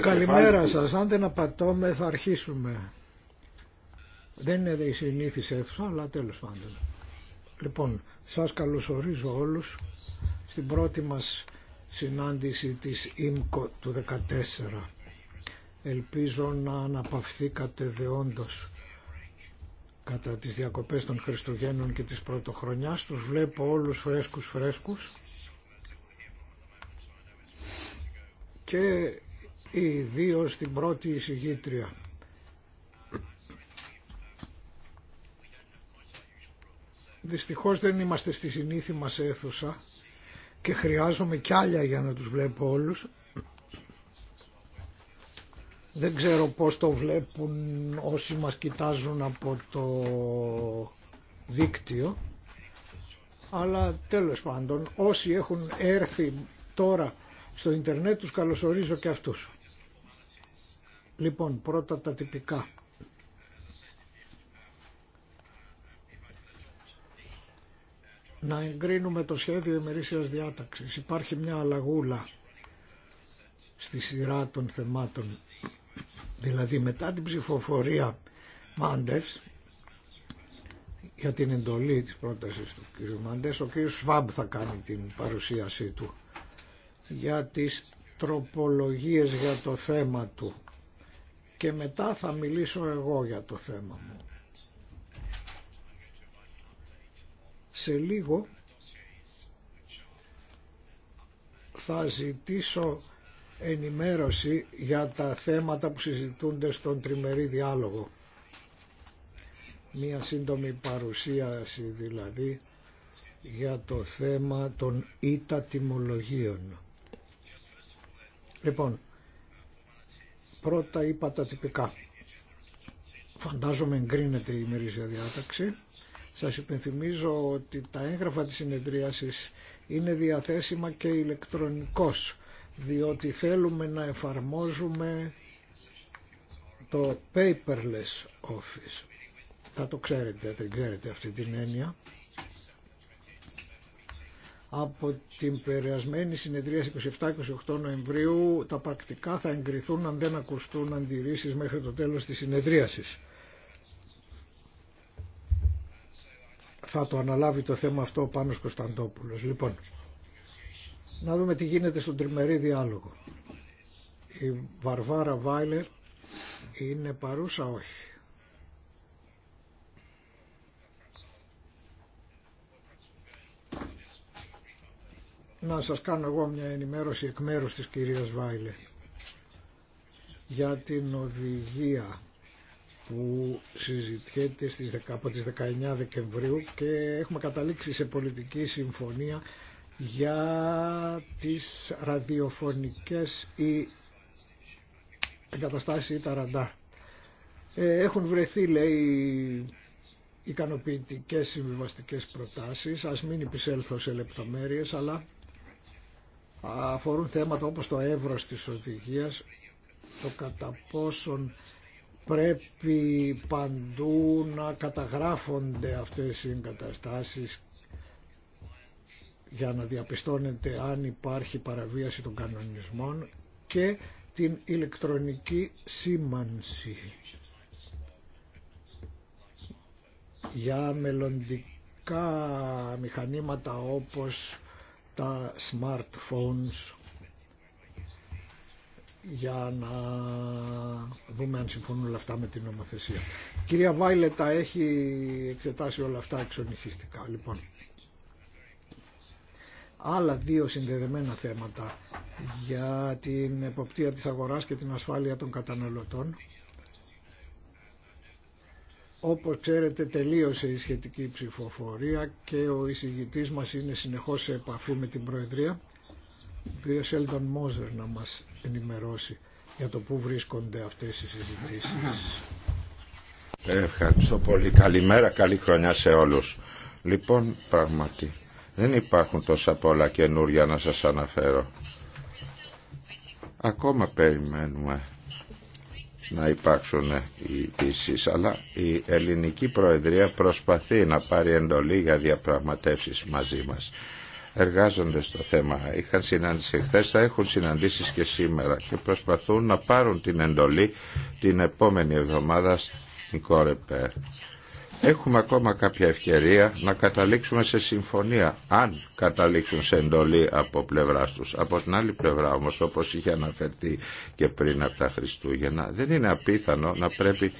Καλημέρα σας. Αν δεν απατώμε θα αρχίσουμε. Δεν είναι η συνήθις αίθουσα, αλλά τέλος πάντων. Λοιπόν, σας καλωσορίζω όλους στην πρώτη μας συνάντηση της ΙΜΚΟ του 14. Ελπίζω να αναπαυθήκατε δεόντως κατά τις διακοπές των Χριστουγέννων και της Πρωτοχρονιάς. Τους βλέπω όλους φρέσκους φρέσκους και ιδίω την πρώτη εισηγήτρια. Δυστυχώς δεν είμαστε στη συνήθι μας αίθουσα και χρειάζομαι κι άλλα για να τους βλέπω όλους. Δεν ξέρω πώς το βλέπουν όσοι μας κοιτάζουν από το δίκτυο. Αλλά τέλος πάντων όσοι έχουν έρθει τώρα στο Ιντερνετ τους καλωσορίζω και αυτούς. Λοιπόν, πρώτα τα τυπικά. Να εγκρίνουμε το σχέδιο ημερήσιας διάταξης. Υπάρχει μια αλλαγούλα στη σειρά των θεμάτων. Δηλαδή μετά την ψηφοφορία Μάντες για την εντολή της πρότασης του κ. Μάντες, ο κ. Σβάμπ θα κάνει την παρουσίασή του για τις τροπολογίες για το θέμα του και μετά θα μιλήσω εγώ για το θέμα μου. Σε λίγο θα ζητήσω ενημέρωση για τα θέματα που συζητούνται στον τριμερή διάλογο. Μία σύντομη παρουσίαση δηλαδή για το θέμα των ήττα τιμολογίων. Λοιπόν, πρώτα είπα τα τυπικά. Φαντάζομαι εγκρίνεται η ημερήσια διάταξη. Σας υπενθυμίζω ότι τα έγγραφα της συνεδρίασης είναι διαθέσιμα και ηλεκτρονικός, διότι θέλουμε να εφαρμόζουμε το paperless office. Θα το ξέρετε, δεν ξέρετε αυτή την έννοια από την περιασμένη συνεδρια συνεδρία 27-28 Νοεμβρίου τα πρακτικά θα εγκριθούν αν δεν ακουστούν αντιρρήσεις μέχρι το τέλος της συνεδρίασης. Θα το αναλάβει το θέμα αυτό ο Πάνος Κωνσταντόπουλος. Λοιπόν, να δούμε τι γίνεται στον τριμερή διάλογο. Η Βαρβάρα Βάιλερ είναι παρούσα όχι. να σας κάνω εγώ μια ενημέρωση εκ μέρους της κυρίας Βάιλε για την οδηγία που συζητιέται στις, από τις 19 Δεκεμβρίου και έχουμε καταλήξει σε πολιτική συμφωνία για τις ραδιοφωνικές ή εγκαταστάσεις ή τα ραντάρ. Ε, έχουν βρεθεί λέει ικανοποιητικές συμβιβαστικές προτάσεις, ας μην υπησέλθω σε λεπτομέρειες, αλλά αφορούν θέματα όπως το εύρο της οδηγίας, το κατά πόσον πρέπει παντού να καταγράφονται αυτές οι εγκαταστάσεις για να διαπιστώνεται αν υπάρχει παραβίαση των κανονισμών και την ηλεκτρονική σήμανση για μελλοντικά μηχανήματα όπως τα smartphones για να δούμε αν συμφωνούν όλα αυτά με την νομοθεσία. κυρία Βάιλε τα έχει εξετάσει όλα αυτά εξονυχιστικά. Λοιπόν, άλλα δύο συνδεδεμένα θέματα για την εποπτεία της αγοράς και την ασφάλεια των καταναλωτών όπως ξέρετε τελείωσε η σχετική ψηφοφορία και ο εισηγητής μας είναι συνεχώς σε επαφή με την Προεδρία ο κ. Σέλταν Μόζερ να μας ενημερώσει για το πού βρίσκονται αυτές οι συζητήσεις. Ευχαριστώ πολύ. Καλημέρα, καλή χρονιά σε όλους. Λοιπόν, πράγματι, δεν υπάρχουν τόσα πολλά καινούρια να σας αναφέρω. Ακόμα περιμένουμε να υπάρξουν οι λύσεις αλλά η ελληνική προεδρία προσπαθεί να πάρει εντολή για διαπραγματεύσεις μαζί μας εργάζονται στο θέμα είχαν συνάντηση χθε, θα έχουν συναντήσεις και σήμερα και προσπαθούν να πάρουν την εντολή την επόμενη εβδομάδα στην Κορεπέρ έχουμε ακόμα κάποια ευκαιρία να καταλήξουμε σε συμφωνία, αν καταλήξουν σε εντολή από πλευρά τους. Από την άλλη πλευρά όμως, όπως είχε αναφερθεί και πριν από τα Χριστούγεννα, δεν είναι απίθανο να πρέπει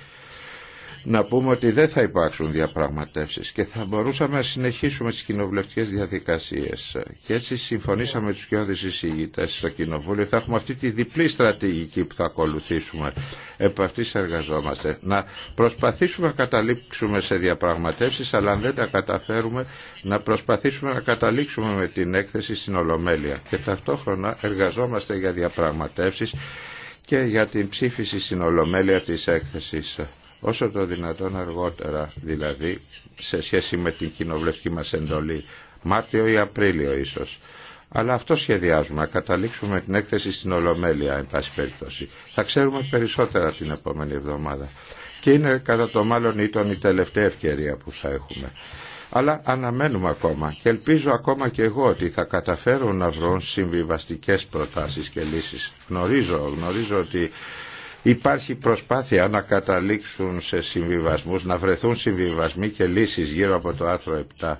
να πούμε ότι δεν θα υπάρξουν διαπραγματεύσεις και θα μπορούσαμε να συνεχίσουμε τις κοινοβουλευτικέ διαδικασίες. Και έτσι συμφωνήσαμε τους κοιόδης εισηγητές στο Κοινοβούλιο. Θα έχουμε αυτή τη διπλή στρατηγική που θα ακολουθήσουμε. Επ' αυτής εργαζόμαστε. Να προσπαθήσουμε να καταλήξουμε σε διαπραγματεύσεις, αλλά αν δεν τα καταφέρουμε, να προσπαθήσουμε να καταλήξουμε με την έκθεση στην Ολομέλεια. Και ταυτόχρονα εργαζόμαστε για διαπραγματεύσεις και για την ψήφιση στην Ολομέλεια της έκθεσης όσο το δυνατόν αργότερα δηλαδή σε σχέση με την κοινοβουλευτική μας εντολή Μάρτιο ή Απρίλιο ίσως. Αλλά αυτό σχεδιάζουμε, να καταλήξουμε την έκθεση στην Ολομέλεια, εν πάση περιπτώσει. Θα ξέρουμε περισσότερα την επόμενη εβδομάδα. Και είναι κατά το μάλλον ήταν η απριλιο ισως αλλα αυτο σχεδιαζουμε να καταληξουμε την εκθεση στην ολομελεια εν παση περιπτωση θα ευκαιρία που θα έχουμε. Αλλά αναμένουμε ακόμα και ελπίζω ακόμα και εγώ ότι θα καταφέρουν να βρουν συμβιβαστικές προτάσεις και λύσεις. Γνωρίζω, γνωρίζω ότι Υπάρχει προσπάθεια να καταλήξουν σε συμβιβασμούς, να βρεθούν συμβιβασμοί και λύσεις γύρω από το άρθρο 7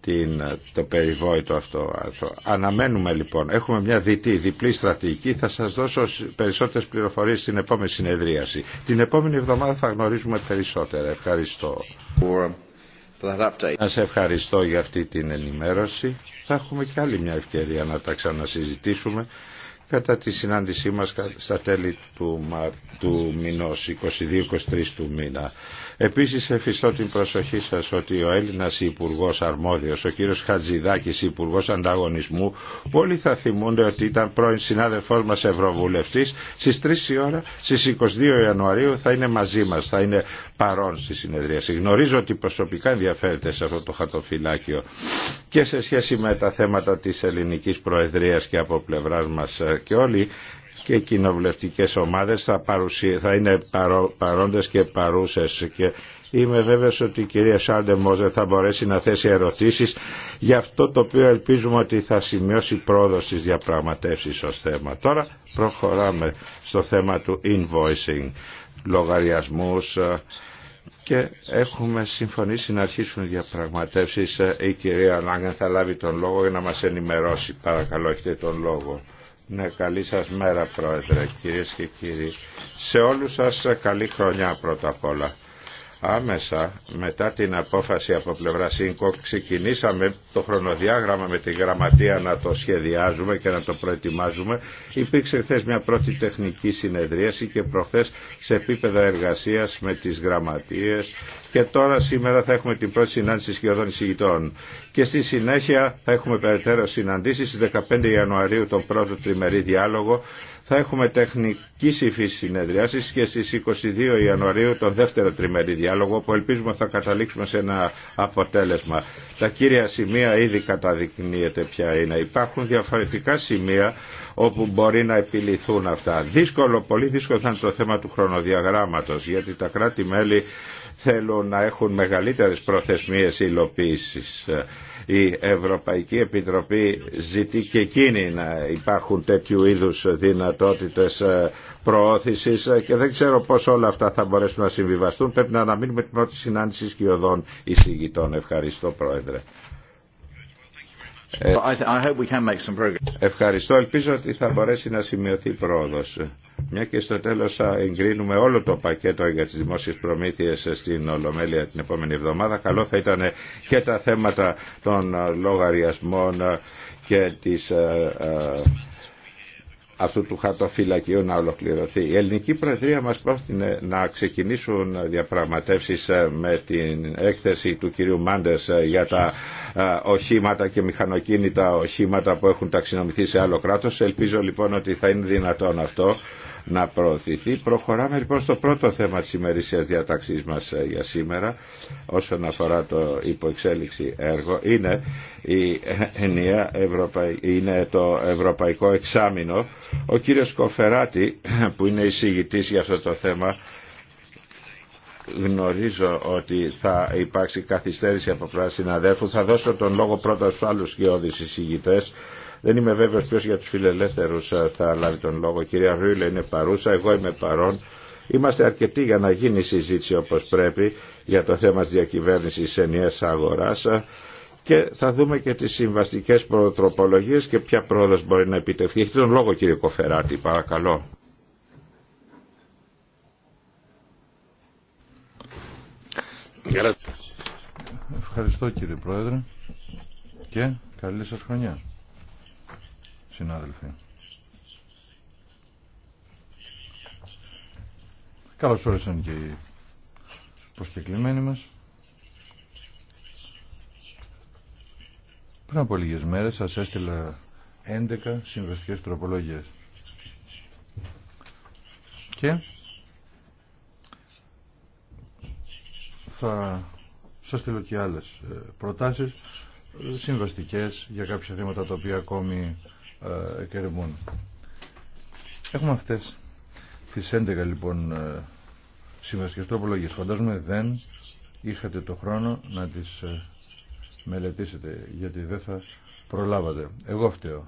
την, το περιβόητο αυτό άρθρο. Αναμένουμε λοιπόν, έχουμε μια διτή, διπλή στρατηγική, θα σας δώσω περισσότερες πληροφορίες στην επόμενη συνεδρίαση. Την επόμενη εβδομάδα θα γνωρίζουμε περισσότερα. Ευχαριστώ. Σας ευχαριστώ για αυτή την ενημέρωση. Θα έχουμε και άλλη μια ευκαιρία να τα ξανασυζητήσουμε κατά τη συνάντησή μας στα τέλη του, του μηνός, 22-23 του μήνα. Επίσης εφιστώ την προσοχή σας ότι ο Έλληνας Υπουργός Αρμόδιος, ο κύριος Χατζηδάκης, Υπουργός Ανταγωνισμού, όλοι θα θυμούνται ότι ήταν πρώην συνάδελφός μας Ευρωβουλευτής, στις 3 η ώρα, στις 22 Ιανουαρίου θα είναι μαζί μας, θα είναι παρόν στη συνεδρίαση. Γνωρίζω ότι προσωπικά ενδιαφέρεται σε αυτό το χαρτοφυλάκιο και σε σχέση με τα θέματα της ελληνικής προεδρίας και από πλευράς μας ε, και όλοι και οι κοινοβουλευτικές ομάδες θα, είναι παρόντες και παρούσες και Είμαι βέβαιος ότι η κυρία Σάρντε Μόζε θα μπορέσει να θέσει ερωτήσεις για αυτό το οποίο ελπίζουμε ότι θα σημειώσει πρόοδο στις διαπραγματεύσεις ως θέμα. Τώρα προχωράμε στο θέμα του invoicing, λογαριασμούς ε, και έχουμε συμφωνήσει να αρχίσουν οι διαπραγματεύσεις. Ε, η κυρία Λάγκεν θα λάβει τον λόγο για να μας ενημερώσει. Παρακαλώ έχετε τον λόγο. Ναι, καλή σας μέρα πρόεδρε, κυρίες και κύριοι. Σε όλους σας καλή χρονιά πρώτα απ' όλα. Άμεσα μετά την απόφαση από πλευρά ΣΥΝΚΟ ξεκινήσαμε το χρονοδιάγραμμα με τη γραμματεία να το σχεδιάζουμε και να το προετοιμάζουμε. Υπήρξε χθε μια πρώτη τεχνική συνεδρίαση και προχθές σε επίπεδα εργασίας με τις γραμματείες και τώρα σήμερα θα έχουμε την πρώτη συνάντηση σχεδόν εισηγητών. Και στη συνέχεια θα έχουμε περαιτέρω συναντήσεις στις 15 Ιανουαρίου τον πρώτο τριμερή διάλογο θα έχουμε τεχνική υφή συνεδριάσεις και στις 22 Ιανουαρίου τον δεύτερο τριμερή διάλογο που ελπίζουμε θα καταλήξουμε σε ένα αποτέλεσμα. Τα κύρια σημεία ήδη καταδεικνύεται ποια είναι. Υπάρχουν διαφορετικά σημεία όπου μπορεί να επιληθούν αυτά. Δύσκολο, πολύ δύσκολο θα είναι το θέμα του χρονοδιαγράμματο γιατί τα κράτη-μέλη θέλουν να έχουν μεγαλύτερες προθεσμίες υλοποίησης. Η Ευρωπαϊκή Επιτροπή ζητεί και εκείνη να υπάρχουν τέτοιου είδους δυνατότητες ε, προώθησης ε, και δεν ξέρω πώς όλα αυτά θα μπορέσουν να συμβιβαστούν. Πρέπει να αναμείνουμε την πρώτη συνάντηση σκιωδών εισηγητών. Ευχαριστώ Πρόεδρε. Ε, ευχαριστώ. Ελπίζω ότι θα μπορέσει να σημειωθεί πρόοδο. Μια και στο τέλος θα εγκρίνουμε όλο το πακέτο για τι δημόσιε προμήθειε στην Ολομέλεια την επόμενη εβδομάδα. Καλό θα ήταν και τα θέματα των λογαριασμών και τη. Ε, ε, αυτού του χαρτοφυλακίου να ολοκληρωθεί. Η ελληνική προεδρία μας πρότεινε να ξεκινήσουν διαπραγματεύσεις με την έκθεση του κυρίου Μάντες για τα οχήματα και μηχανοκίνητα οχήματα που έχουν ταξινομηθεί σε άλλο κράτος. Ελπίζω λοιπόν ότι θα είναι δυνατόν αυτό να προωθηθεί. Προχωράμε λοιπόν στο πρώτο θέμα της ημερήσιας διαταξής μας ε, για σήμερα όσον αφορά το υποεξέλιξη έργο είναι, η ενία είναι το Ευρωπαϊκό Εξάμεινο. Ο κύριος Κοφεράτη που είναι εισηγητής για αυτό το θέμα γνωρίζω ότι θα υπάρξει καθυστέρηση από πλευρά συναδέλφου. Θα δώσω τον λόγο πρώτα στους άλλους γεώδεις εισηγητές. Δεν είμαι βέβαιος ποιος για τους φιλελεύθερους ε, θα λάβει τον λόγο. Η κυρία Ρούιλε είναι παρούσα, εγώ είμαι παρόν. Είμαστε αρκετοί για να γίνει η συζήτηση όπως πρέπει για το θέμα της διακυβέρνησης ενιαίας αγοράς και θα δούμε και τις συμβαστικές προτροπολογίες και ποια πρόοδος μπορεί να επιτευχθεί. Έχετε τον λόγο κύριε Κοφεράτη, παρακαλώ. Ευχαριστώ κύριε Πρόεδρε και καλή σας χρονιά, συνάδελφοι. Καλώς όρισαν και οι προσκεκλημένοι μας. Πριν από λίγες μέρες σας έστειλα 11 συμβαστικές τροπολογίες. Και θα σας στείλω και άλλες ε, προτάσεις συμβαστικές για κάποια θέματα τα οποία ακόμη ε, κερμούν. Έχουμε αυτές τις 11 λοιπόν ε, συμβαστικές τροπολογίες. Φαντάζομαι δεν είχατε το χρόνο να τις μελετήσετε γιατί δεν θα προλάβατε. Εγώ φταίω.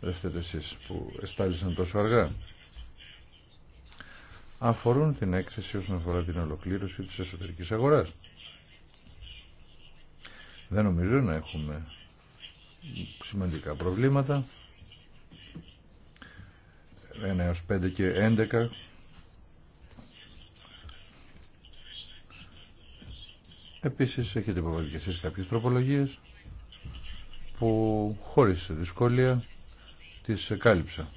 Δεν εσείς που εστάλησαν τόσο αργά αφορούν την έκθεση όσον αφορά την ολοκλήρωση της εσωτερικής αγοράς. Δεν νομίζω να έχουμε σημαντικά προβλήματα. 1 έως 5 και 11 Επίσης έχετε υποβάλει και εσείς κάποιες τροπολογίες που χωρίς δυσκολία τις κάλυψα.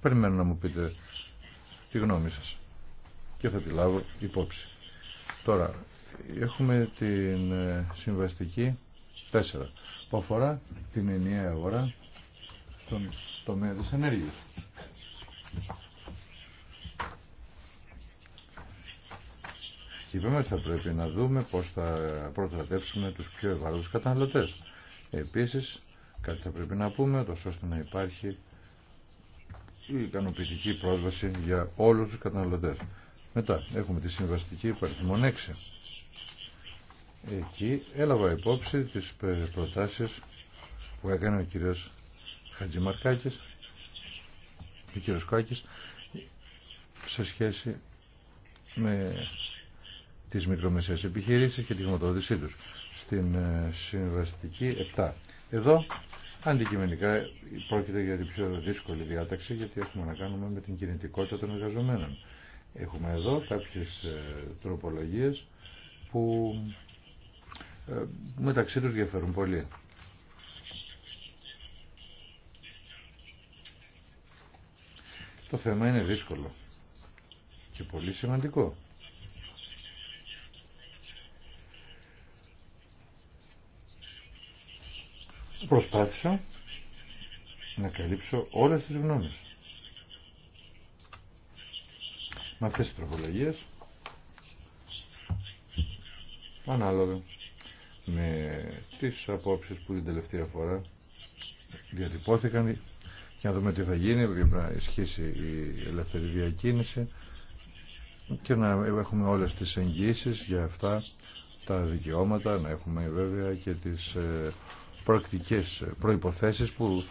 Περιμένω να μου πείτε τη γνώμη σας και θα τη λάβω υπόψη. Τώρα, έχουμε την ε, συμβαστική 4 που αφορά την ενιαία αγορά στον τομέα της ενέργειας. Και είπαμε ότι θα πρέπει να δούμε πώς θα προκρατεύσουμε τους πιο ευάλωτους καταναλωτές. Επίσης, κάτι θα πρέπει να πούμε, ώστε να υπάρχει η ικανοποιητική πρόσβαση για όλους τους καταναλωτέ. Μετά έχουμε τη συμβαστική υπαριθμών 6. Εκεί έλαβα υπόψη τις προτάσεις που έκανε ο κύριος Χατζημαρκάκης ο κύριος Κάκης σε σχέση με τις μικρομεσαίες επιχειρήσεις και τη χρηματοδότησή του στην ε, συμβαστική 7. Εδώ Αντικειμενικά πρόκειται για την πιο δύσκολη διάταξη γιατί έχουμε να κάνουμε με την κινητικότητα των εργαζομένων. Έχουμε εδώ κάποιες ε, τροπολογίες που ε, μεταξύ τους διαφέρουν πολύ. Το θέμα είναι δύσκολο και πολύ σημαντικό. Προσπάθησα να καλύψω όλες τις γνώμες. Με αυτές τις τροπολογίες ανάλογα με τις απόψεις που την τελευταία φορά διατυπώθηκαν και να δούμε τι θα γίνει, πρέπει να ισχύσει η ελεύθερη διακίνηση και να έχουμε όλες τις εγγύσεις για αυτά τα δικαιώματα, να έχουμε βέβαια και τις ε, προεκτικές προϋποθέσεις που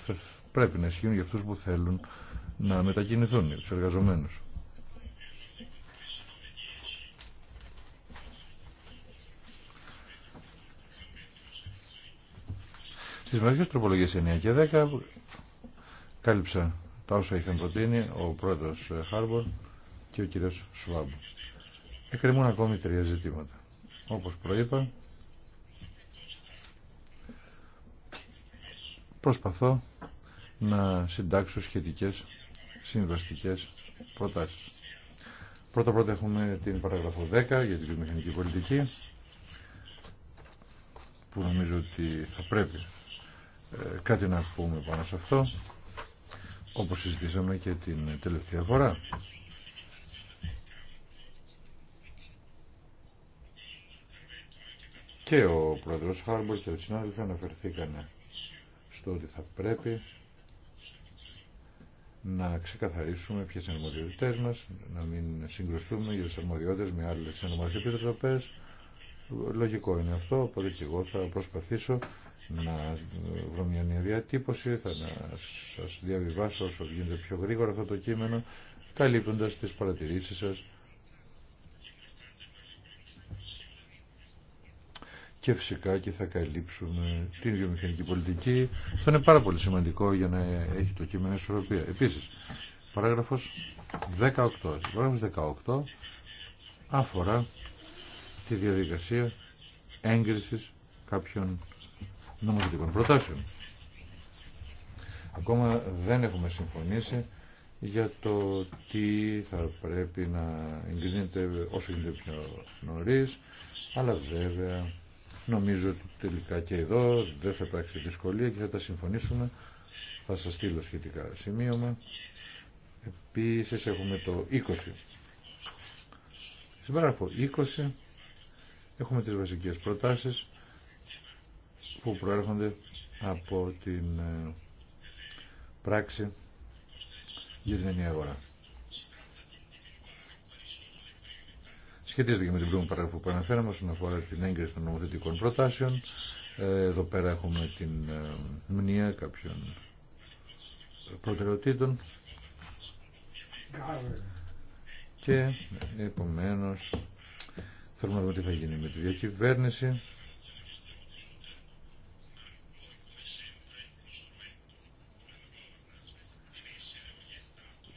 πρέπει να ισχύουν για αυτούς που θέλουν να μετακινηθούν, τους εργαζομένους. Στις μερικές τροπολογίες 9 και 10 κάλυψα τα όσα είχαν προτείνει ο πρόεδρος Χάρμπορ και ο κύριος Σουάμπ. Εκκρεμούν ακόμη τρία ζητήματα. Όπως προείπα, προσπαθώ να συντάξω σχετικές συμβαστικές προτάσεις. Πρώτα πρώτα έχουμε την παραγραφό 10 για την βιομηχανική πολιτική που νομίζω ότι θα πρέπει ε, κάτι να πούμε πάνω σε αυτό όπως συζητήσαμε και την τελευταία φορά. Και ο πρόεδρος Χάρμπορ και ο συνάδελφοι αναφερθήκανε στο ότι θα πρέπει να ξεκαθαρίσουμε ποιε είναι οι αρμοδιότητέ μα, να μην συγκρουστούμε για τι αρμοδιότητε με άλλε ενωμένε επιτροπέ. Λογικό είναι αυτό, οπότε και εγώ θα προσπαθήσω να βρω μια νέα διατύπωση, θα σα διαβιβάσω όσο γίνεται πιο γρήγορα αυτό το κείμενο, καλύπτοντα τι παρατηρήσει σα και φυσικά και θα καλύψουμε την βιομηχανική πολιτική. Αυτό είναι πάρα πολύ σημαντικό για να έχει το κείμενο ισορροπία. Επίσης, παράγραφος 18. Παράγραφος 18 αφορά τη διαδικασία έγκρισης κάποιων νομοθετικών προτάσεων. Ακόμα δεν έχουμε συμφωνήσει για το τι θα πρέπει να εγκρίνεται όσο γίνεται πιο νωρίς, αλλά βέβαια Νομίζω ότι τελικά και εδώ δεν θα υπάρξει δυσκολία και θα τα συμφωνήσουμε. Θα σας στείλω σχετικά σημείωμα. Επίσης έχουμε το 20. Στην παράγραφο 20 έχουμε τις βασικές προτάσεις που προέρχονται από την ε, πράξη για την ενιαία αγορά. σχετίζεται και με την πρώτη παράγραφο που αναφέραμε όσον αφορά την έγκριση των νομοθετικών προτάσεων. Ε, εδώ πέρα έχουμε την ε, μνήμα κάποιων προτεραιοτήτων και επομένω, θέλουμε να δούμε τι θα γίνει με τη διακυβέρνηση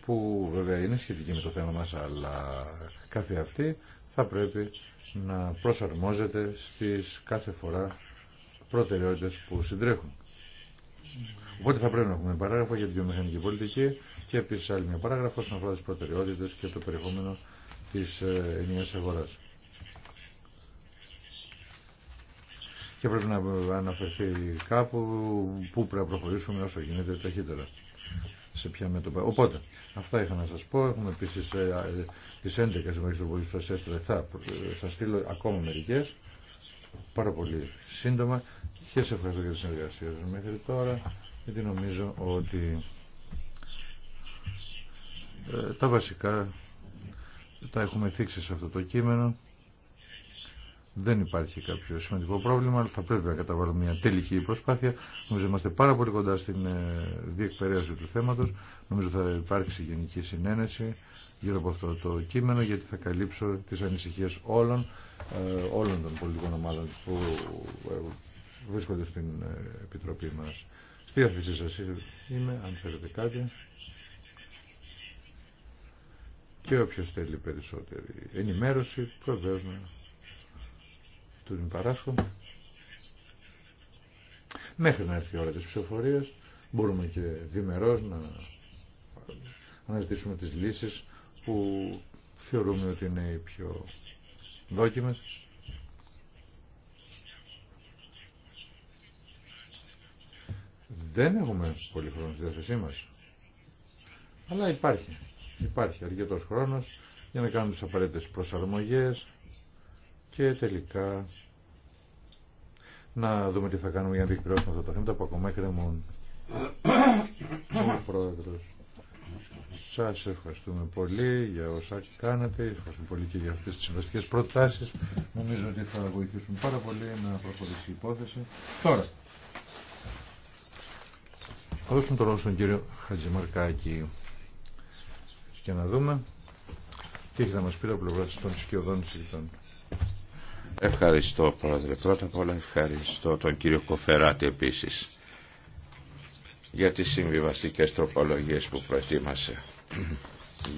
που βέβαια είναι σχετική με το θέμα μας αλλά κάθε αυτή θα πρέπει να προσαρμόζεται στις κάθε φορά προτεραιότητες που συντρέχουν. Οπότε θα πρέπει να έχουμε παράγραφο για τη βιομηχανική πολιτική και επίση άλλη μια παράγραφο όσον αφορά τι προτεραιότητε και το περιεχόμενο τη ε, ενιαία αγορά. Και πρέπει να αναφερθεί κάπου πού πρέπει να προχωρήσουμε όσο γίνεται ταχύτερα σε ποια μέτωπα. Οπότε, αυτά είχα να σας πω. Έχουμε επίσης τι ε, τις 11 συμμετοχές που σας Θα ε, σας στείλω ακόμα μερικές, πάρα πολύ σύντομα και σε ευχαριστώ για τη συνεργασία σας μέχρι τώρα, γιατί νομίζω ότι ε, τα βασικά τα έχουμε θίξει σε αυτό το κείμενο δεν υπάρχει κάποιο σημαντικό πρόβλημα, αλλά θα πρέπει να καταβάλουμε μια τελική προσπάθεια. Νομίζω είμαστε πάρα πολύ κοντά στην ε, διεκπαιρέωση του θέματο. Νομίζω θα υπάρξει γενική συνένεση γύρω από αυτό το κείμενο, γιατί θα καλύψω τι ανησυχίε όλων, ε, όλων των πολιτικών ομάδων που ε, βρίσκονται στην Επιτροπή μα. Στη διάθεσή σα είμαι, αν θέλετε κάτι. Και όποιο θέλει περισσότερη ενημέρωση, προβέβαια, του παράσχω. Μέχρι να έρθει η ώρα της ψηφοφορίας μπορούμε και διμερώς να αναζητήσουμε τις λύσεις που θεωρούμε ότι είναι οι πιο δόκιμες. Δεν έχουμε πολύ χρόνο στη διάθεσή μας. Αλλά υπάρχει. Υπάρχει αρκετός χρόνος για να κάνουμε τις απαραίτητες προσαρμογές, και τελικά να δούμε τι θα κάνουμε για να διεκπληρώσουμε αυτά τα θέματα που ακόμα εκκρεμούν. Ο Πρόεδρος, σας ευχαριστούμε πολύ για όσα κάνατε, ευχαριστούμε πολύ και για αυτές τις συμβαστικές προτάσεις. Νομίζω ότι θα βοηθήσουν πάρα πολύ να προχωρήσει η υπόθεση. Τώρα, θα δώσουμε το λόγο στον κύριο Χατζημαρκάκη και να δούμε τι έχει να μας πει από πλευρά των σκιωδών συγκεκριτών. Ευχαριστώ πρόεδρε. Πρώτα απ' όλα ευχαριστώ τον κύριο Κοφεράτη επίσης για τις συμβιβαστικές τροπολογίες που προετοίμασε.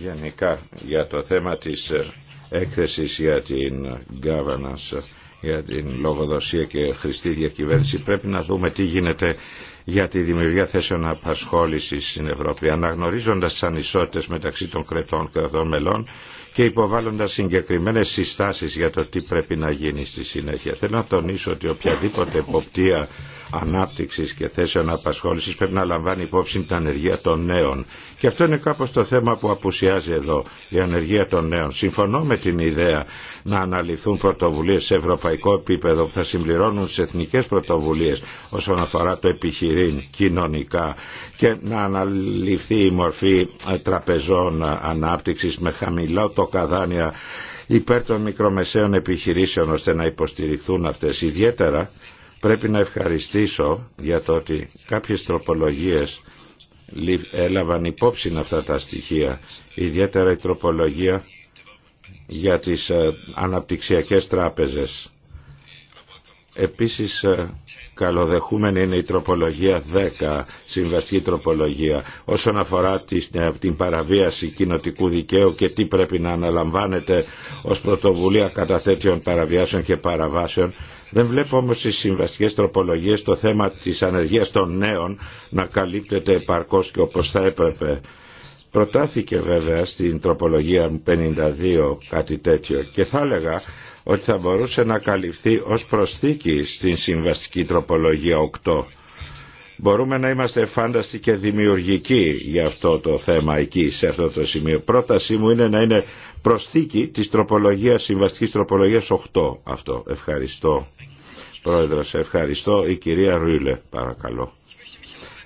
Γενικά για το θέμα της ε, έκθεσης για την governance, για την λογοδοσία και χρηστή διακυβέρνηση πρέπει να δούμε τι γίνεται για τη δημιουργία θέσεων απασχόλησης στην Ευρώπη αναγνωρίζοντας τις ανισότητες μεταξύ των κρετών των μελών και υποβάλλοντας συγκεκριμένες συστάσεις για το τι πρέπει να γίνει στη συνέχεια. Θέλω να τονίσω ότι οποιαδήποτε εποπτεία ανάπτυξης και θέσεων απασχόλησης πρέπει να λαμβάνει υπόψη την ανεργία των νέων. Και αυτό είναι κάπως το θέμα που απουσιάζει εδώ, η ανεργία των νέων. Συμφωνώ με την ιδέα να αναλυθούν πρωτοβουλίες σε ευρωπαϊκό επίπεδο που θα συμπληρώνουν τις εθνικές πρωτοβουλίες όσον αφορά το επιχειρήν κοινωνικά και να αναλυθεί η μορφή τραπεζών ανάπτυξης με χαμηλό το καδάνια υπέρ των μικρομεσαίων επιχειρήσεων ώστε να υποστηριχθούν αυτές ιδιαίτερα Πρέπει να ευχαριστήσω για το ότι κάποιες τροπολογίες έλαβαν υπόψη αυτά τα στοιχεία, ιδιαίτερα η τροπολογία για τις ε, αναπτυξιακές τράπεζες. Επίσης ε, καλοδεχούμενη είναι η τροπολογία 10, συμβαστική τροπολογία, όσον αφορά ε, την παραβίαση κοινοτικού δικαίου και τι πρέπει να αναλαμβάνεται ως πρωτοβουλία κατά τέτοιων παραβιάσεων και παραβάσεων. Δεν βλέπω όμως στις συμβαστικές τροπολογίες το θέμα της ανεργίας των νέων να καλύπτεται επαρκώς και όπως θα έπρεπε. Προτάθηκε βέβαια στην τροπολογία 52 κάτι τέτοιο και θα έλεγα ότι θα μπορούσε να καλυφθεί ως προσθήκη στην συμβαστική τροπολογία 8. Μπορούμε να είμαστε φάνταστοι και δημιουργικοί για αυτό το θέμα εκεί, σε αυτό το σημείο. Πρότασή μου είναι να είναι προσθήκη της τροπολογίας, συμβαστικής τροπολογίας 8 αυτό. Ευχαριστώ. Πρόεδρος, ευχαριστώ. Η κυρία Ρούλε, παρακαλώ.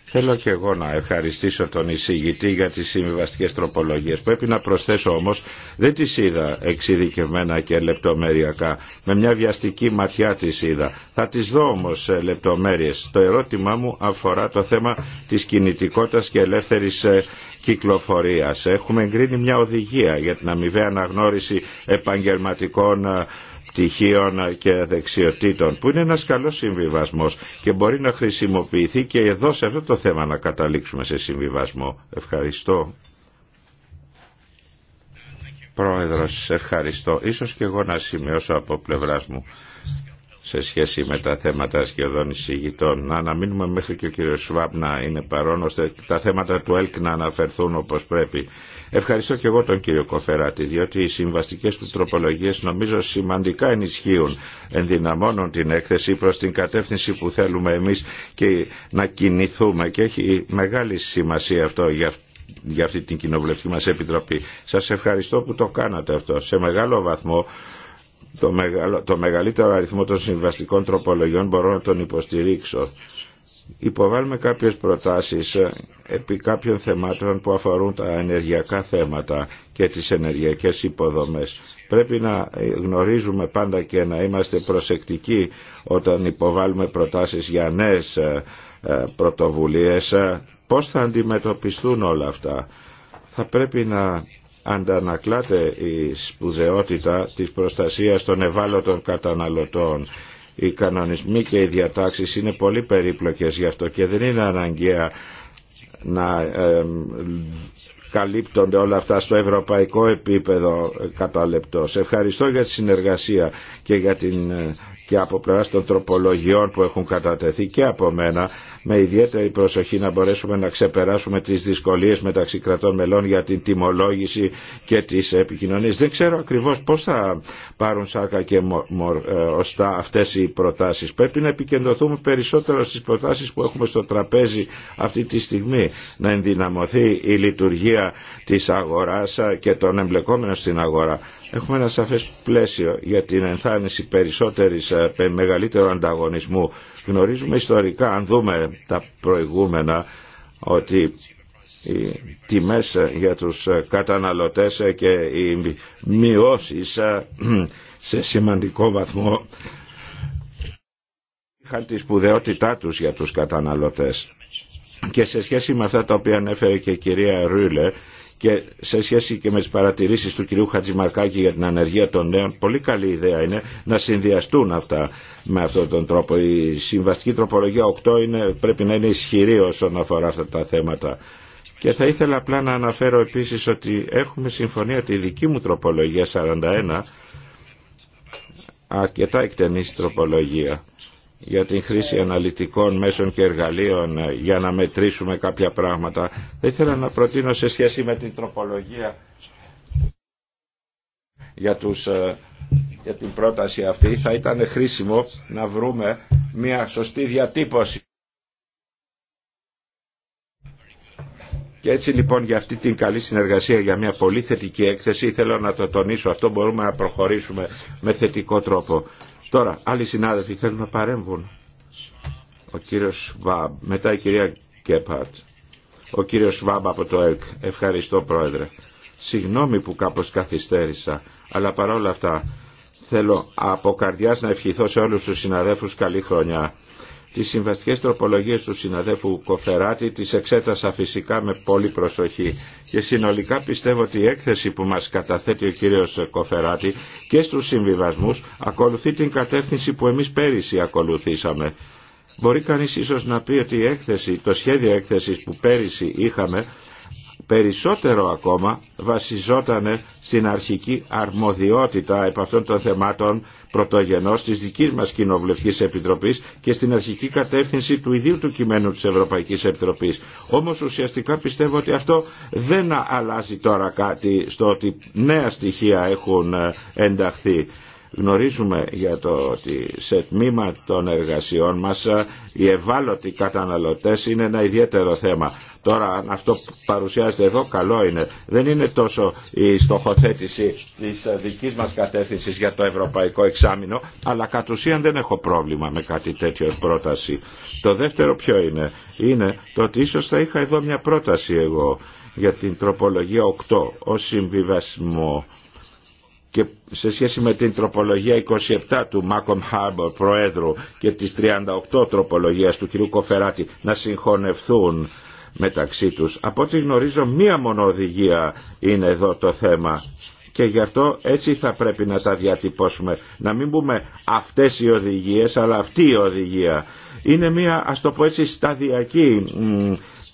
Θέλω και εγώ να ευχαριστήσω τον εισηγητή για τις συμβιβαστικές τροπολογίες. Πρέπει να προσθέσω όμως, δεν τις είδα εξειδικευμένα και λεπτομεριακά. Με μια βιαστική ματιά τις είδα. Θα τις δω όμως ε, λεπτομέρειες. Το ερώτημά μου αφορά το θέμα της κινητικότητας και ελεύθερης ε, κυκλοφορίας. Έχουμε εγκρίνει μια οδηγία για την αμοιβαία αναγνώριση επαγγελματικών ε, πτυχίων και δεξιοτήτων που είναι ένας καλός συμβιβασμός και μπορεί να χρησιμοποιηθεί και εδώ σε αυτό το θέμα να καταλήξουμε σε συμβιβασμό. Ευχαριστώ. Πρόεδρος, ευχαριστώ. Ίσως και εγώ να σημειώσω από πλευράς μου σε σχέση με τα θέματα σχεδόν εισηγητών. Να αναμείνουμε μέχρι και ο κύριος Σουάπ να είναι παρόν ώστε τα θέματα του ΕΛΚ να αναφερθούν όπως πρέπει. Ευχαριστώ και εγώ τον κύριο Κοφεράτη, διότι οι συμβαστικές του τροπολογίες νομίζω σημαντικά ενισχύουν, ενδυναμώνουν την έκθεση προς την κατεύθυνση που θέλουμε εμείς και να κινηθούμε και έχει μεγάλη σημασία αυτό για για αυτή την κοινοβουλευτική μας επιτροπή. Σας ευχαριστώ που το κάνατε αυτό. Σε μεγάλο βαθμό το, μεγαλύτερο αριθμό των συμβαστικών τροπολογιών μπορώ να τον υποστηρίξω υποβάλουμε κάποιες προτάσεις ε, επί κάποιων θεμάτων που αφορούν τα ενεργειακά θέματα και τις ενεργειακές υποδομές. Πρέπει να ε, γνωρίζουμε πάντα και να είμαστε προσεκτικοί όταν υποβάλουμε προτάσεις για νέες ε, πρωτοβουλίες. Πώς θα αντιμετωπιστούν όλα αυτά. Θα πρέπει να αντανακλάται η σπουδαιότητα της προστασίας των ευάλωτων καταναλωτών οι κανονισμοί και οι διατάξεις είναι πολύ περίπλοκες γι' αυτό και δεν είναι αναγκαία να καλύπτονται όλα αυτά στο ευρωπαϊκό επίπεδο κατά λεπτό. Σε ευχαριστώ για τη συνεργασία και για την ε, και από πλευρά των τροπολογιών που έχουν κατατεθεί και από μένα με ιδιαίτερη προσοχή να μπορέσουμε να ξεπεράσουμε τις δυσκολίες μεταξύ κρατών μελών για την τιμολόγηση και τις επικοινωνίες. Δεν ξέρω ακριβώς πώς θα πάρουν σάρκα και ε, οστά αυτές οι προτάσεις. Πρέπει να επικεντρωθούμε περισσότερο στις προτάσεις που έχουμε στο τραπέζι αυτή τη στιγμή. Να ενδυναμωθεί η λειτουργία της αγοράς και των εμπλεκόμενων στην αγορά έχουμε ένα σαφές πλαίσιο για την ενθάρρυνση περισσότερης, ε, μεγαλύτερου ανταγωνισμού. Γνωρίζουμε ιστορικά, αν δούμε τα προηγούμενα, ότι οι τιμές ε, για τους ε, καταναλωτές και οι μειώσεις σε σημαντικό βαθμό είχαν τη σπουδαιότητά τους για τους καταναλωτές. Και σε σχέση με αυτά τα οποία ανέφερε και η κυρία Ρούλε και σε σχέση και με τις παρατηρήσεις του κυρίου Χατζημαρκάκη για την ανεργία των νέων, πολύ καλή ιδέα είναι να συνδυαστούν αυτά με αυτόν τον τρόπο. Η συμβαστική τροπολογία 8 είναι, πρέπει να είναι ισχυρή όσον αφορά αυτά τα θέματα. Και θα ήθελα απλά να αναφέρω επίσης ότι έχουμε συμφωνία τη δική μου τροπολογία 41, αρκετά εκτενής τροπολογία για την χρήση αναλυτικών μέσων και εργαλείων ε, για να μετρήσουμε κάποια πράγματα. Θα ήθελα να προτείνω σε σχέση με την τροπολογία για, τους, ε, για την πρόταση αυτή θα ήταν χρήσιμο να βρούμε μια σωστή διατύπωση. Και έτσι λοιπόν για αυτή την καλή συνεργασία, για μια πολύ θετική έκθεση, θέλω να το τονίσω, αυτό μπορούμε να προχωρήσουμε με θετικό τρόπο. Τώρα, άλλοι συνάδελφοι θέλουν να παρέμβουν. Ο κύριος Βάμπ, μετά η κυρία Γκέπαρτ. Ο κύριος Σβάμπ από το ΕΛΚ. Ευχαριστώ πρόεδρε. Συγγνώμη που κάπως καθυστέρησα, αλλά παρόλα αυτά θέλω από καρδιάς να ευχηθώ σε όλους τους συναδέλφους καλή χρονιά τις συμβαστικές τροπολογίες του συναδέφου Κοφεράτη τις εξέτασα φυσικά με πολύ προσοχή και συνολικά πιστεύω ότι η έκθεση που μας καταθέτει ο κύριος Κοφεράτη και στους συμβιβασμούς ακολουθεί την κατεύθυνση που εμείς πέρυσι ακολουθήσαμε. Μπορεί κανείς ίσως να πει ότι η έκθεση, το σχέδιο έκθεσης που πέρυσι είχαμε περισσότερο ακόμα βασιζόταν στην αρχική αρμοδιότητα επ' αυτών των θεμάτων πρωτογενός της δικής μας Κοινοβουλευτικής Επιτροπής και στην αρχική κατεύθυνση του ιδίου του κειμένου της Ευρωπαϊκής Επιτροπής. Όμως ουσιαστικά πιστεύω ότι αυτό δεν αλλάζει τώρα κάτι στο ότι νέα στοιχεία έχουν ε, ενταχθεί. Γνωρίζουμε για το ότι σε τμήμα των εργασιών μας ε, οι ευάλωτοι καταναλωτές είναι ένα ιδιαίτερο θέμα. Τώρα αν αυτό παρουσιάζεται εδώ καλό είναι. Δεν είναι τόσο η στοχοθέτηση της ε, δικής μας κατεύθυνσης για το ευρωπαϊκό εξάμεινο, αλλά κατ' ουσίαν δεν έχω πρόβλημα με κάτι τέτοιο πρόταση. Το δεύτερο ποιο είναι. Είναι το ότι ίσως θα είχα εδώ μια πρόταση εγώ για την τροπολογία 8 ως συμβιβασμό και σε σχέση με την τροπολογία 27 του Μάκομ Χάρμπορ Προέδρου και της 38 τροπολογίας του κ. Κοφεράτη να συγχωνευθούν μεταξύ τους. Από ό,τι γνωρίζω μία μόνο οδηγία είναι εδώ το θέμα και γι' αυτό έτσι θα πρέπει να τα διατυπώσουμε. Να μην πούμε αυτές οι οδηγίες αλλά αυτή η οδηγία. Είναι μία ας το πω έτσι σταδιακή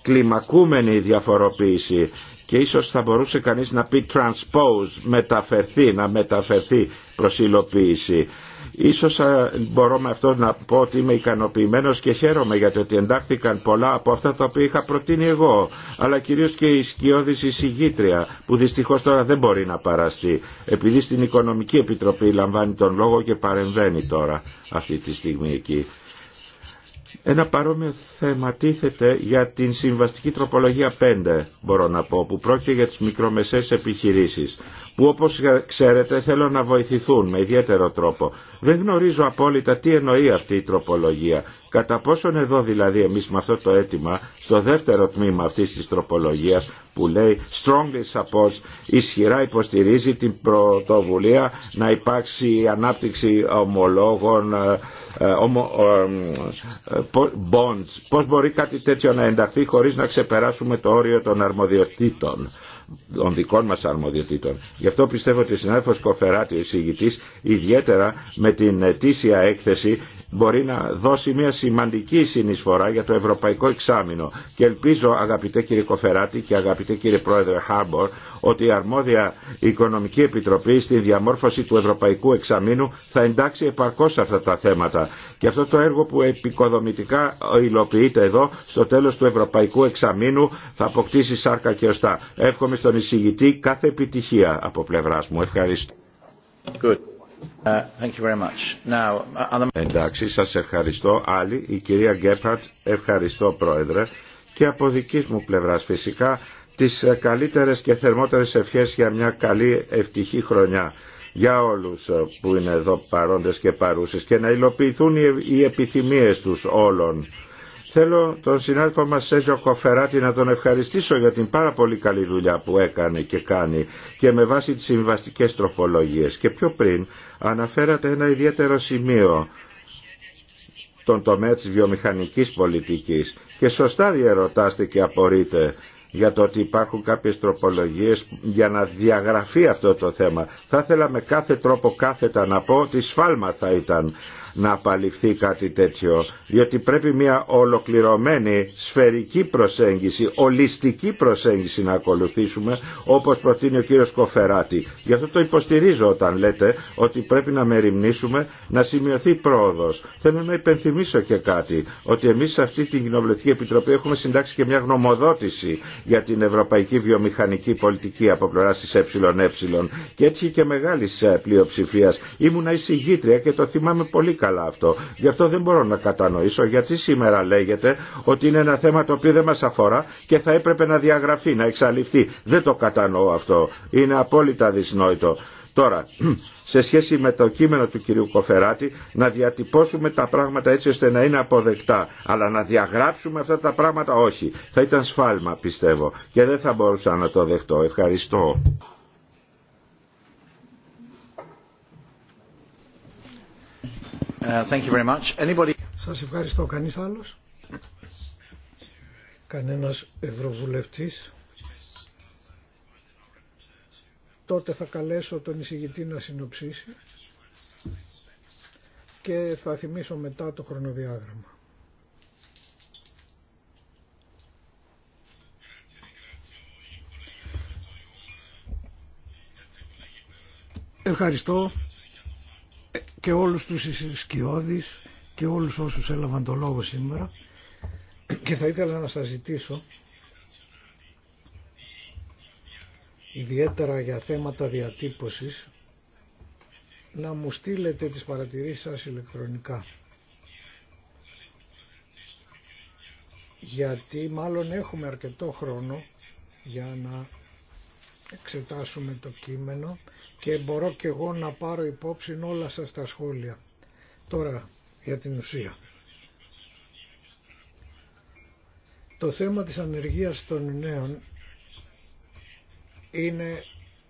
κλιμακούμενη διαφοροποίηση και ίσως θα μπορούσε κανείς να πει transpose, μεταφερθεί, να μεταφερθεί προς υλοποίηση. Ίσως μπορώ με αυτό να πω ότι είμαι ικανοποιημένος και χαίρομαι γιατί ότι εντάχθηκαν πολλά από αυτά τα οποία είχα προτείνει εγώ, αλλά κυρίως και η σκιώδηση συγγήτρια που δυστυχώς τώρα δεν μπορεί να παραστεί, επειδή στην Οικονομική Επιτροπή λαμβάνει τον λόγο και παρεμβαίνει τώρα αυτή τη στιγμή εκεί. Ένα παρόμοιο θέμα τίθεται για την συμβαστική τροπολογία 5, μπορώ να πω, που πρόκειται για τις μικρομεσαίες επιχειρήσεις, που όπως ξέρετε θέλω να βοηθηθούν με ιδιαίτερο τρόπο. Δεν γνωρίζω απόλυτα τι εννοεί αυτή η τροπολογία Κατά πόσον εδώ δηλαδή εμείς με αυτό το αίτημα, στο δεύτερο τμήμα αυτής της τροπολογίας που λέει strongly supports, ισχυρά υποστηρίζει την πρωτοβουλία να υπάρξει ανάπτυξη ομολόγων, ε, ε, ομο, ε, bonds. Πώς μπορεί κάτι τέτοιο να ενταχθεί χωρίς να ξεπεράσουμε το όριο των αρμοδιοτήτων των δικών μας αρμοδιοτήτων. Γι' αυτό πιστεύω ότι ο συνάδελφος Κοφεράτη, ο εισηγητής, ιδιαίτερα με την ετήσια έκθεση μπορεί να δώσει μια σημαντική συνεισφορά για το ευρωπαϊκό εξάμεινο. Και ελπίζω αγαπητέ κύριε Κοφεράτη και αγαπητέ κύριε Πρόεδρε Χάμπορ ότι η αρμόδια Οικονομική Επιτροπή στη διαμόρφωση του ευρωπαϊκού εξαμήνου θα εντάξει επαρκώς αυτά τα θέματα. Και αυτό το έργο που επικοδομητικά υλοποιείται εδώ στο τέλος του ευρωπαϊκού εξαμήνου θα αποκτήσει σάρκα και οστά. Εύχομαι στον εισηγητή κάθε επιτυχία από πλευράς μου. Ευχαριστώ. Uh, uh, Εντάξει, σας ευχαριστώ. Άλλη, η κυρία Γκέπαρτ, ευχαριστώ πρόεδρε. Και από δική μου πλευράς φυσικά τις ε, καλύτερες και θερμότερες ευχές για μια καλή ευτυχή χρονιά για όλους ε, που είναι εδώ παρόντες και παρούσες και να υλοποιηθούν οι επιθυμίες τους όλων. Θέλω τον συνάδελφο μας Σέζιο Κοφεράτη να τον ευχαριστήσω για την πάρα πολύ καλή δουλειά που έκανε και κάνει και με βάση τις συμβαστικές τροπολογίες. Και πιο πριν αναφέρατε ένα ιδιαίτερο σημείο τον τομέα της βιομηχανικής πολιτικής και σωστά διαρωτάστε και απορείτε για το ότι υπάρχουν κάποιες τροπολογίες για να διαγραφεί αυτό το θέμα. Θα ήθελα με κάθε τρόπο κάθετα να πω ότι σφάλμα θα ήταν να απαλληφθεί κάτι τέτοιο. Διότι πρέπει μια ολοκληρωμένη σφαιρική προσέγγιση, ολιστική προσέγγιση να ακολουθήσουμε όπως προτείνει ο κύριος Κοφεράτη. Γι' αυτό το υποστηρίζω όταν λέτε ότι πρέπει να μεριμνήσουμε να σημειωθεί πρόοδος. Θέλω να υπενθυμίσω και κάτι, ότι εμείς σε αυτή την Κοινοβουλευτική Επιτροπή έχουμε συντάξει και μια γνωμοδότηση για την Ευρωπαϊκή Βιομηχανική Πολιτική από πλευρά τη ΕΕ και έτσι και μεγάλη ε, πλειοψηφία. Ήμουνα εισηγήτρια και το θυμάμαι πολύ καλά αυτό. Γι' αυτό δεν μπορώ να κατανοήσω γιατί σήμερα λέγεται ότι είναι ένα θέμα το οποίο δεν μας αφορά και θα έπρεπε να διαγραφεί, να εξαλειφθεί. Δεν το κατανοώ αυτό. Είναι απόλυτα δυσνόητο. Τώρα, σε σχέση με το κείμενο του κυρίου Κοφεράτη, να διατυπώσουμε τα πράγματα έτσι ώστε να είναι αποδεκτά. Αλλά να διαγράψουμε αυτά τα πράγματα όχι. Θα ήταν σφάλμα, πιστεύω. Και δεν θα μπορούσα να το δεχτώ. Ευχαριστώ. Uh, thank Σας ευχαριστώ. Κανείς άλλος? Κανένας ευρωβουλευτής? Τότε θα καλέσω τον εισηγητή να συνοψίσει και θα θυμίσω μετά το χρονοδιάγραμμα. Ευχαριστώ και όλους τους σκιώδεις και όλους όσους έλαβαν το λόγο σήμερα και θα ήθελα να σας ζητήσω ιδιαίτερα για θέματα διατύπωσης να μου στείλετε τις παρατηρήσεις σας ηλεκτρονικά γιατί μάλλον έχουμε αρκετό χρόνο για να εξετάσουμε το κείμενο και μπορώ και εγώ να πάρω υπόψη όλα σας τα σχόλια. Τώρα για την ουσία. Το θέμα της ανεργίας των νέων είναι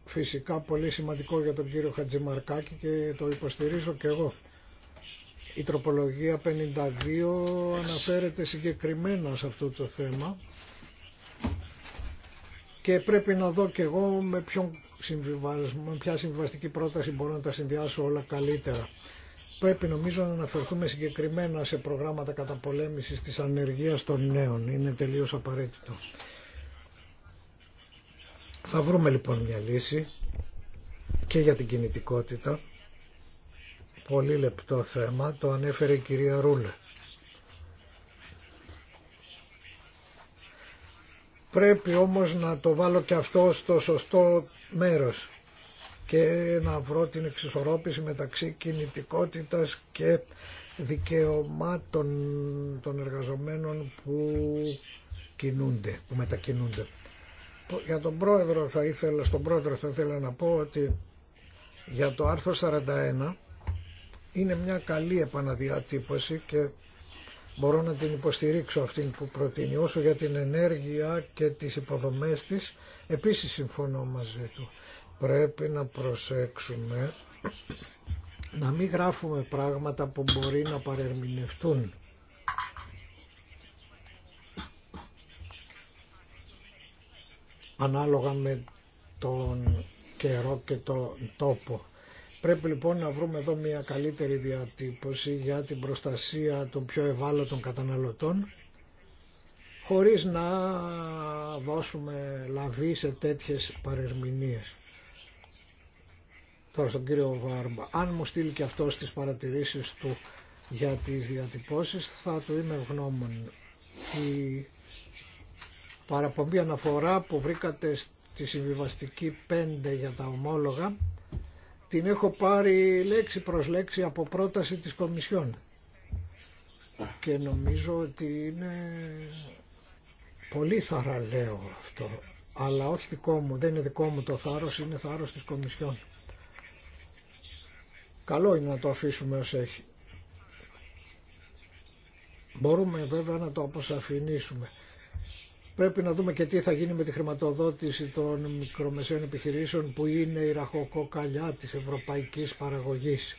φυσικά πολύ σημαντικό για τον κύριο Χατζημαρκάκη και το υποστηρίζω και εγώ. Η τροπολογία 52 αναφέρεται συγκεκριμένα σε αυτό το θέμα και πρέπει να δω και εγώ με ποιον ποια συμβιβαστική πρόταση μπορώ να τα συνδυάσω όλα καλύτερα. Πρέπει νομίζω να αναφερθούμε συγκεκριμένα σε προγράμματα καταπολέμησης της ανεργίας των νέων. Είναι τελείως απαραίτητο. Θα βρούμε λοιπόν μια λύση και για την κινητικότητα. Πολύ λεπτό θέμα, το ανέφερε η κυρία Ρούλε. Πρέπει όμως να το βάλω και αυτό στο σωστό μέρος και να βρω την εξισορρόπηση μεταξύ κινητικότητας και δικαιωμάτων των εργαζομένων που κινούνται, που μετακινούνται. Για τον πρόεδρο θα ήθελα, στον πρόεδρο θα ήθελα να πω ότι για το άρθρο 41 είναι μια καλή επαναδιατύπωση και μπορώ να την υποστηρίξω αυτήν που προτείνει. Όσο για την ενέργεια και τις υποδομές της, επίσης συμφωνώ μαζί του. Πρέπει να προσέξουμε να μην γράφουμε πράγματα που μπορεί να παρερμηνευτούν. ανάλογα με τον καιρό και τον τόπο. Πρέπει λοιπόν να βρούμε εδώ μια καλύτερη διατύπωση για την προστασία των πιο ευάλωτων καταναλωτών χωρίς να δώσουμε λαβή σε τέτοιες παρερμηνίες. Τώρα στον κύριο Βάρμπα, αν μου στείλει και αυτό τις παρατηρήσεις του για τις διατυπώσεις θα του είμαι ευγνώμων. Η παραπομπή αναφορά που βρήκατε στη συμβιβαστική 5 για τα ομόλογα την έχω πάρει λέξη προς λέξη από πρόταση της Κομισιόν και νομίζω ότι είναι πολύ θαραλέο αυτό αλλά όχι δικό μου, δεν είναι δικό μου το θάρρος, είναι θάρρος της Κομισιόν. Καλό είναι να το αφήσουμε ως έχει. Μπορούμε βέβαια να το αποσαφηνίσουμε πρέπει να δούμε και τι θα γίνει με τη χρηματοδότηση των μικρομεσαίων επιχειρήσεων που είναι η ραχοκοκαλιά της ευρωπαϊκής παραγωγής.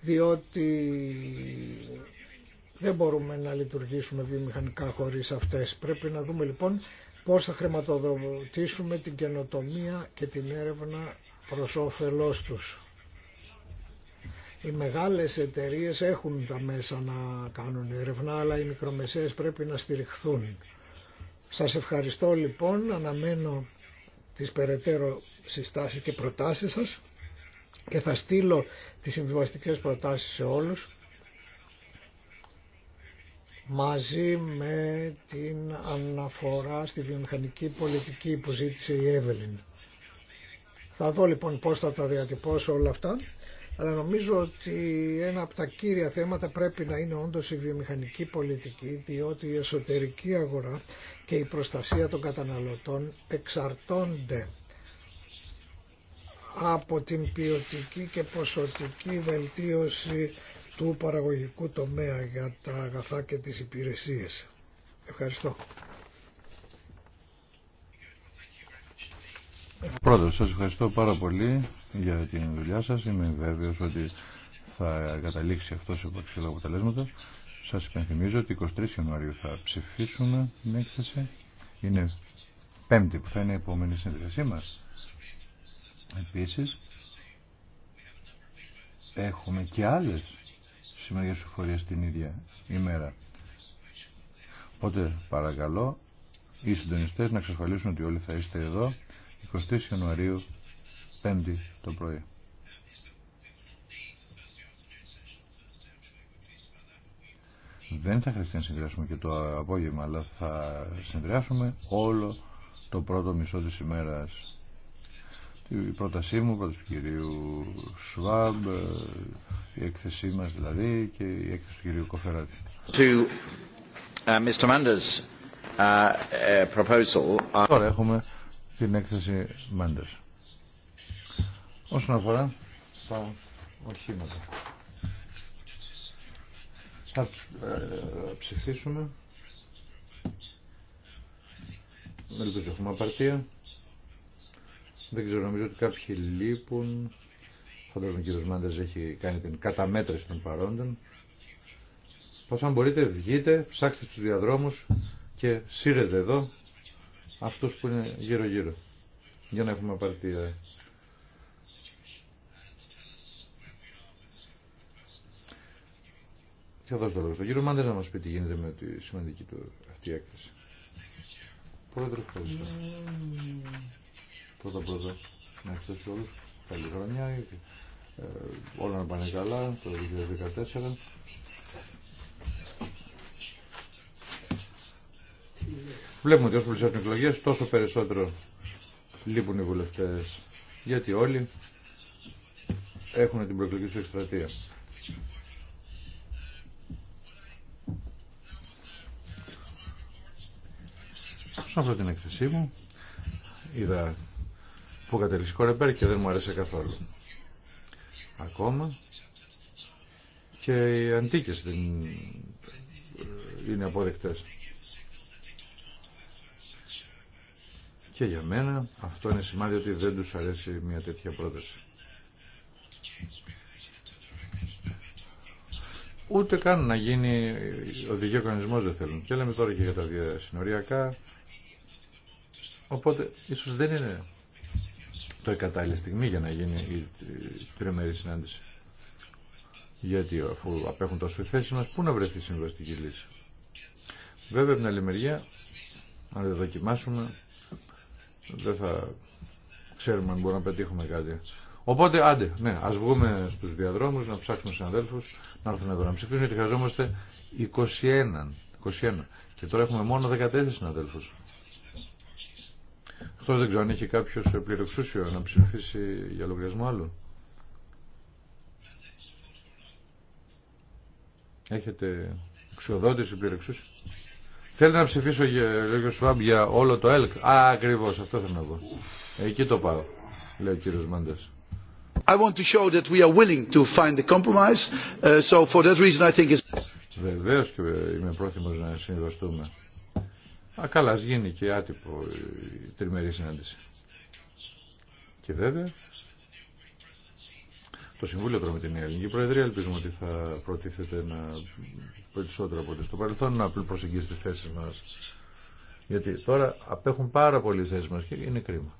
Διότι δεν μπορούμε να λειτουργήσουμε βιομηχανικά χωρίς αυτές. Πρέπει να δούμε λοιπόν πώς θα χρηματοδοτήσουμε την καινοτομία και την έρευνα προς όφελός τους. Οι μεγάλες εταιρείες έχουν τα μέσα να κάνουν έρευνα, αλλά οι μικρομεσαίες πρέπει να στηριχθούν. Σας ευχαριστώ λοιπόν, αναμένω τις περαιτέρω συστάσεις και προτάσεις σας και θα στείλω τις συμβιβαστικές προτάσεις σε όλους μαζί με την αναφορά στη βιομηχανική πολιτική που ζήτησε η Εύελιν. Θα δω λοιπόν πώς θα τα διατυπώσω όλα αυτά αλλά νομίζω ότι ένα από τα κύρια θέματα πρέπει να είναι όντως η βιομηχανική πολιτική, διότι η εσωτερική αγορά και η προστασία των καταναλωτών εξαρτώνται από την ποιοτική και ποσοτική βελτίωση του παραγωγικού τομέα για τα αγαθά και τις υπηρεσίες. Ευχαριστώ. πρώτος σας ευχαριστώ πάρα πολύ για την δουλειά σας. Είμαι βέβαιος ότι θα καταλήξει αυτό σε παξιλά αποτελέσματα. Σας υπενθυμίζω ότι 23 Ιανουαρίου θα ψηφίσουμε την έκθεση. Είναι πέμπτη που θα είναι η επόμενη συνεδριασή μας. Επίσης, έχουμε και άλλες σημερινές συμφορίες την ίδια ημέρα. Οπότε παρακαλώ οι συντονιστές να εξασφαλίσουν ότι όλοι θα είστε εδώ 23 Ιανουαρίου Πέμπτη το πρωί. Δεν θα χρειαστεί να συνδυάσουμε και το απόγευμα, αλλά θα συνδυάσουμε όλο το πρώτο μισό της ημέρας. Η πρότασή μου, πρόταση του κυρίου Σουάμπ, η έκθεσή μας δηλαδή και η έκθεση του κυρίου Κοφεράτη. Uh, Mr. Manders, uh, uh, proposal. Τώρα έχουμε την έκθεση Μάντερς όσον αφορά τα οχήματα. Θα ε, ψηφίσουμε. Ελπίζω έχουμε απαρτία. Δεν ξέρω, νομίζω ότι κάποιοι λείπουν. Φαντάζομαι ο κ. Μάντε έχει κάνει την καταμέτρηση των παρόντων. Πώ αν μπορείτε, βγείτε, ψάξτε στους διαδρόμους και σύρετε εδώ αυτούς που είναι γύρω-γύρω. Για να έχουμε απαρτία. Θα δώσω το λόγο στον κύριο Μάντερ να μας πει τι γίνεται με τη σημαντική του αυτή η έκθεση. Πρόεδρε, ευχαριστώ. Πρώτα πρώτα, να ευχαριστώ όλους. Καλή χρονιά, ε, όλα να πάνε καλά το 2014. Βλέπουμε ότι όσο πλησιάζουν οι εκλογέ, τόσο περισσότερο λείπουν οι βουλευτέ. Γιατί όλοι έχουν την προεκλογική του εκστρατεία. σε βρω την έκθεσή μου, είδα που κατέληξε κορεμπέρ και δεν μου αρέσει καθόλου. Ακόμα και οι αντίκες ε, είναι αποδεκτές. Και για μένα αυτό είναι σημάδι ότι δεν τους αρέσει μια τέτοια πρόταση. Ούτε καν να γίνει ο κανονισμός δεν θέλουν. Και λέμε τώρα και για τα διασυνοριακά Οπότε ίσως δεν είναι το κατάλληλη στιγμή για να γίνει η τριμερή συνάντηση. Γιατί αφού απέχουν τόσο οι θέσει μα, πού να βρεθεί η συμβαστική λύση. Βέβαια, από την άλλη μεριά, αν δεν δοκιμάσουμε, δεν θα ξέρουμε αν μπορούμε να πετύχουμε κάτι. Οπότε, άντε, ναι, α βγούμε στου διαδρόμου, να ψάξουμε συναδέλφου, να έρθουμε εδώ να ψηφίσουν, γιατί χρειαζόμαστε 21. 21. Και τώρα έχουμε μόνο 14 συναδέλφου. Αυτό δεν ξέρω αν έχει κάποιο πληροξούσιο να ψηφίσει για λογαριασμό άλλου. Έχετε εξοδότηση πληροξούσιο. Θέλετε να ψηφίσω για λόγιο Σουάμπ για όλο το ΕΛΚ. Α, ακριβώ, αυτό θέλω να πω. Εκεί το πάω, λέει ο κύριο Μάντα. I want to show that we are willing to find compromise, uh, so for that reason I think it's... Βεβαίως και είμαι πρόθυμος να συνεργαστούμε. Α, καλά, ας γίνει και άτυπο η τριμερή συνάντηση. Και βέβαια, το Συμβούλιο τώρα με την Ελληνική Προεδρία ελπίζουμε ότι θα προτίθεται να περισσότερο από ό,τι στο παρελθόν να προσεγγίσει τις θέσεις μας. Γιατί τώρα απέχουν πάρα πολλοί θέσεις μας και είναι κρίμα.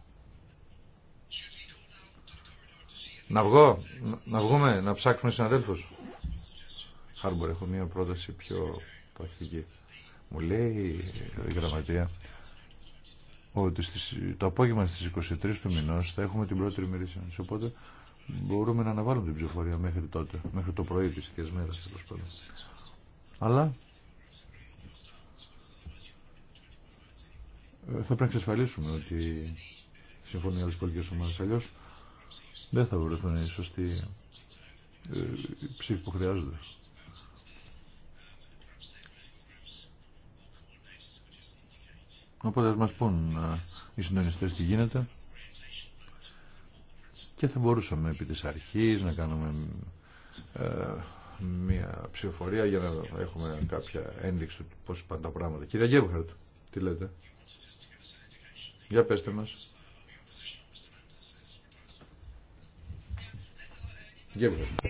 Να βγω, να βγούμε, να ψάξουμε συναδέλφους. Χάρμπορ, έχω μία πρόταση πιο πρακτική. Μου λέει η γραμματεία ότι το απόγευμα στις 23 του μηνός θα έχουμε την πρώτη ημερήσια. Οπότε μπορούμε να αναβάλουμε την ψηφοφορία μέχρι τότε, μέχρι το πρωί της ίδιας μέρας. Αλλά ε, θα πρέπει να εξασφαλίσουμε ότι συμφωνεί με άλλες πολιτικές ομάδες. Αλλιώς δεν θα βρεθούν οι σωστοί ε, ψήφοι που χρειάζονται. Οπότε μας πούν ε, οι συντονιστές τι γίνεται και θα μπορούσαμε επί της αρχής να κάνουμε ε, μια ψηφοφορία για να έχουμε κάποια ένδειξη του πώς πάνε τα πράγματα. Κύριε Γκέμπχαρτ, τι λέτε. Για πέστε μας.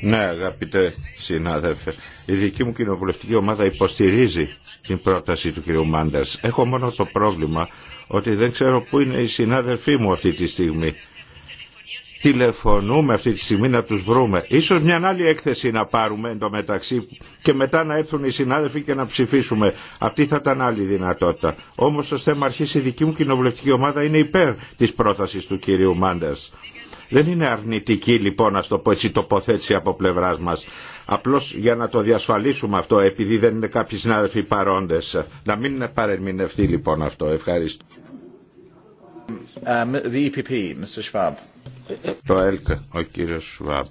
Ναι αγαπητέ συνάδελφε, η δική μου κοινοβουλευτική ομάδα υποστηρίζει την πρόταση του κ. Μάντερς. Έχω μόνο το πρόβλημα ότι δεν ξέρω πού είναι οι συνάδελφοί μου αυτή τη στιγμή. Τηλεφωνούμε αυτή τη στιγμή να τους βρούμε. Ίσως μια άλλη έκθεση να πάρουμε εντωμεταξύ και μετά να έρθουν οι συνάδελφοι και να ψηφίσουμε. Αυτή θα ήταν άλλη δυνατότητα. Όμως ως θέμα αρχής η δική μου κοινοβουλευτική ομάδα είναι υπέρ της πρότασης του κυρίου Μάντερς. Δεν είναι αρνητική λοιπόν, α το πω έτσι, τοποθέτηση από πλευρά μα. Απλώ για να το διασφαλίσουμε αυτό, επειδή δεν είναι κάποιοι συνάδελφοι παρόντε. Να μην παρεμηνευτεί λοιπόν αυτό. Ευχαριστώ. Ε, the EPP, Mr. Το ΕΛΚ, ο κύριος Σουάμπ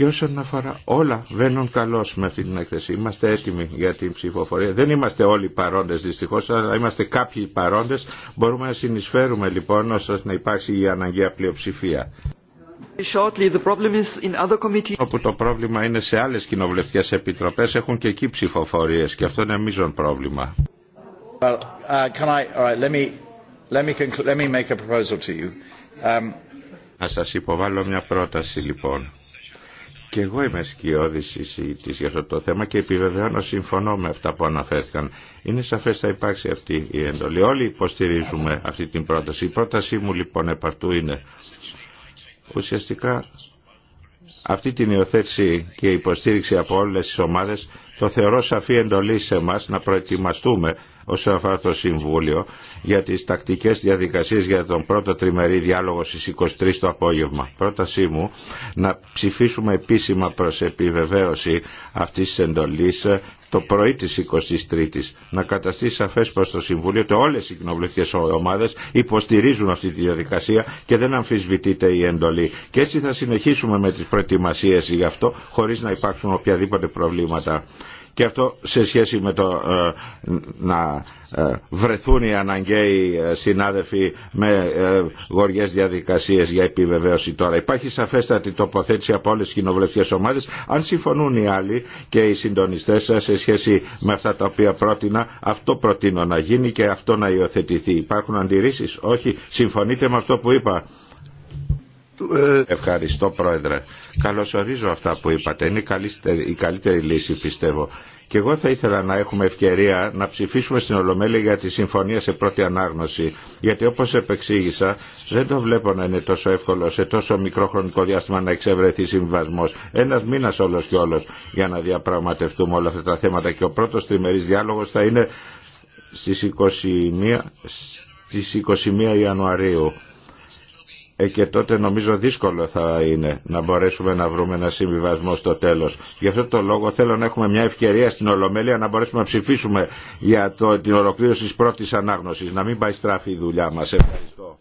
και όσον αφορά όλα βαίνουν καλώς με αυτή την έκθεση. Είμαστε έτοιμοι για την ψηφοφορία. Δεν είμαστε όλοι παρόντες δυστυχώς, αλλά είμαστε κάποιοι παρόντες. Μπορούμε να συνεισφέρουμε λοιπόν ώστε να υπάρξει η αναγκαία πλειοψηφία. Όπου το πρόβλημα είναι σε άλλες κοινοβουλευτικές επιτροπές έχουν και εκεί ψηφοφορίες και αυτό είναι μείζον πρόβλημα. Well, uh, I, right, let me, let me, Um... Να σας υποβάλω μια πρόταση λοιπόν και εγώ είμαι σκιώδης εισηγητής για αυτό το θέμα και επιβεβαιώνω συμφωνώ με αυτά που αναφέρθηκαν. Είναι σαφές θα υπάρξει αυτή η εντολή. Όλοι υποστηρίζουμε αυτή την πρόταση. Η πρότασή μου λοιπόν επ' αυτού είναι ουσιαστικά αυτή την υιοθέτηση και υποστήριξη από όλες τις ομάδες το θεωρώ σαφή εντολή σε εμά να προετοιμαστούμε όσον αφορά το Συμβούλιο για τις τακτικές διαδικασίες για τον πρώτο τριμερή διάλογο στις 23 το απόγευμα. Πρότασή μου να ψηφίσουμε επίσημα προς επιβεβαίωση αυτής της εντολής το πρωί της 23ης να καταστήσει σαφές προς το Συμβούλιο ότι όλες οι κοινοβουλευτικές ομάδες υποστηρίζουν αυτή τη διαδικασία και δεν αμφισβητείται η εντολή. Και έτσι θα συνεχίσουμε με τις προετοιμασίες γι' αυτό χωρίς να υπάρξουν οποιαδήποτε προβλήματα και αυτό σε σχέση με το ε, να ε, βρεθούν οι αναγκαίοι ε, συνάδελφοι με γοργές διαδικασίες για επιβεβαίωση τώρα. Υπάρχει σαφέστατη τοποθέτηση από όλες τις κοινοβουλευτικές ομάδες. Αν συμφωνούν οι άλλοι και οι συντονιστές σε σχέση με αυτά τα οποία πρότεινα, αυτό προτείνω να γίνει και αυτό να υιοθετηθεί. Υπάρχουν αντιρρήσεις? Όχι. Συμφωνείτε με αυτό που είπα. Ε, Ευχαριστώ Πρόεδρε. Καλωσορίζω αυτά που είπατε. Είναι η καλύτερη, λύση πιστεύω. Και εγώ θα ήθελα να έχουμε ευκαιρία να ψηφίσουμε στην Ολομέλη για τη συμφωνία σε πρώτη ανάγνωση. Γιατί όπω επεξήγησα, δεν το βλέπω να είναι τόσο εύκολο σε τόσο μικρό χρονικό διάστημα να εξευρεθεί συμβιβασμό. Ένα μήνα όλο και όλο για να διαπραγματευτούμε όλα αυτά τα θέματα. Και ο πρώτο τριμερή διάλογο θα είναι στι 21, 21 Ιανουαρίου ε, και τότε νομίζω δύσκολο θα είναι να μπορέσουμε να βρούμε ένα συμβιβασμό στο τέλος. Γι' αυτό το λόγο θέλω να έχουμε μια ευκαιρία στην Ολομέλεια να μπορέσουμε να ψηφίσουμε για το, την ολοκλήρωση της πρώτης ανάγνωσης. Να μην πάει στράφη η δουλειά μας. Ευχαριστώ.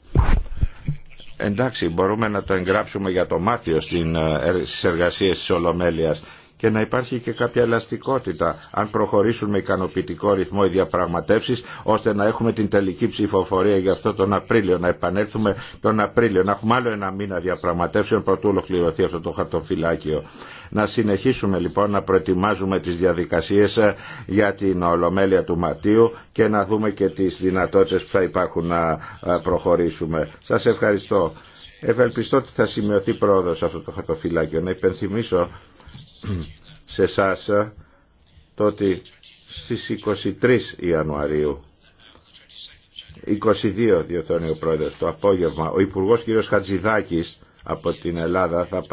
Εντάξει, μπορούμε να το εγγράψουμε για το μάτιο ε, στις εργασίες της Ολομέλειας και να υπάρχει και κάποια ελαστικότητα αν προχωρήσουν με ικανοποιητικό ρυθμό οι διαπραγματεύσει, ώστε να έχουμε την τελική ψηφοφορία για αυτό τον Απρίλιο, να επανέλθουμε τον Απρίλιο, να έχουμε άλλο ένα μήνα διαπραγματεύσεων πρωτού ολοκληρωθεί αυτό το χαρτοφυλάκιο. Να συνεχίσουμε λοιπόν να προετοιμάζουμε τις διαδικασίες ε, για την Ολομέλεια του Μαρτίου και να δούμε και τις δυνατότητες που θα υπάρχουν να ε, προχωρήσουμε. Σας ευχαριστώ. Ευελπιστώ ότι θα σημειωθεί πρόοδος αυτό το χαρτοφυλάκιο. Να υπενθυμίσω σε εσά ε, το ότι στις 23 Ιανουαρίου 22 διορθώνει ο πρόεδρος το απόγευμα ο Υπουργός κ. Χατζηδάκης από την Ελλάδα θα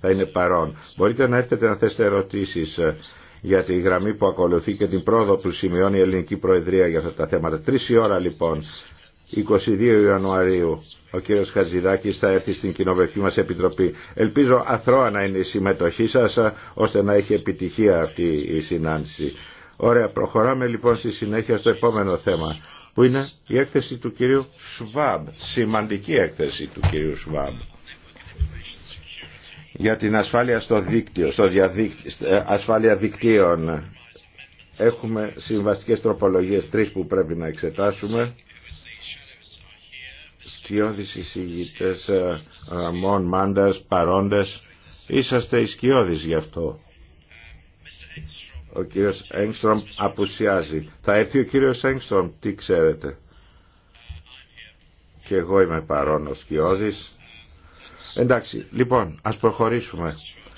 θα είναι παρόν. Μπορείτε να έρθετε να θέσετε ερωτήσεις ε, για τη γραμμή που ακολουθεί και την πρόοδο που σημειώνει η Ελληνική Προεδρία για αυτά τα θέματα. Τρεις η ώρα λοιπόν 22 Ιανουαρίου ο κύριος Χατζηδάκης θα έρθει στην κοινοβουλευτική μας επιτροπή. Ελπίζω αθρώα να είναι η συμμετοχή σας ώστε να έχει επιτυχία αυτή η συνάντηση. Ωραία, προχωράμε λοιπόν στη συνέχεια στο επόμενο θέμα που είναι η έκθεση του κυρίου Σβάμπ, σημαντική έκθεση του κυρίου Σβάμπ για την ασφάλεια στο δίκτυο, στο διαδίκτυο, ασφάλεια δικτύων. Έχουμε συμβαστικές τροπολογίες, τρεις που πρέπει να εξετάσουμε σκιώδεις εισηγητές Ραμών, ε, Μάντας παρόντες είσαστε οι γι' αυτό ο κύριος Έγκστρομ απουσιάζει θα έρθει ο κύριος Έγκστρομ τι ξέρετε και εγώ είμαι παρόν ο σκιώδης εντάξει λοιπόν ας προχωρήσουμε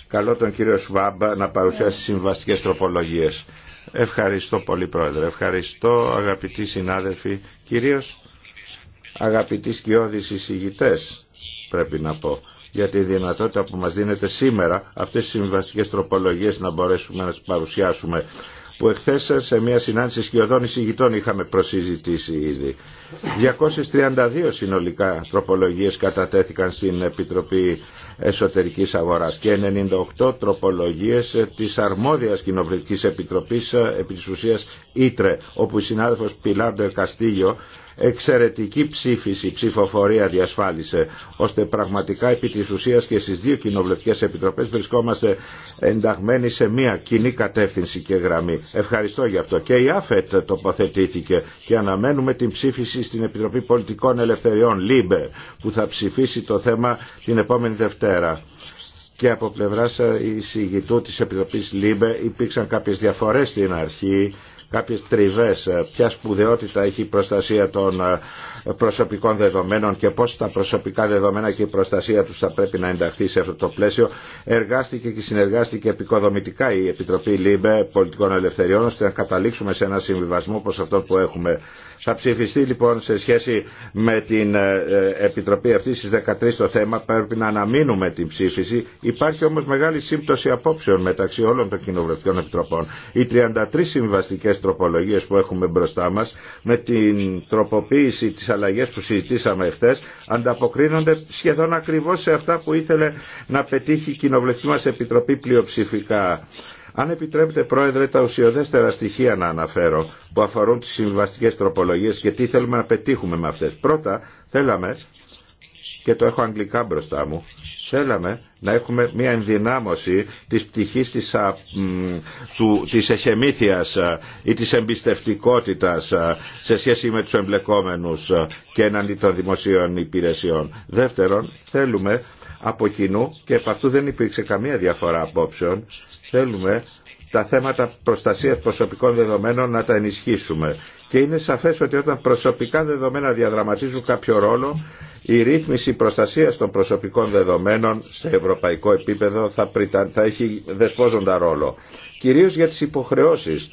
καλό τον κύριο Σβάμπα να παρουσιάσει συμβαστικές τροπολογίες Ευχαριστώ πολύ πρόεδρε, ευχαριστώ αγαπητοί συνάδελφοι, κυρίως αγαπητοί σκιώδεις εισηγητές πρέπει να πω για τη δυνατότητα που μας δίνεται σήμερα αυτές τις συμβαστικές τροπολογίες να μπορέσουμε να τις παρουσιάσουμε που εχθές σε μια συνάντηση σκιωδών εισηγητών είχαμε προσυζητήσει ήδη. 232 συνολικά τροπολογίες κατατέθηκαν στην Επιτροπή Εσωτερικής Αγοράς και 98 τροπολογίες της αρμόδιας Κοινοβουλικής Επιτροπής ε, επί της ουσίας Ήτρε, όπου η συνάδελφος Πιλάρντερ Καστίγιο εξαιρετική ψήφιση, ψηφοφορία διασφάλισε, ώστε πραγματικά επί της ουσίας και στις δύο κοινοβουλευτικές επιτροπές βρισκόμαστε ενταγμένοι σε μία κοινή κατεύθυνση και γραμμή. Ευχαριστώ γι' αυτό. Και η ΑΦΕΤ τοποθετήθηκε και αναμένουμε την ψήφιση στην Επιτροπή Πολιτικών Ελευθεριών, ΛΥΜΠΕ, που θα ψηφίσει το θέμα την επόμενη Δευτέρα και από πλευρά ε, εισηγητού της Επιτροπής ΛΥΜΠΕ υπήρξαν κάποιες διαφορές στην αρχή κάποιες τριβές, ε, ποια σπουδαιότητα έχει η προστασία των ε, προσωπικών δεδομένων και πώς τα προσωπικά δεδομένα και η προστασία τους θα πρέπει να ενταχθεί σε αυτό το πλαίσιο. Εργάστηκε και συνεργάστηκε επικοδομητικά η Επιτροπή ΛΥΜΠΕ Πολιτικών Ελευθεριών ώστε να καταλήξουμε σε ένα συμβιβασμό όπως αυτό που έχουμε θα ψηφιστεί λοιπόν σε σχέση με την ε, ε, Επιτροπή αυτή στις 13 το θέμα. Πρέπει να αναμείνουμε την ψήφιση. Υπάρχει όμως μεγάλη σύμπτωση απόψεων μεταξύ όλων των κοινοβουλευτικών επιτροπών. Οι 33 συμβαστικές τροπολογίες που έχουμε μπροστά μας με την τροποποίηση της αλλαγές που συζητήσαμε χτες ανταποκρίνονται σχεδόν ακριβώς σε αυτά που ήθελε να πετύχει η κοινοβουλευτική μας επιτροπή πλειοψηφικά. Αν επιτρέπετε πρόεδρε τα ουσιοδέστερα στοιχεία να αναφέρω που αφορούν τις συμβαστικές τροπολογίες και τι θέλουμε να πετύχουμε με αυτές. Πρώτα θέλαμε και το έχω αγγλικά μπροστά μου, θέλαμε να έχουμε μια ενδυνάμωση της πτυχής της, α, του, της εχεμήθειας ή της εμπιστευτικότητας σε σχέση με τους εμπλεκόμενους και έναντι των δημοσίων υπηρεσιών. Δεύτερον, θέλουμε από κοινού, και επ' αυτού δεν υπήρξε καμία διαφορά απόψεων, θέλουμε τα θέματα προστασίας προσωπικών δεδομένων να τα ενισχύσουμε. Και είναι σαφές ότι όταν προσωπικά δεδομένα διαδραματίζουν κάποιο ρόλο, η ρύθμιση προστασίας των προσωπικών δεδομένων σε ευρωπαϊκό επίπεδο θα, θα έχει δεσπόζοντα ρόλο. Κυρίως για τις υποχρεώσεις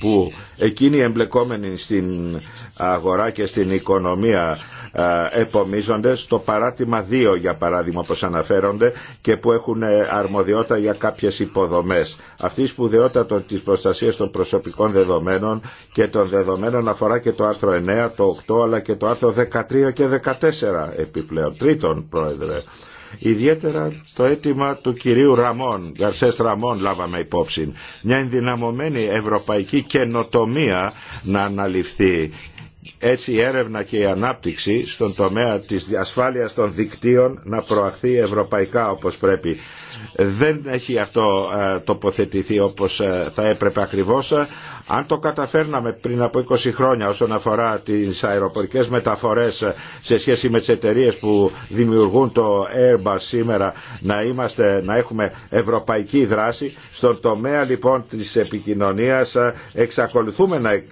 που εκείνοι εμπλεκόμενοι στην αγορά και στην οικονομία ε, επομίζονται στο παράτημα 2 για παράδειγμα όπως αναφέρονται και που έχουν ε, αρμοδιότητα για κάποιες υποδομές. Αυτή η σπουδαιότητα της προστασίας των προσωπικών δεδομένων και των δεδομένων αφορά και το άρθρο 9, το 8 αλλά και το άρθρο 13 και 14 επιπλέον. Τρίτον πρόεδρε. Ιδιαίτερα το αίτημα του κυρίου Ραμών, Γαρσές Ραμών λάβαμε υπόψη. Μια ενδυναμωμένη ευρωπαϊκή καινοτομία να αναλυφθεί έτσι η έρευνα και η ανάπτυξη στον τομέα της ασφάλειας των δικτύων να προαχθεί ευρωπαϊκά όπως πρέπει. Δεν έχει αυτό ε, τοποθετηθεί όπως ε, θα έπρεπε ακριβώς αν το καταφέρναμε πριν από 20 χρόνια όσον αφορά τις αεροπορικές μεταφορές σε σχέση με τις εταιρείες που δημιουργούν το Airbus σήμερα να, είμαστε, να έχουμε ευρωπαϊκή δράση, στον τομέα λοιπόν της επικοινωνίας εξακολουθούμε να ε,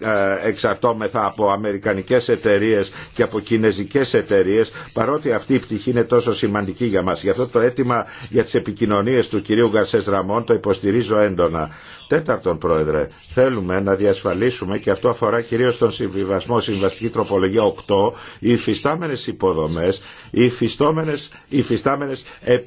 εξαρτώμεθα από αμερικανικές εταιρείες και από κινέζικες εταιρείες παρότι αυτή η πτυχή είναι τόσο σημαντική για μας. Γι' αυτό το αίτημα για τις επικοινωνίες του κυρίου Γκαρσέ Ραμών το υποστηρίζω έντονα. Τέταρτον, Πρόεδρε, θέλουμε να διασφαλίσουμε και αυτό αφορά κυρίως τον συμβιβασμό, συμβαστική τροπολογία 8, οι υφιστάμενες υποδομές, οι υφιστάμενες, οι υφιστάμενες ε,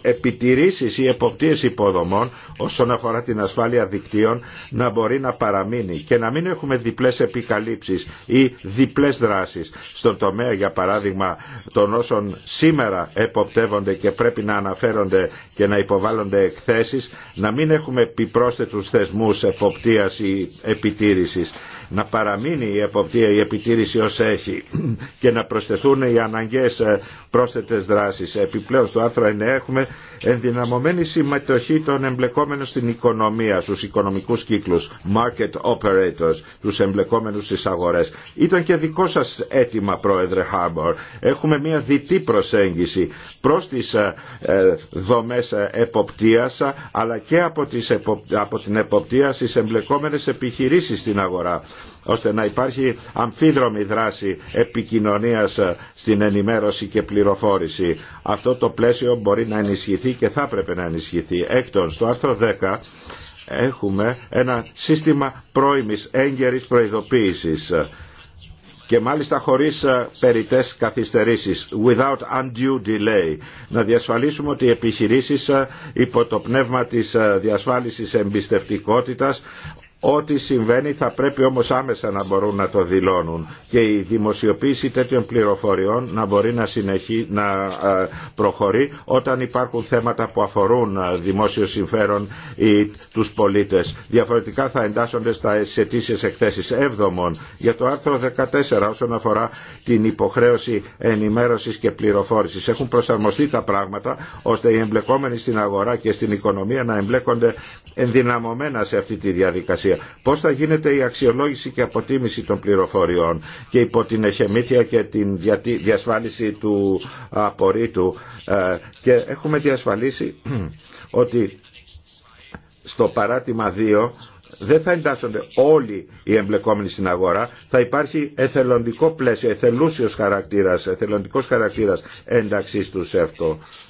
επιτηρήσεις ή εποπτείες υποδομών όσον αφορά την ασφάλεια δικτύων να μπορεί να παραμείνει και να μην έχουμε διπλές επικαλύψεις ή διπλές δράσεις στον τομέα, για παράδειγμα, των όσων σήμερα εποπτεύονται και πρέπει να αναφέρονται και να υποβάλλονται εκθέσεις, να μην έχουμε θεσμούς εποπτείας ή επιτήρησης. Να παραμείνει η εποπτεία, η επιτήρηση ως έχει και να προσθεθούν οι αναγκαίες πρόσθετες δράσεις. Επιπλέον στο άρθρο 9 έχουμε ενδυναμωμένη συμμετοχή των εμπλεκόμενων στην οικονομία, στους οικονομικούς κύκλους, market operators, τους εμπλεκόμενους στις αγορές. Ήταν και δικό σας αίτημα, Πρόεδρε Χάμπορ. Έχουμε μια διτή προσέγγιση προς τις ε, ε, δομές ε, εποπτείας, αλλά και από, από την εποπτεία στις εμπλεκόμενες επιχειρήσεις στην αγορά ώστε να υπάρχει αμφίδρομη δράση επικοινωνίας στην ενημέρωση και πληροφόρηση. Αυτό το πλαίσιο μπορεί να ενισχυθεί και θα πρέπει να ενισχυθεί. Έκτον, στο άρθρο 10 έχουμε ένα σύστημα πρώιμης έγκαιρης προειδοποίησης και μάλιστα χωρίς ε, περιτές καθυστερήσεις, without undue delay, να διασφαλίσουμε ότι οι επιχειρήσεις ε, υπό το πνεύμα της ε, διασφάλισης εμπιστευτικότητας Ό,τι συμβαίνει θα πρέπει όμως άμεσα να μπορούν να το δηλώνουν και η δημοσιοποίηση τέτοιων πληροφοριών να μπορεί να, συνεχί, να ε, προχωρεί όταν υπάρχουν θέματα που αφορούν ε, δημόσιο συμφέρον ή τους πολίτες. Διαφορετικά θα εντάσσονται στα ε, αιτήσεις εκθέσεις. Έβδομον, για το άρθρο 14 όσον αφορά την υποχρέωση ενημέρωσης και πληροφόρησης. Έχουν προσαρμοστεί τα πράγματα ώστε οι εμπλεκόμενοι στην αγορά και στην οικονομία να εμπλέκονται ενδυναμωμένα σε αυτή τη διαδικασία Πώ Πώς θα γίνεται η αξιολόγηση και αποτίμηση των πληροφοριών και υπό την εχεμήθεια και την διασφάλιση του απορρίτου. Ε, και έχουμε διασφαλίσει ότι στο παράτημα 2 δεν θα εντάσσονται όλοι οι εμπλεκόμενοι στην αγορά, θα υπάρχει εθελοντικό πλαίσιο, εθελούσιος χαρακτήρας, εθελοντικός χαρακτήρας ένταξής του σε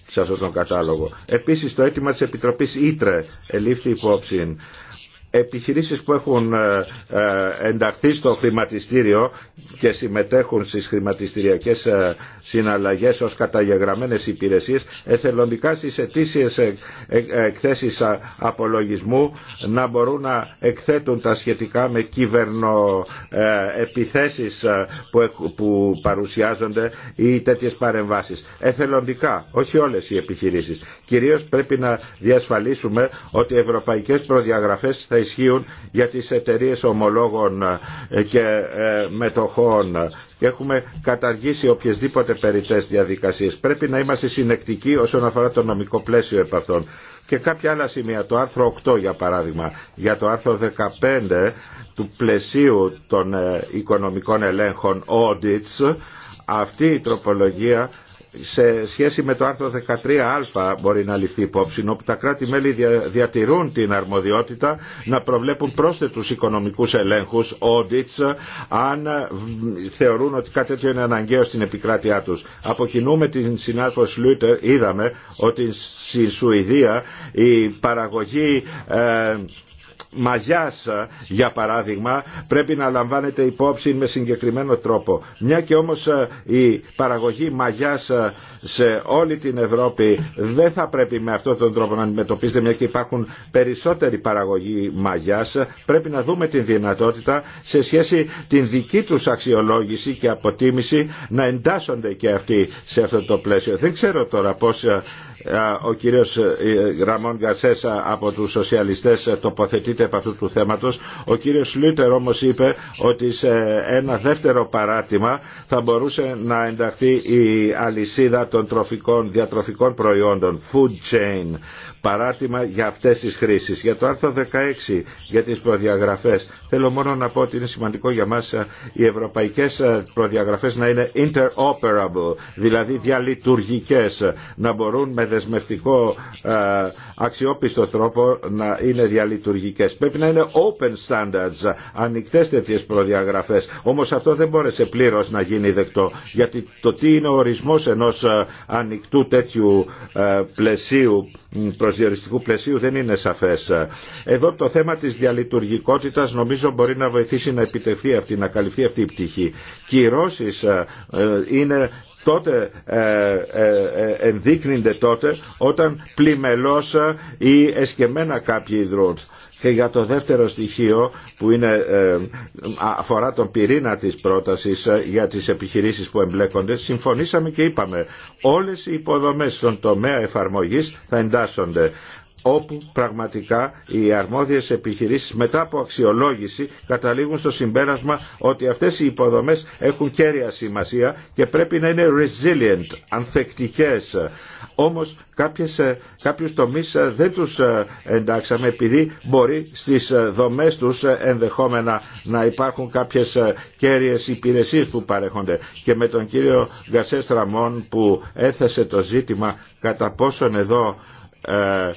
σε αυτόν τον κατάλογο. Επίσης το αίτημα της Επιτροπής Ήτρε ελήφθη υπόψη επιχειρήσεις που έχουν ε, ε, ενταχθεί στο χρηματιστήριο και συμμετέχουν στις χρηματιστηριακές ε, συναλλαγές ως καταγεγραμμένες υπηρεσίες εθελοντικά στις ε, εκθέσεις απολογισμού να μπορούν να εκθέτουν τα σχετικά με κυβερνοεπιθέσεις που παρουσιάζονται ή τέτοιες παρεμβάσεις. Εθελοντικά, όχι όλες οι επιχειρήσεις. Κυρίως πρέπει να διασφαλίσουμε ότι οι ευρωπαϊκές προδιαγραφές ισχύουν για τις εταιρείε ομολόγων ε, και ε, μετοχών. Έχουμε καταργήσει οποιασδήποτε περιττές διαδικασίες. Πρέπει να είμαστε συνεκτικοί όσον αφορά το νομικό πλαίσιο επ' αυτών. Και κάποια άλλα σημεία, το άρθρο 8 για παράδειγμα, για το άρθρο 15 του πλαισίου των ε, οικονομικών ελέγχων audits, αυτή η τροπολογία σε σχέση με το άρθρο 13α μπορεί να ληφθεί υπόψη, όπου τα κράτη-μέλη διατηρούν την αρμοδιότητα να προβλέπουν πρόσθετους οικονομικούς ελέγχους, audits, αν θεωρούν ότι κάτι τέτοιο είναι αναγκαίο στην επικράτειά τους. Από με την συνάδελφο Σλούτερ είδαμε ότι στη Σουηδία η παραγωγή ε, μαγιάς ε, για παράδειγμα πρέπει να λαμβάνεται υπόψη με συγκεκριμένο τρόπο. Μια και όμως ε, η παραγωγή μαγιάς ε, σε όλη την Ευρώπη δεν θα πρέπει με αυτόν τον τρόπο να αντιμετωπίζεται μια και υπάρχουν περισσότεροι παραγωγοί μαγιάς. Πρέπει να δούμε την δυνατότητα σε σχέση την δική τους αξιολόγηση και αποτίμηση να εντάσσονται και αυτοί σε αυτό το πλαίσιο. Δεν ξέρω τώρα πώς ε, ε, ο κύριος ε, Ραμόν Γκαρσέσα από τους σοσιαλιστές τοποθετείται από αυτού του θέματος. Ο κύριος Λούτερ όμως είπε ότι σε ένα δεύτερο παράτημα θα μπορούσε να ενταχθεί η αλυσίδα των τροφικών, διατροφικών προϊόντων, food chain, παράρτημα για αυτές τις χρήσεις. Για το άρθρο 16 για τις προδιαγραφές θέλω μόνο να πω ότι είναι σημαντικό για μας ε, οι ευρωπαϊκές ε, προδιαγραφές να είναι interoperable, δηλαδή διαλειτουργικές, να μπορούν με δεσμευτικό ε, αξιόπιστο τρόπο να είναι διαλειτουργικές. Πρέπει να είναι open standards, ανοιχτές τέτοιες προδιαγραφές. Όμως αυτό δεν μπόρεσε πλήρως να γίνει δεκτό, γιατί το τι είναι ο ορισμός ενός ανοιχτού τέτοιου πλαισίου προσδιοριστικού πλαισίου δεν είναι σαφές. Εδώ το θέμα της διαλειτουργικότητας νομίζω μπορεί να βοηθήσει να επιτευχθεί αυτή, να καλυφθεί αυτή η πτυχή. Κυρώσεις ε, ε, είναι τότε ε, ε, ε, ενδείκνυνται τότε όταν πλημελώς ή εσκεμμένα κάποιοι υδρούν. Και για το δεύτερο στοιχείο που είναι, ε, αφορά τον πυρήνα της πρότασης για τις επιχειρήσεις που εμπλέκονται, συμφωνήσαμε και είπαμε όλες οι υποδομές στον τομέα εφαρμογής θα εντάσσονται όπου πραγματικά οι αρμόδιες επιχειρήσεις μετά από αξιολόγηση καταλήγουν στο συμπέρασμα ότι αυτές οι υποδομές έχουν κέρια σημασία και πρέπει να είναι resilient, ανθεκτικές. Όμως κάποιες, ε, κάποιους τομείς ε, δεν τους ε, εντάξαμε επειδή μπορεί στις δομές τους ενδεχόμενα να υπάρχουν κάποιες κέρυες υπηρεσίες που παρέχονται. Και με τον κύριο Γκασέ που έθεσε το ζήτημα κατά πόσον εδώ ε,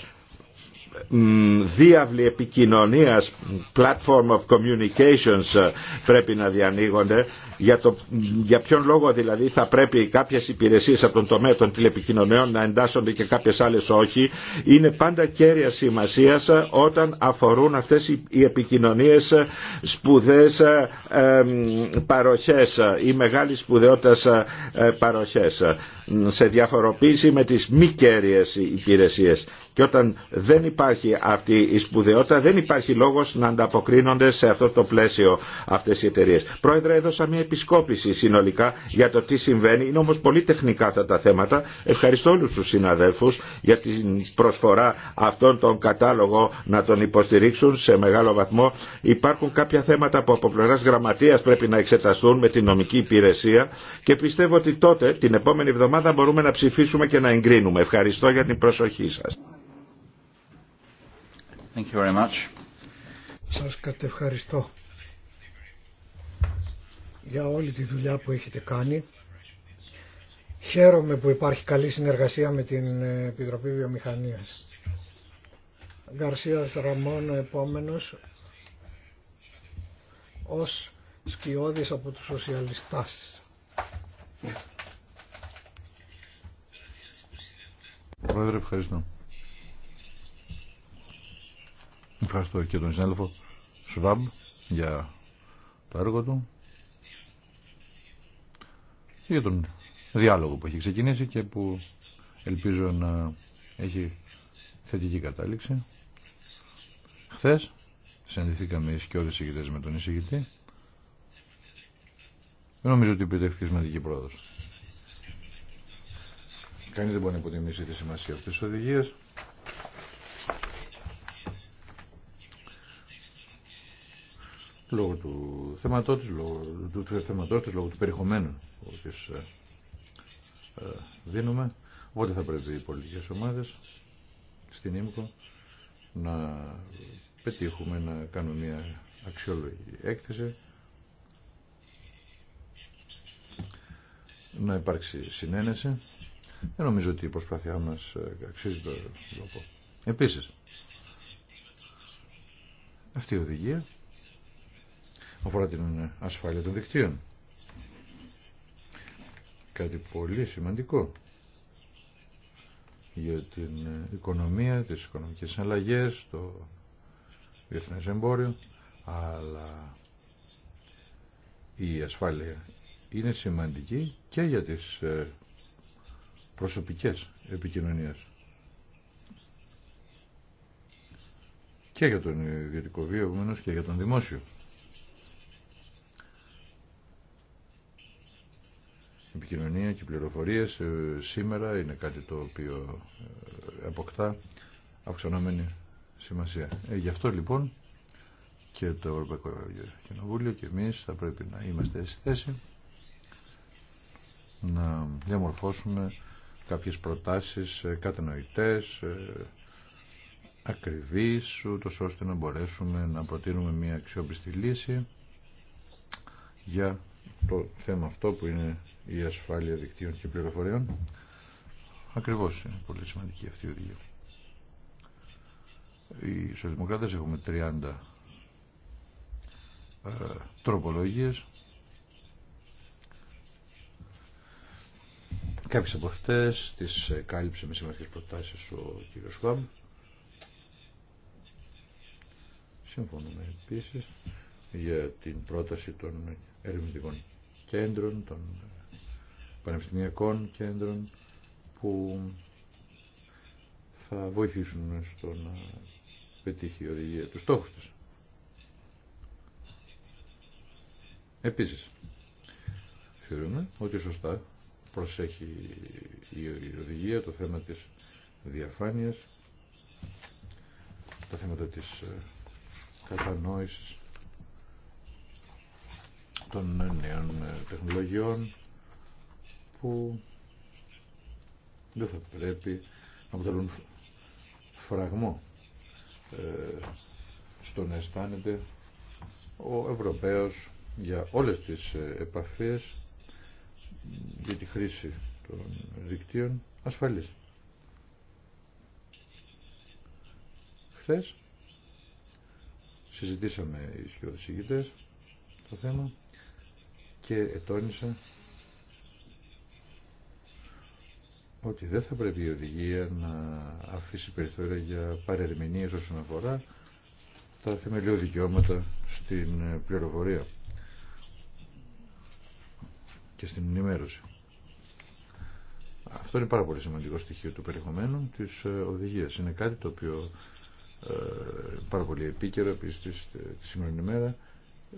διάβλη επικοινωνίας platform of communications ε, πρέπει να διανοίγονται για, το, για ποιον λόγο δηλαδή θα πρέπει κάποιες υπηρεσίες από τον τομέα των τηλεπικοινωνιών να εντάσσονται και κάποιες άλλες όχι είναι πάντα κέρια σημασίας ε, όταν αφορούν αυτές οι επικοινωνίες ε, σπουδές παροχές ή μεγάλη σπουδαιότητας παροχές σε διαφοροποίηση με τις μη κέρυες υπηρεσίες και όταν δεν υπάρχει αυτή η σπουδαιότητα, δεν υπάρχει λόγος να ανταποκρίνονται σε αυτό το πλαίσιο αυτές οι εταιρείε. Πρόεδρε, έδωσα μια επισκόπηση συνολικά για το τι συμβαίνει. Είναι όμως πολύ τεχνικά αυτά τα θέματα. Ευχαριστώ όλους τους συναδέλφους για την προσφορά αυτών των κατάλογο να τον υποστηρίξουν σε μεγάλο βαθμό. Υπάρχουν κάποια θέματα που από πλευράς γραμματείας πρέπει να εξεταστούν με την νομική υπηρεσία και πιστεύω ότι τότε την επόμενη εβδομάδα μπορούμε να ψηφίσουμε και να εγκρίνουμε. Ευχαριστώ για την προσοχή σας. Thank you very Σας κατευχαριστώ για όλη τη δουλειά που έχετε κάνει. Χαίρομαι που υπάρχει καλή συνεργασία με την Επιτροπή Βιομηχανίας. Γκαρσίας Ραμόν, επόμενος, ως σκιώδης από τους σοσιαλιστάς. Πρόεδρε, ευχαριστώ. Ευχαριστώ και τον Συνέλεφο Σβάμπ για το έργο του και για τον διάλογο που έχει ξεκινήσει και που ελπίζω να έχει θετική κατάληξη. Χθες συναντηθήκαμε οι σκιώδες με τον εισηγητή. Δεν νομίζω ότι επιτευχθεί σημαντική πρόοδος. Κανείς δεν μπορεί να υποτιμήσει τη σημασία αυτής της οδηγίας. λόγω του θεματότης, λόγω του, του λόγω του περιεχομένου που ε, ε, δίνουμε. Οπότε θα πρέπει οι πολιτικές ομάδες στην ΙΜΚΟ να πετύχουμε να κάνουμε μια αξιόλογη έκθεση, να υπάρξει συνένεση. Δεν νομίζω ότι η προσπάθειά μας ε, αξίζει το λόγο. Επίσης, αυτή η οδηγία αφορά την ασφάλεια των δικτύων. Κάτι πολύ σημαντικό για την οικονομία, τις οικονομικές αλλαγές, το διεθνές εμπόριο, αλλά η ασφάλεια είναι σημαντική και για τις ε, προσωπικές επικοινωνίες. Και για τον ιδιωτικό βίο, και για τον δημόσιο. επικοινωνία και πληροφορίες ε, σήμερα είναι κάτι το οποίο ε, αποκτά αυξανόμενη σημασία. Ε, γι' αυτό λοιπόν και το Ευρωπαϊκό Κοινοβούλιο και εμείς θα πρέπει να είμαστε στη θέση να διαμορφώσουμε κάποιες προτάσεις κατανοητές, ακριβείς, ούτως ώστε να μπορέσουμε να προτείνουμε μια αξιόπιστη λύση για το θέμα αυτό που είναι η ασφάλεια δικτύων και πληροφοριών. Ακριβώς είναι πολύ σημαντική αυτή η οδηγία. Οι σοσιαλδημοκράτες έχουμε 30 ε, τροπολογίες. Κάποιες από αυτές τις ε, κάλυψε με σημαντικές προτάσεις ο κ. Σουάμπ. Συμφωνούμε επίσης για την πρόταση των ερευνητικών κέντρων, των πανεπιστημιακών κέντρων που θα βοηθήσουν στο να πετύχει η οδηγία τους στόχους της. Επίσης, θεωρούμε ότι σωστά προσέχει η οδηγία το θέμα της διαφάνειας, τα θέματα της ε, κατανόησης των νέων ε, τεχνολογιών που δεν θα πρέπει να αποτελούν φραγμό ε, στο να αισθάνεται ο Ευρωπαίος για όλες τις ε, επαφές για τη χρήση των δικτύων ασφαλής. Χθες συζητήσαμε οι σκιοδοσηγητές το θέμα και ετώνησα ότι δεν θα πρέπει η οδηγία να αφήσει περιθώρια για παρερμηνίες όσον αφορά τα θεμελιώδη δικαιώματα στην πληροφορία και στην ενημέρωση. Αυτό είναι πάρα πολύ σημαντικό στοιχείο του περιεχομένου της ε, οδηγίας. Είναι κάτι το οποίο ε, πάρα πολύ επίκαιρο επίσης τη, ε, τη σημερινή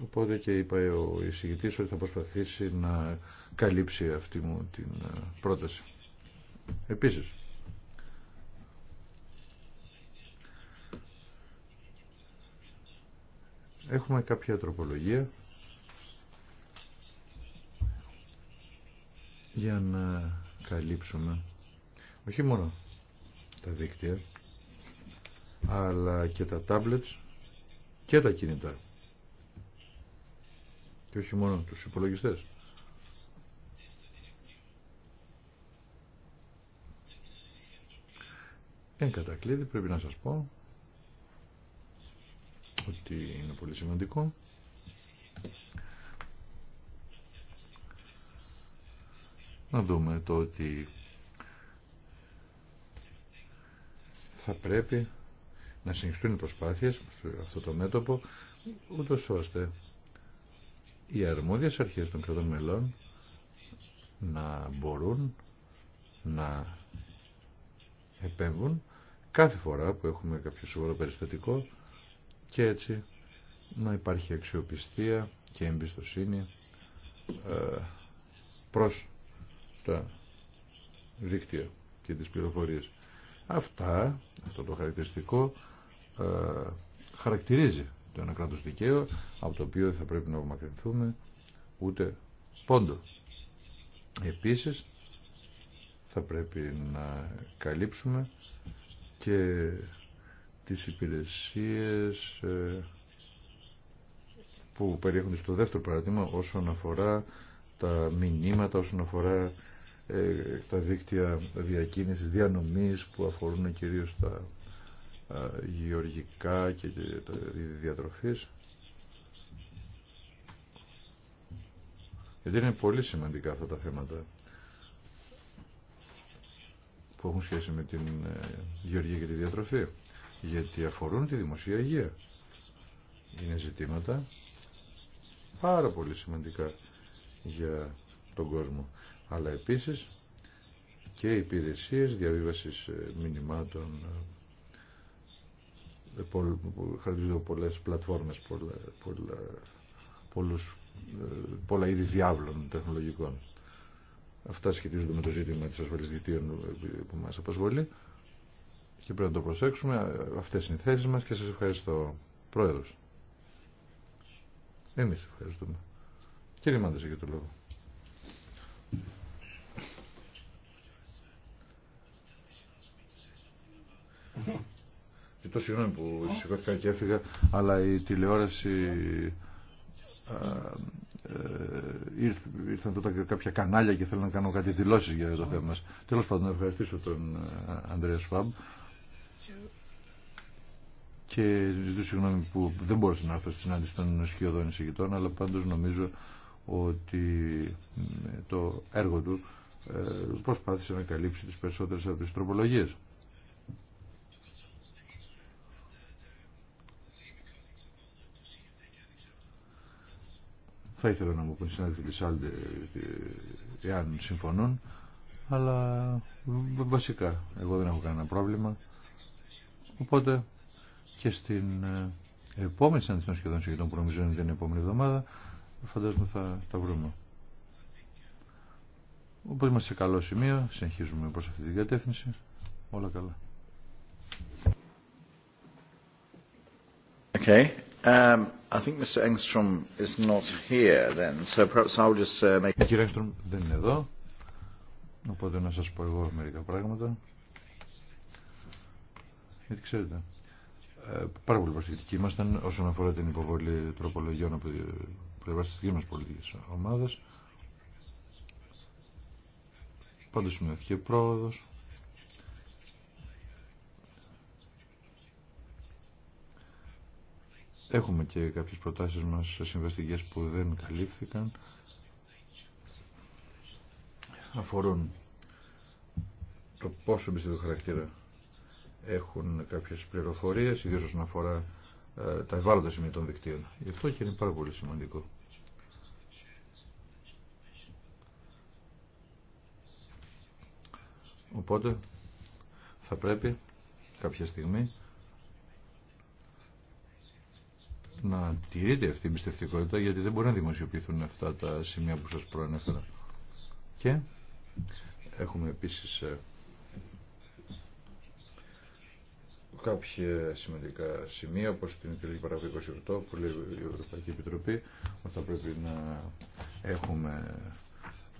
Οπότε και είπα ο εισηγητής ότι θα προσπαθήσει να καλύψει αυτή μου την ε, πρόταση. Επίσης, έχουμε κάποια τροπολογία για να καλύψουμε όχι μόνο τα δίκτυα αλλά και τα tablets και τα κινητά και όχι μόνο τους υπολογιστές. Εν κατακλείδη πρέπει να σας πω ότι είναι πολύ σημαντικό να δούμε το ότι θα πρέπει να συνεχιστούν οι προσπάθειες σε αυτό το μέτωπο ούτως ώστε οι αρμόδιες αρχές των κρατών μελών να μπορούν να επέμβουν κάθε φορά που έχουμε κάποιο σοβαρό περιστατικό και έτσι να υπάρχει αξιοπιστία και εμπιστοσύνη ε, προς τα δίκτυα και τις πληροφορίες. Αυτά, αυτό το χαρακτηριστικό ε, χαρακτηρίζει το ένα κράτος δικαίου από το οποίο θα πρέπει να απομακρυνθούμε ούτε πόντο. Επίσης θα πρέπει να καλύψουμε και τις υπηρεσίες ε, που περιέχονται στο δεύτερο παράδειγμα όσον αφορά τα μηνύματα, όσον αφορά ε, τα δίκτυα διακίνησης, διανομής που αφορούν κυρίως τα ε, γεωργικά και τα διατροφής. Γιατί είναι πολύ σημαντικά αυτά τα θέματα που έχουν σχέση με την ε, γεωργία και τη διατροφή. Γιατί αφορούν τη δημοσία υγεία. Είναι ζητήματα πάρα πολύ σημαντικά για τον κόσμο. Αλλά επίσης και υπηρεσίες διαβίβασης ε, μηνυμάτων, χαρακτηρίζω χαρακτηρίζονται πολλές πλατφόρμες, ε, πολλά, είδη διάβλων τεχνολογικών. Αυτά σχετίζονται με το ζήτημα τη ασφαλής δικτύων ε, που μας απασχολεί και πρέπει να το προσέξουμε. Αυτές είναι οι θέσεις μας και σας ευχαριστώ, προέδρο. Εμεί ευχαριστούμε. Κύριε Μάντε, για το λογο ζητώ ε, συγγνώμη που σηκώθηκα και έφυγα, αλλά η τηλεόραση ε, ήρθαν τότε κάποια κανάλια και θέλω να κάνω κάτι δηλώσεις για το θέμα μας. Τέλος πάντων, ευχαριστήσω τον ε, Ανδρέα Σφάμπ και ζητώ συγγνώμη που δεν μπορούσα να έρθω στη συνάντηση των σκιωδών εισηγητών, αλλά πάντως νομίζω ότι το έργο του προσπάθησε να καλύψει τις περισσότερες από τις τροπολογίες. Θα ήθελα να μου πούν οι συνάδελφοι της Άλντε ε, εάν συμφωνούν, αλλά βασικά εγώ δεν έχω κανένα πρόβλημα. Οπότε και στην ε, επόμενη συνάντηση των σχεδόν συγκεκριτών που νομίζω είναι την επόμενη εβδομάδα, φαντάζομαι θα τα βρούμε. Οπότε είμαστε σε καλό σημείο, συνεχίζουμε προς αυτή την κατεύθυνση. Όλα καλά. Okay. Um, I think Κύριε Engstrom δεν είναι εδώ, οπότε να σας πω εγώ μερικά πράγματα. Γιατί ξέρετε, ε, πάρα πολύ προσεκτικοί ήμασταν όσον αφορά την υποβολή τροπολογιών από την πλευρά της δικής μας πολιτικής ομάδας. Πάντως σημειώθηκε πρόοδος. Έχουμε και κάποιες προτάσεις μας σε συμβαστικές που δεν καλύφθηκαν. Αφορούν το πόσο εμπιστευτικό χαρακτήρα έχουν κάποιες πληροφορίες, ιδίως όσον αφορά ε, τα ευάλωτα σημεία των δικτύων. Γι' αυτό και είναι πάρα πολύ σημαντικό. Οπότε θα πρέπει κάποια στιγμή να τηρείται αυτή η μυστευτικότητα γιατί δεν μπορεί να δημοσιοποιηθούν αυτά τα σημεία που σας προανέφερα. Και έχουμε επίσης ε, κάποια σημαντικά σημεία όπως την Ιταλική 28 που λέει η Ευρωπαϊκή Επιτροπή ότι θα πρέπει να έχουμε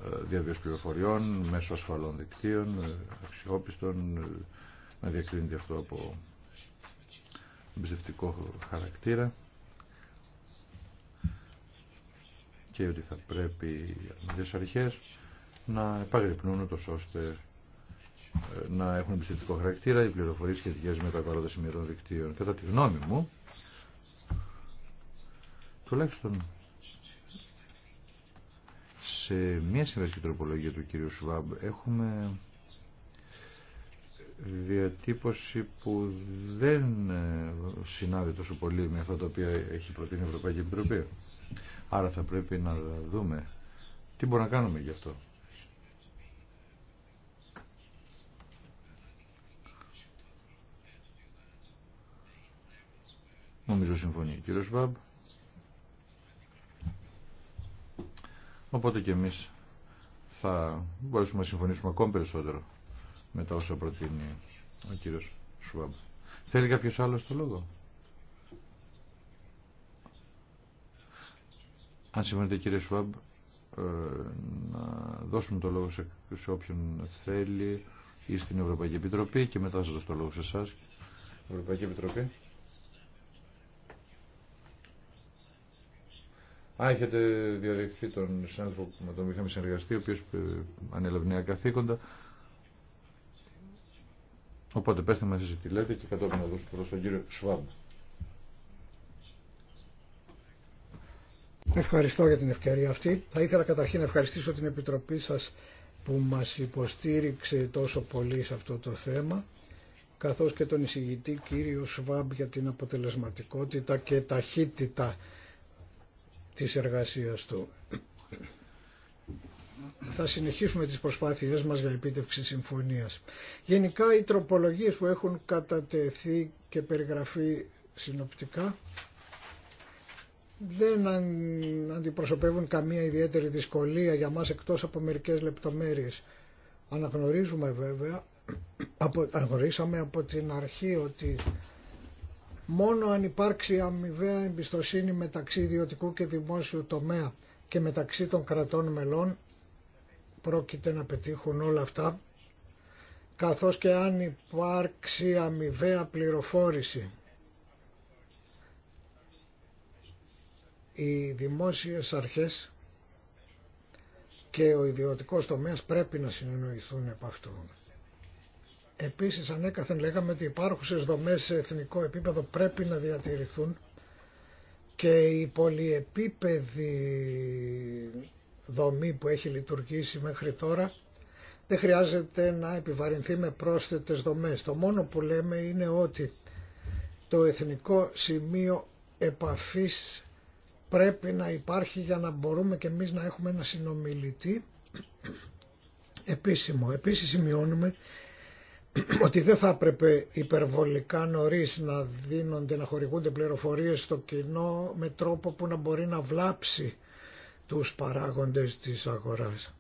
ε, διαβίωση πληροφοριών μέσω ασφαλών δικτύων, ε, αξιόπιστων, να διακρίνεται αυτό από εμπιστευτικό χαρακτήρα. και ότι θα πρέπει οι αρχές να επαγρυπνούν ούτως ώστε ε, να έχουν πιστευτικό χαρακτήρα οι πληροφορίες σχετικέ με τα παρόντα σημεριών δικτύων. Κατά τη γνώμη μου, τουλάχιστον σε μια συμβασική τροπολογία του κυρίου Σουβάμπ έχουμε διατύπωση που δεν ε, συνάδει τόσο πολύ με αυτά τα οποία έχει προτείνει η Ευρωπαϊκή Επιτροπή. Άρα θα πρέπει να δούμε τι μπορούμε να κάνουμε γι' αυτό. Νομίζω συμφωνεί ο κύριος Βάμπ. Οπότε και εμείς θα μπορέσουμε να συμφωνήσουμε ακόμη περισσότερο με τα όσα προτείνει ο κύριος Σουάμπ. Θέλει κάποιος άλλος το λόγο. Αν συμφωνείτε κύριε Σουάμπ, ε, να δώσουμε το λόγο σε, όποιον θέλει ή στην Ευρωπαϊκή Επιτροπή και μετά θα δώσω το λόγο σε εσά. Ευρωπαϊκή Επιτροπή. Α, έχετε διαδεχθεί τον συνάδελφο με τον είχαμε συνεργαστεί, ο οποίος ε, ανέλαβε νέα καθήκοντα. Οπότε πέστε μαζί εσείς τι λέτε και κατόπιν να δώσω το στον κύριο Σουάμπ. Ευχαριστώ για την ευκαιρία αυτή. Θα ήθελα καταρχήν να ευχαριστήσω την Επιτροπή σας που μας υποστήριξε τόσο πολύ σε αυτό το θέμα καθώς και τον εισηγητή κύριο Σβάμπ για την αποτελεσματικότητα και ταχύτητα της εργασίας του. Θα συνεχίσουμε τις προσπάθειές μας για επίτευξη συμφωνίας. Γενικά οι τροπολογίες που έχουν κατατεθεί και περιγραφεί συνοπτικά δεν αντιπροσωπεύουν καμία ιδιαίτερη δυσκολία για μας εκτός από μερικές λεπτομέρειες. Αναγνωρίζουμε βέβαια, από, αναγνωρίσαμε από την αρχή ότι μόνο αν υπάρξει αμοιβαία εμπιστοσύνη μεταξύ ιδιωτικού και δημόσιου τομέα και μεταξύ των κρατών μελών πρόκειται να πετύχουν όλα αυτά καθώς και αν υπάρξει αμοιβαία πληροφόρηση οι δημόσιες αρχές και ο ιδιωτικός τομέας πρέπει να συνεννοηθούν επ' αυτού. Επίσης ανέκαθεν λέγαμε ότι υπάρχουσες δομές σε εθνικό επίπεδο πρέπει να διατηρηθούν και η πολυεπίπεδη δομή που έχει λειτουργήσει μέχρι τώρα δεν χρειάζεται να επιβαρυνθεί με πρόσθετες δομές. Το μόνο που λέμε είναι ότι το Εθνικό Σημείο Επαφής πρέπει να υπάρχει για να μπορούμε και εμείς να έχουμε ένα συνομιλητή επίσημο. Επίσης σημειώνουμε ότι δεν θα έπρεπε υπερβολικά νωρίς να δίνονται, να χορηγούνται πληροφορίες στο κοινό με τρόπο που να μπορεί να βλάψει τους παράγοντες της αγοράς.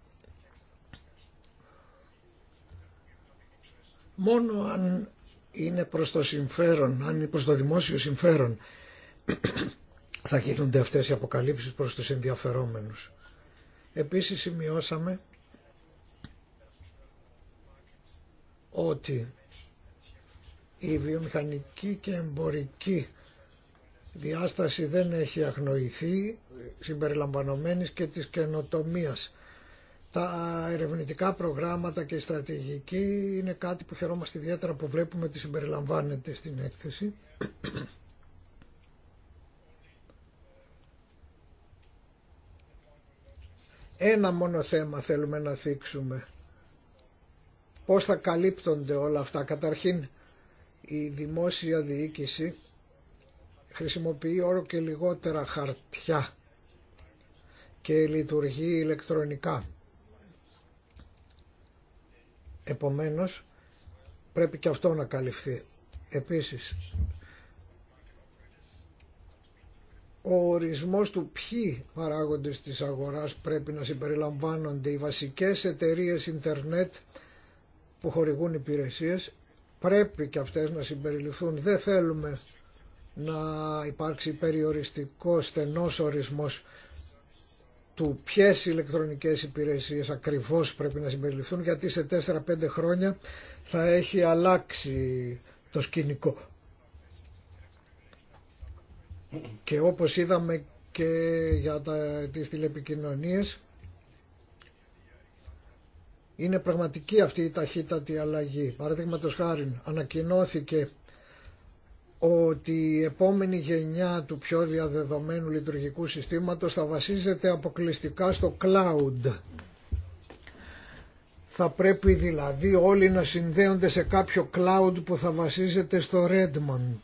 Μόνο αν είναι προς το συμφέρον, αν είναι προς το δημόσιο συμφέρον θα γίνονται αυτές οι αποκαλύψεις προς τους ενδιαφερόμενους. Επίσης σημειώσαμε ότι η βιομηχανική και εμπορική διάσταση δεν έχει αγνοηθεί συμπεριλαμβανομένης και της καινοτομίας. Τα ερευνητικά προγράμματα και η στρατηγική είναι κάτι που χαιρόμαστε ιδιαίτερα που βλέπουμε ότι συμπεριλαμβάνεται στην έκθεση Ένα μόνο θέμα θέλουμε να θίξουμε. Πώς θα καλύπτονται όλα αυτά. Καταρχήν η δημόσια διοίκηση χρησιμοποιεί όρο και λιγότερα χαρτιά και λειτουργεί ηλεκτρονικά. Επομένως πρέπει και αυτό να καλυφθεί. Επίσης ο ορισμός του ποιοι παράγοντες της αγοράς πρέπει να συμπεριλαμβάνονται. Οι βασικές εταιρείες ίντερνετ που χορηγούν υπηρεσίες πρέπει και αυτές να συμπεριληφθούν. Δεν θέλουμε να υπάρξει περιοριστικό στενός ορισμός του ποιε ηλεκτρονικές υπηρεσίες ακριβώς πρέπει να συμπεριληφθούν γιατί σε 4-5 χρόνια θα έχει αλλάξει το σκηνικό. Και όπως είδαμε και για τα, τις τηλεπικοινωνίες, είναι πραγματική αυτή η ταχύτατη αλλαγή. Παραδείγματος χάρη ανακοινώθηκε ότι η επόμενη γενιά του πιο διαδεδομένου λειτουργικού συστήματος θα βασίζεται αποκλειστικά στο cloud. Θα πρέπει δηλαδή όλοι να συνδέονται σε κάποιο cloud που θα βασίζεται στο Redmond.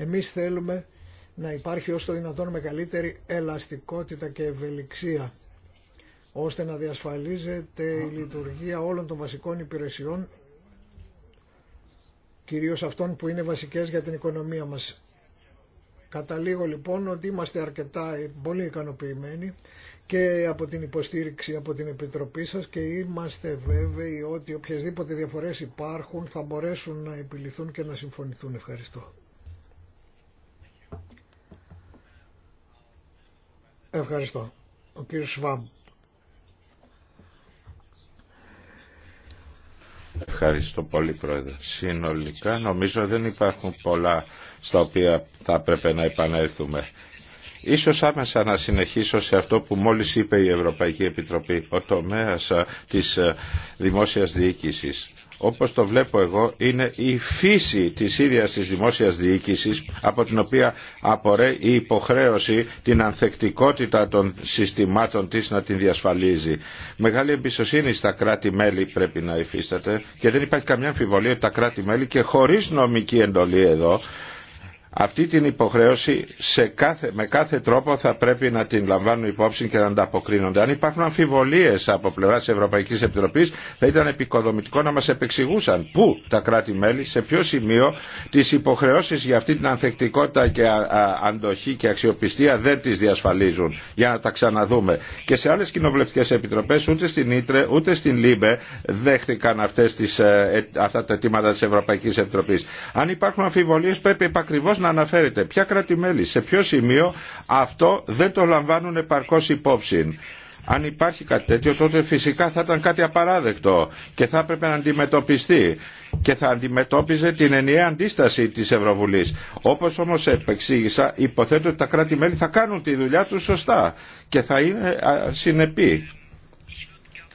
Εμείς θέλουμε να υπάρχει όσο το δυνατόν μεγαλύτερη ελαστικότητα και ευελιξία ώστε να διασφαλίζεται η λειτουργία όλων των βασικών υπηρεσιών κυρίως αυτών που είναι βασικές για την οικονομία μας. Καταλήγω λοιπόν ότι είμαστε αρκετά πολύ ικανοποιημένοι και από την υποστήριξη από την Επιτροπή σας και είμαστε βέβαιοι ότι οποιασδήποτε διαφορές υπάρχουν θα μπορέσουν να επιληθούν και να συμφωνηθούν. Ευχαριστώ. Ευχαριστώ. Ο κύριος Σβάμ. Ευχαριστώ πολύ Πρόεδρε. Συνολικά νομίζω δεν υπάρχουν πολλά στα οποία θα πρέπει να επανέλθουμε. Ίσως άμεσα να συνεχίσω σε αυτό που μόλις είπε η Ευρωπαϊκή Επιτροπή, ο τομέας ε, της ε, δημόσιας διοίκησης όπως το βλέπω εγώ, είναι η φύση της ίδιας της δημόσιας διοίκησης από την οποία απορρέει η υποχρέωση την ανθεκτικότητα των συστημάτων της να την διασφαλίζει. Μεγάλη εμπιστοσύνη στα κράτη-μέλη πρέπει να υφίσταται και δεν υπάρχει καμιά αμφιβολία ότι τα κράτη-μέλη και χωρίς νομική εντολή εδώ αυτή την υποχρέωση σε κάθε, με κάθε τρόπο θα πρέπει να την λαμβάνουν υπόψη και να ανταποκρίνονται. Αν υπάρχουν αμφιβολίες από πλευρά τη Ευρωπαϊκής Επιτροπής θα ήταν επικοδομητικό να μας επεξηγούσαν πού τα κράτη-μέλη, σε ποιο σημείο τις υποχρεώσεις για αυτή την ανθεκτικότητα και αντοχή και αξιοπιστία δεν τις διασφαλίζουν για να τα ξαναδούμε. Και σε άλλες κοινοβουλευτικές επιτροπές ούτε στην Ήτρε ούτε στην Λίμπε δέχτηκαν αυτές τις, ε, ε, αυτά τα αιτήματα της Ευρωπαϊκής Επιτροπής. Αν υπάρχουν αμφιβολίες πρέπει να αναφέρεται ποια κρατη σε ποιο σημείο αυτό δεν το λαμβάνουν επαρκώς υπόψη. Αν υπάρχει κάτι τέτοιο τότε φυσικά θα ήταν κάτι απαράδεκτο και θα έπρεπε να αντιμετωπιστεί και θα αντιμετώπιζε την ενιαία αντίσταση της Ευρωβουλής. Όπως όμως επεξήγησα υποθέτω ότι τα κράτη-μέλη θα κάνουν τη δουλειά τους σωστά και θα είναι συνεπή.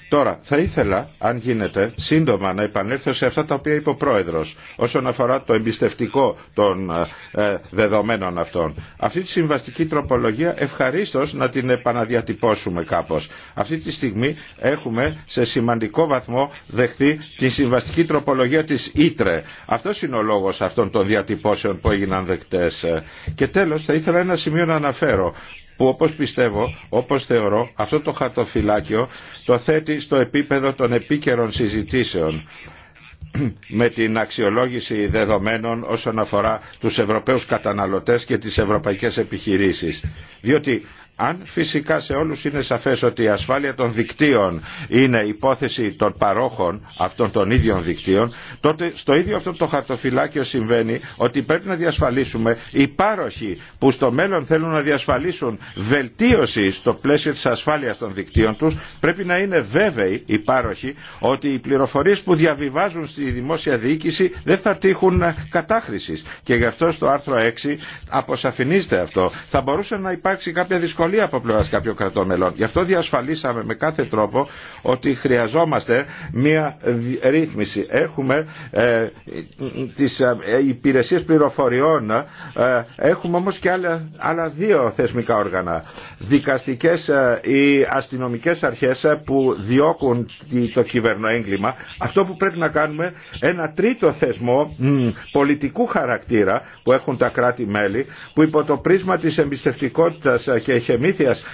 Τώρα, θα ήθελα, αν γίνεται, σύντομα να επανέλθω σε αυτά τα οποία είπε ο Πρόεδρος όσον αφορά το εμπιστευτικό των ε, ε, δεδομένων αυτών. Αυτή τη συμβαστική τροπολογία ευχαρίστως να την επαναδιατυπώσουμε κάπως. Αυτή τη στιγμή έχουμε σε σημαντικό βαθμό δεχθεί τη συμβαστική τροπολογία της Ήτρε. Αυτός είναι ο λόγος αυτών των διατυπώσεων που έγιναν δεκτές. Και τέλος, θα ήθελα ένα σημείο να αναφέρω που όπως πιστεύω, όπως θεωρώ, αυτό το χαρτοφυλάκιο το θέτει στο επίπεδο των επίκαιρων συζητήσεων με την αξιολόγηση δεδομένων όσον αφορά τους Ευρωπαίους καταναλωτές και τις ευρωπαϊκές επιχειρήσεις. Διότι αν φυσικά σε όλους είναι σαφές ότι η ασφάλεια των δικτύων είναι υπόθεση των παρόχων αυτών των ίδιων δικτύων, τότε στο ίδιο αυτό το χαρτοφυλάκιο συμβαίνει ότι πρέπει να διασφαλίσουμε οι πάροχοι που στο μέλλον θέλουν να διασφαλίσουν βελτίωση στο πλαίσιο της ασφάλειας των δικτύων τους, πρέπει να είναι βέβαιοι οι πάροχοι ότι οι πληροφορίες που διαβιβάζουν στη δημόσια διοίκηση δεν θα τύχουν κατάχρηση. Και γι' αυτό στο άρθρο 6 αποσαφηνίζεται αυτό. Θα μπορούσε να υπάρξει κάποια δυσκολία δυσκολία από πλευρά κάποιων κρατών μελών. Γι' αυτό διασφαλίσαμε με κάθε τρόπο ότι χρειαζόμαστε μία ρύθμιση. Έχουμε ε, τις ε, υπηρεσίες πληροφοριών, ε, έχουμε όμως και άλλα, άλλα δύο θεσμικά όργανα. Δικαστικές ή ε, αστυνομικές αρχές που διώκουν το κυβερνοέγκλημα. Αυτό που πρέπει να κάνουμε ένα τρίτο θεσμό πολιτικού χαρακτήρα που έχουν τα κράτη-μέλη που υπό το πρίσμα της εμπιστευτικότητας και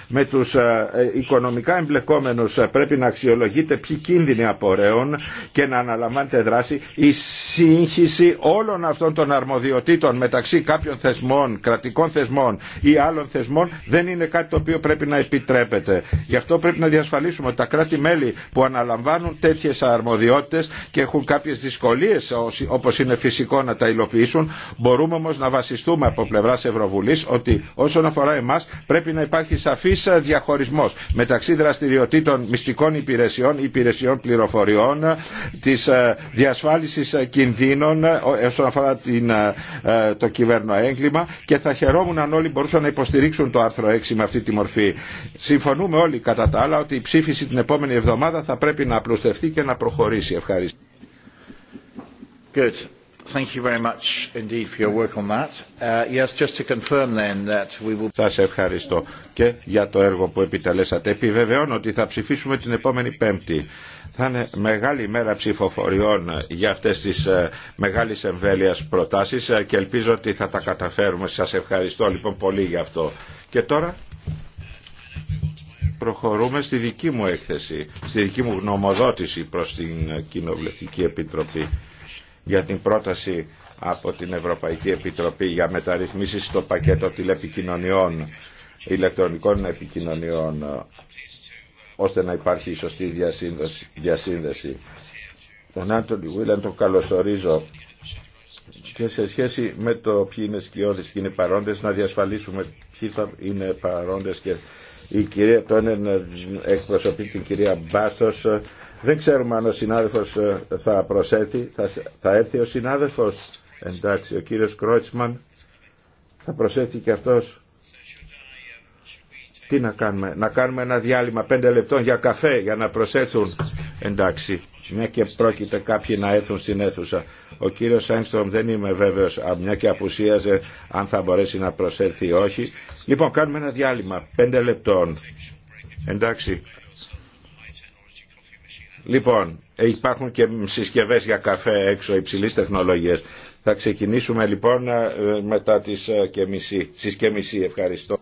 με τους ε, ε, οικονομικά εμπλεκόμενους ε, πρέπει να αξιολογείται ποιοι κίνδυνοι απορρέουν και να αναλαμβάνετε δράση η σύγχυση όλων αυτών των αρμοδιοτήτων μεταξύ κάποιων θεσμών, κρατικών θεσμών ή άλλων θεσμών δεν είναι κάτι το οποίο πρέπει να επιτρέπεται. Γι' αυτό πρέπει να διασφαλίσουμε ότι τα κράτη-μέλη που αναλαμβάνουν τέτοιες αρμοδιότητες και έχουν κάποιες δυσκολίες όπως είναι φυσικό να τα υλοποιήσουν μπορούμε όμως να βασιστούμε από πλευράς Ευρωβουλής ότι όσον αφορά εμάς πρέπει να υπάρχει σαφής ε, διαχωρισμός μεταξύ δραστηριοτήτων μυστικών υπηρεσιών, υπηρεσιών πληροφοριών, της ε, διασφάλισης ε, κινδύνων όσον αφορά την, το έγκλημα και θα χαιρόμουν αν όλοι μπορούσαν να υποστηρίξουν το άρθρο 6 με αυτή τη μορφή. Συμφωνούμε όλοι κατά τα άλλα ότι η ψήφιση την επόμενη εβδομάδα θα πρέπει να απλουστευτεί και να προχωρήσει. Ευχαριστώ. Σας ευχαριστώ και για το έργο που επιτελέσατε. Επιβεβαιώνω ότι θα ψηφίσουμε την επόμενη Πέμπτη. Θα είναι μεγάλη μέρα ψηφοφοριών για αυτές τις ε, μεγάλες εμβέλειας προτάσεις ε, και ελπίζω ότι θα τα καταφέρουμε. Σας ευχαριστώ λοιπόν πολύ για αυτό. Και τώρα προχωρούμε στη δική μου έκθεση, στη δική μου γνωμοδότηση προς την Κοινοβουλευτική Επιτροπή για την πρόταση από την Ευρωπαϊκή Επιτροπή για μεταρρυθμίσεις στο πακέτο τηλεπικοινωνιών, ηλεκτρονικών επικοινωνιών, ώστε να υπάρχει η σωστή διασύνδεση. διασύνδεση. Τον Άντωνη Βίλαν τον καλωσορίζω και σε σχέση με το ποιοι είναι σκιώδεις και είναι παρόντες να διασφαλίσουμε ποιοι θα είναι παρόντες και η κυρία Τόνεν εκπροσωπεί την κυρία Μπάστος δεν ξέρουμε αν ο συνάδελφος ε, θα προσέθει. Θα, θα έρθει ο συνάδελφος. Εντάξει, ο κύριος Κρότσμαν θα προσέθει και αυτός. Τι να κάνουμε, να κάνουμε ένα διάλειμμα πέντε λεπτών για καφέ, για να προσέθουν. Εντάξει, μια και πρόκειται κάποιοι να έρθουν στην αίθουσα. Ο κύριος Άινστρομ δεν είμαι βέβαιος, μια και απουσίαζε αν θα μπορέσει να προσέλθει ή όχι. Λοιπόν, κάνουμε ένα διάλειμμα πέντε λεπτών. Εντάξει, Λοιπόν, ε, υπάρχουν και συσκευές για καφέ έξω υψηλής τεχνολογίας. Θα ξεκινήσουμε λοιπόν ε, μετά τις ε, και μισή. Στις Ευχαριστώ.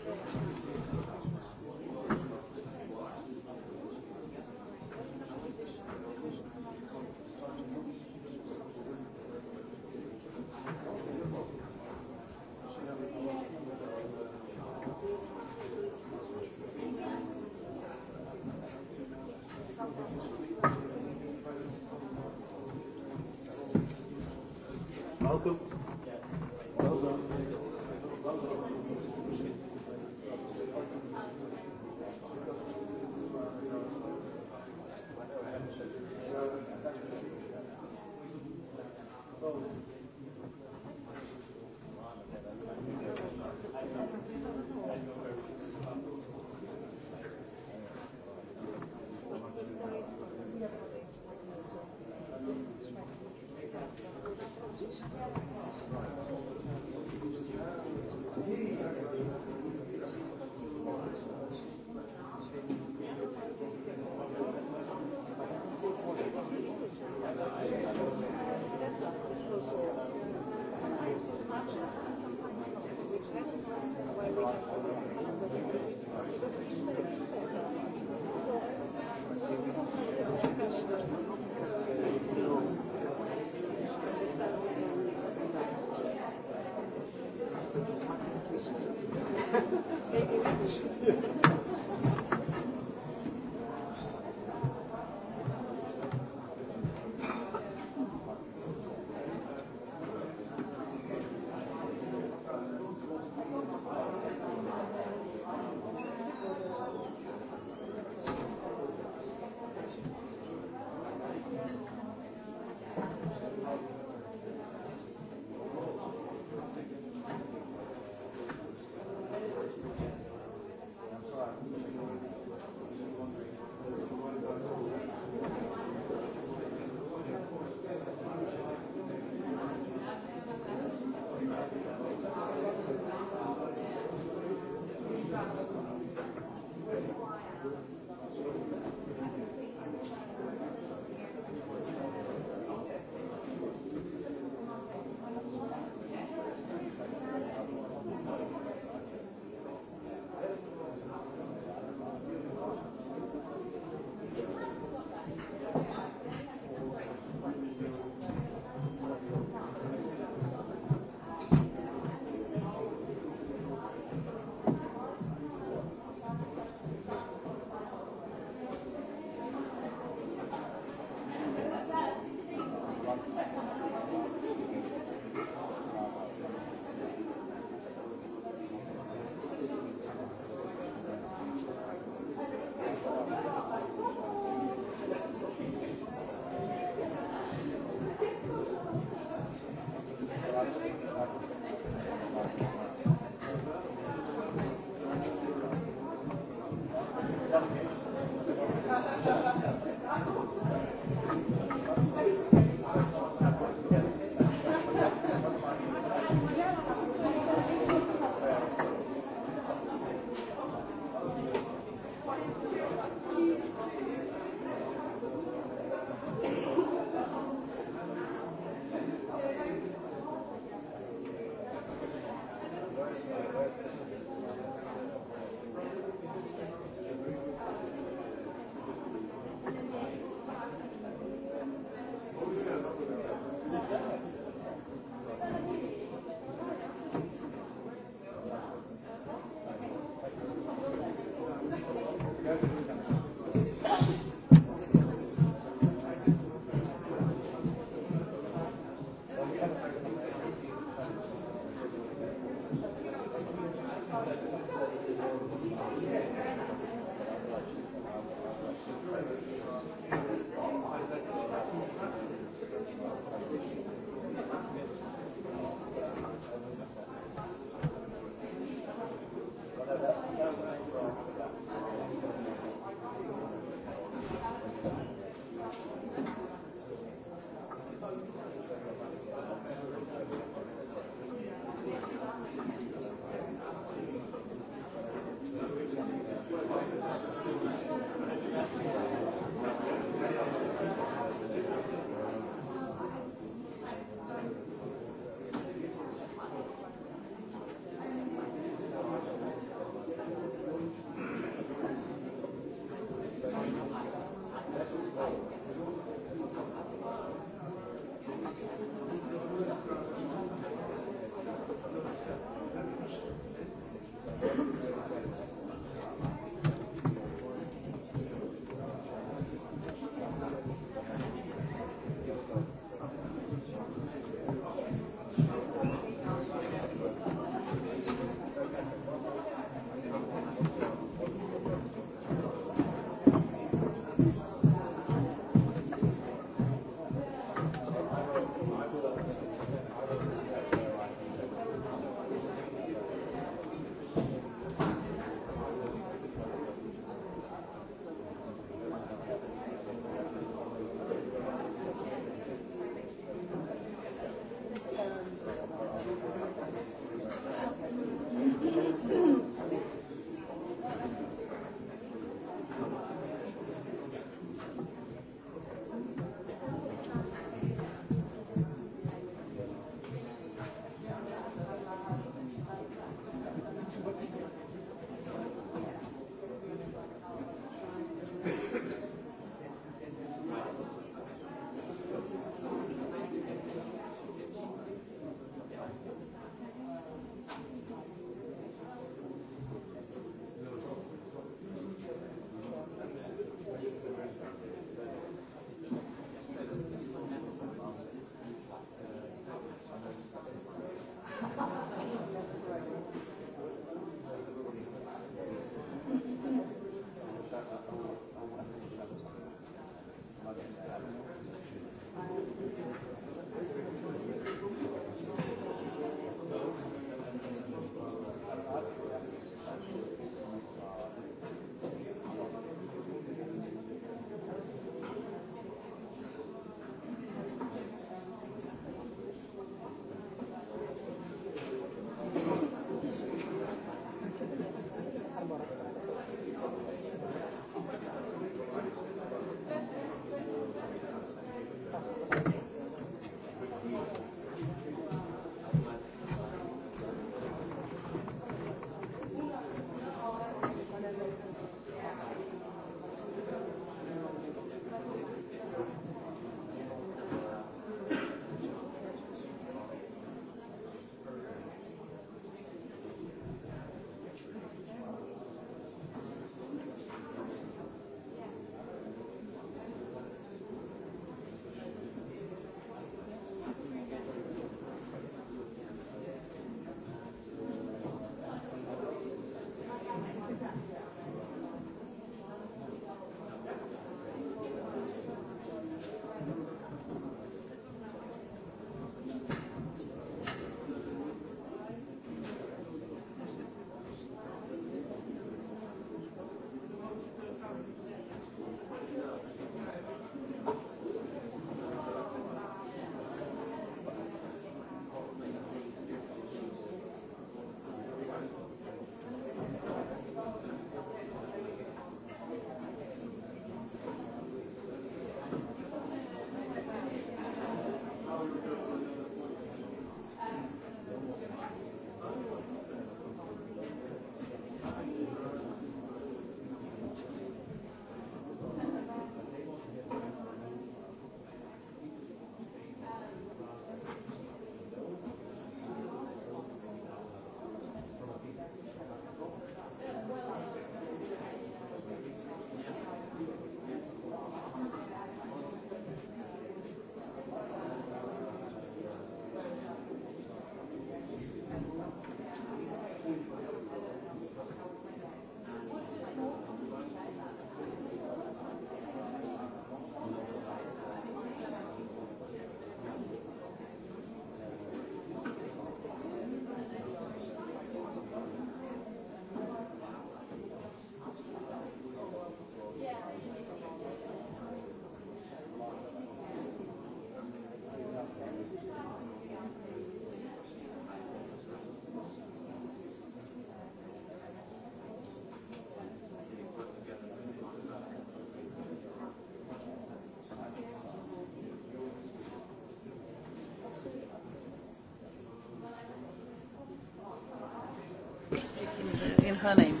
her name.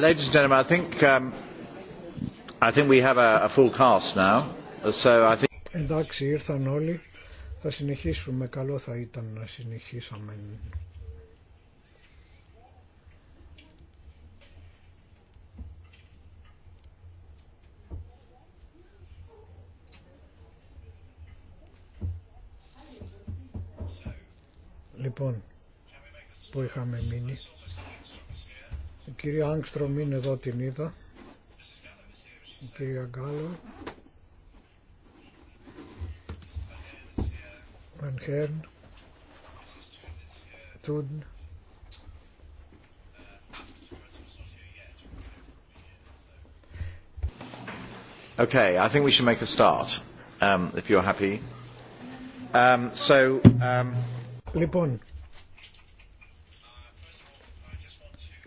Ladies and gentlemen, I think um, I think we have a, a full cast now, so I think. Εντάξει, ήρθαν όλοι. Θα συνεχίσουμε. Καλό θα ήταν να συνεχίσαμε. Βίξτρομ εδώ την είδα. ο κύριε Γκάλλο. Βανχέρν. Τούν. Okay, I think we should make a start, um, if you're happy. Um, so, um... Λοιπόν,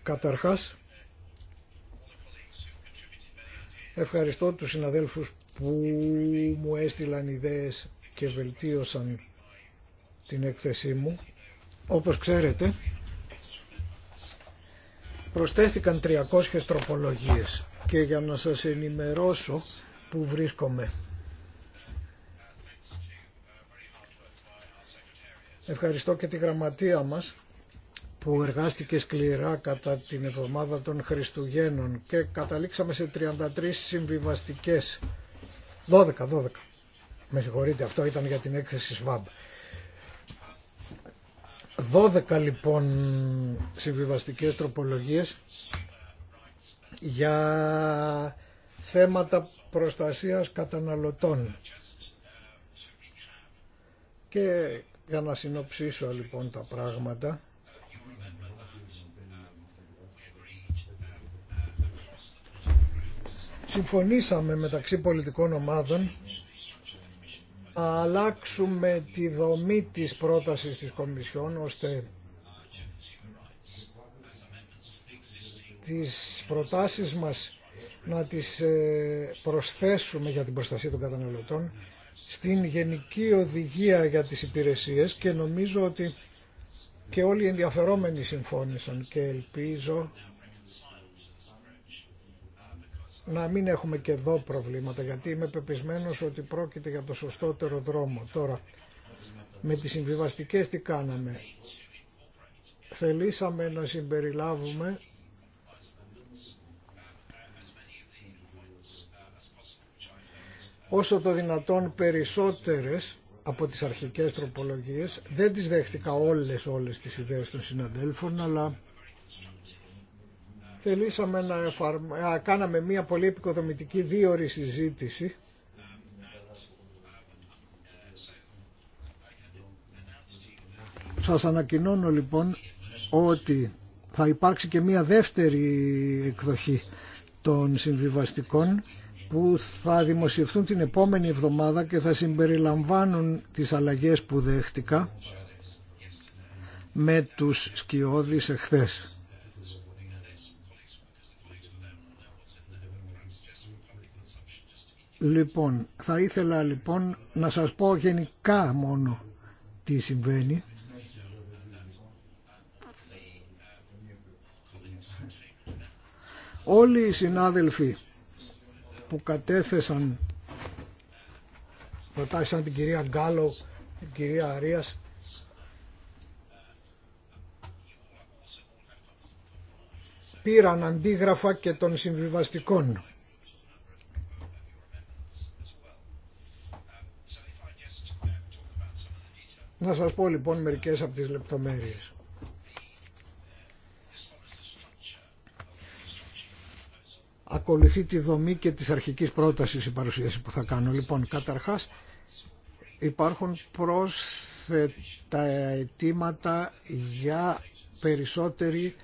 καταρχάς Ευχαριστώ τους συναδέλφους που μου έστειλαν ιδέες και βελτίωσαν την έκθεσή μου. Όπως ξέρετε, προσθέθηκαν 300 τροπολογίες και για να σας ενημερώσω που βρίσκομαι. Ευχαριστώ και τη γραμματεία μας που εργάστηκε σκληρά κατά την εβδομάδα των Χριστουγέννων και καταλήξαμε σε 33 συμβιβαστικές. 12, 12. Με συγχωρείτε, αυτό ήταν για την έκθεση ΣΒΑΜ. 12 λοιπόν συμβιβαστικές τροπολογίες για θέματα προστασίας καταναλωτών. Και για να συνοψίσω λοιπόν τα πράγματα, συμφωνήσαμε μεταξύ πολιτικών ομάδων να αλλάξουμε τη δομή της πρότασης της Κομισιόν ώστε τις προτάσεις μας να τις ε, προσθέσουμε για την προστασία των καταναλωτών στην Γενική Οδηγία για τις Υπηρεσίες και νομίζω ότι και όλοι οι ενδιαφερόμενοι συμφώνησαν και ελπίζω να μην έχουμε και εδώ προβλήματα γιατί είμαι πεπισμένος ότι πρόκειται για το σωστότερο δρόμο. Τώρα, με τις συμβιβαστικές τι κάναμε. Θελήσαμε να συμπεριλάβουμε όσο το δυνατόν περισσότερες από τις αρχικές τροπολογίες. Δεν τις δέχτηκα όλες όλες τις ιδέες των συναδέλφων, αλλά θελήσαμε να κάναμε μια πολύ επικοδομητική δίωρη συζήτηση Σας ανακοινώνω λοιπόν ότι θα υπάρξει και μια δεύτερη εκδοχή των συμβιβαστικών που θα δημοσιευθούν την επόμενη εβδομάδα και θα συμπεριλαμβάνουν τις αλλαγές που δέχτηκα με τους σκιώδεις εχθές. Λοιπόν, θα ήθελα λοιπόν να σας πω γενικά μόνο τι συμβαίνει. Όλοι οι συνάδελφοι που κατέθεσαν, προτάσαν την κυρία Γκάλο, την κυρία Αρίας, πήραν αντίγραφα και των συμβιβαστικών. Να σας πω λοιπόν μερικές από τις λεπτομέρειες. Ακολουθεί τη δομή και της αρχικής πρότασης η παρουσίαση που θα κάνω. Λοιπόν, καταρχάς υπάρχουν πρόσθετα αιτήματα για περισσότερη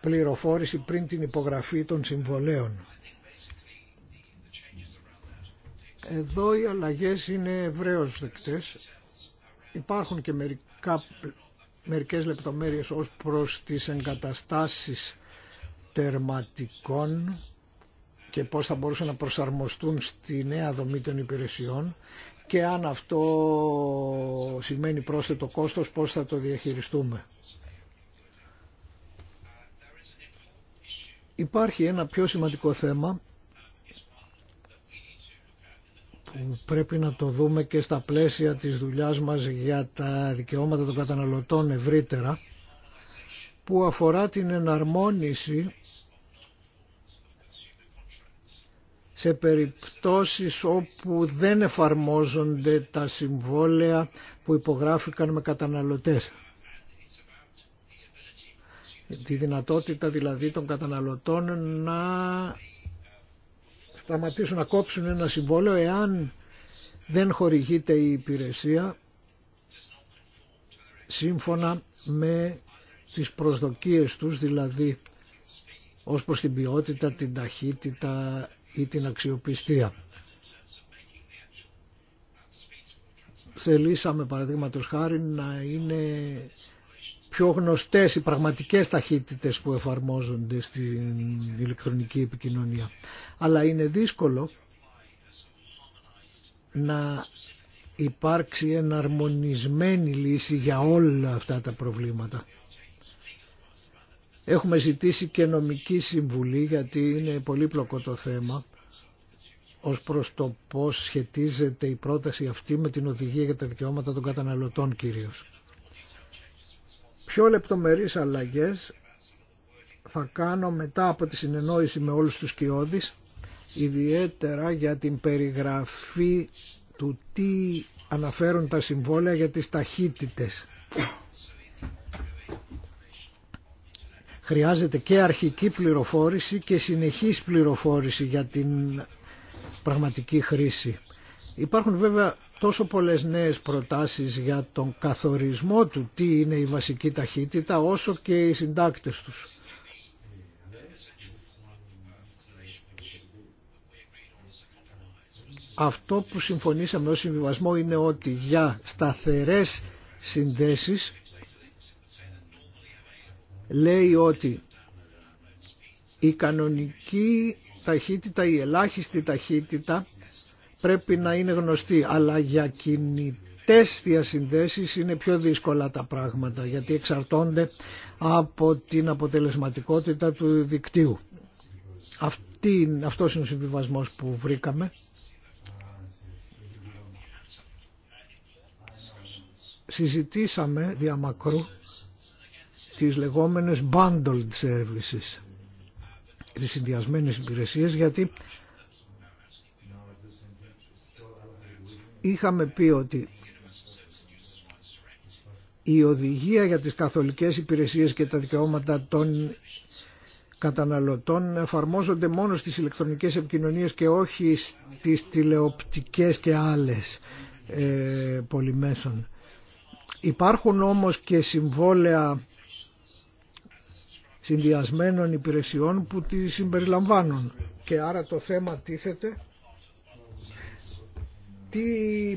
πληροφόρηση πριν την υπογραφή των συμβολέων. Εδώ οι αλλαγές είναι ευρέως δεκτές Υπάρχουν και μερικά, μερικές λεπτομέρειες ως προς τις εγκαταστάσεις τερματικών και πώς θα μπορούσαν να προσαρμοστούν στη νέα δομή των υπηρεσιών και αν αυτό σημαίνει πρόσθετο κόστος πώς θα το διαχειριστούμε. Υπάρχει ένα πιο σημαντικό θέμα πρέπει να το δούμε και στα πλαίσια της δουλειάς μας για τα δικαιώματα των καταναλωτών ευρύτερα που αφορά την εναρμόνιση σε περιπτώσεις όπου δεν εφαρμόζονται τα συμβόλαια που υπογράφηκαν με καταναλωτές. Τη δυνατότητα δηλαδή των καταναλωτών να σταματήσουν να κόψουν ένα συμβόλαιο εάν δεν χορηγείται η υπηρεσία σύμφωνα με τις προσδοκίες τους, δηλαδή ως προς την ποιότητα, την ταχύτητα ή την αξιοπιστία. Θελήσαμε παραδείγματος χάρη να είναι πιο γνωστές οι πραγματικές ταχύτητες που εφαρμόζονται στην ηλεκτρονική επικοινωνία. Αλλά είναι δύσκολο να υπάρξει εναρμονισμένη λύση για όλα αυτά τα προβλήματα. Έχουμε ζητήσει και νομική συμβουλή γιατί είναι πολύπλοκο το θέμα ως προς το πώς σχετίζεται η πρόταση αυτή με την οδηγία για τα δικαιώματα των καταναλωτών κυρίως. Πιο λεπτομερείς αλλαγές θα κάνω μετά από τη συνεννόηση με όλους τους κοιόδης, ιδιαίτερα για την περιγραφή του τι αναφέρουν τα συμβόλαια για τις ταχύτητες. Χρειάζεται και αρχική πληροφόρηση και συνεχής πληροφόρηση για την πραγματική χρήση. Υπάρχουν βέβαια τόσο πολλές νέες προτάσεις για τον καθορισμό του τι είναι η βασική ταχύτητα όσο και οι συντάκτες τους. Αυτό που συμφωνήσαμε ως συμβιβασμό είναι ότι για σταθερές συνδέσεις λέει ότι η κανονική ταχύτητα, η ελάχιστη ταχύτητα πρέπει να είναι γνωστή, αλλά για κινητές διασυνδέσεις είναι πιο δύσκολα τα πράγματα, γιατί εξαρτώνται από την αποτελεσματικότητα του δικτύου. Αυτή, αυτός είναι ο συμβιβασμός που βρήκαμε. Συζητήσαμε διαμακρού τις λεγόμενες bundled services, τις συνδυασμένες υπηρεσίες, γιατί είχαμε πει ότι η οδηγία για τις καθολικές υπηρεσίες και τα δικαιώματα των καταναλωτών εφαρμόζονται μόνο στις ηλεκτρονικές επικοινωνίες και όχι στις τηλεοπτικές και άλλες ε, πολυμέσων. Υπάρχουν όμως και συμβόλαια συνδυασμένων υπηρεσιών που τις συμπεριλαμβάνουν και άρα το θέμα τίθεται τι,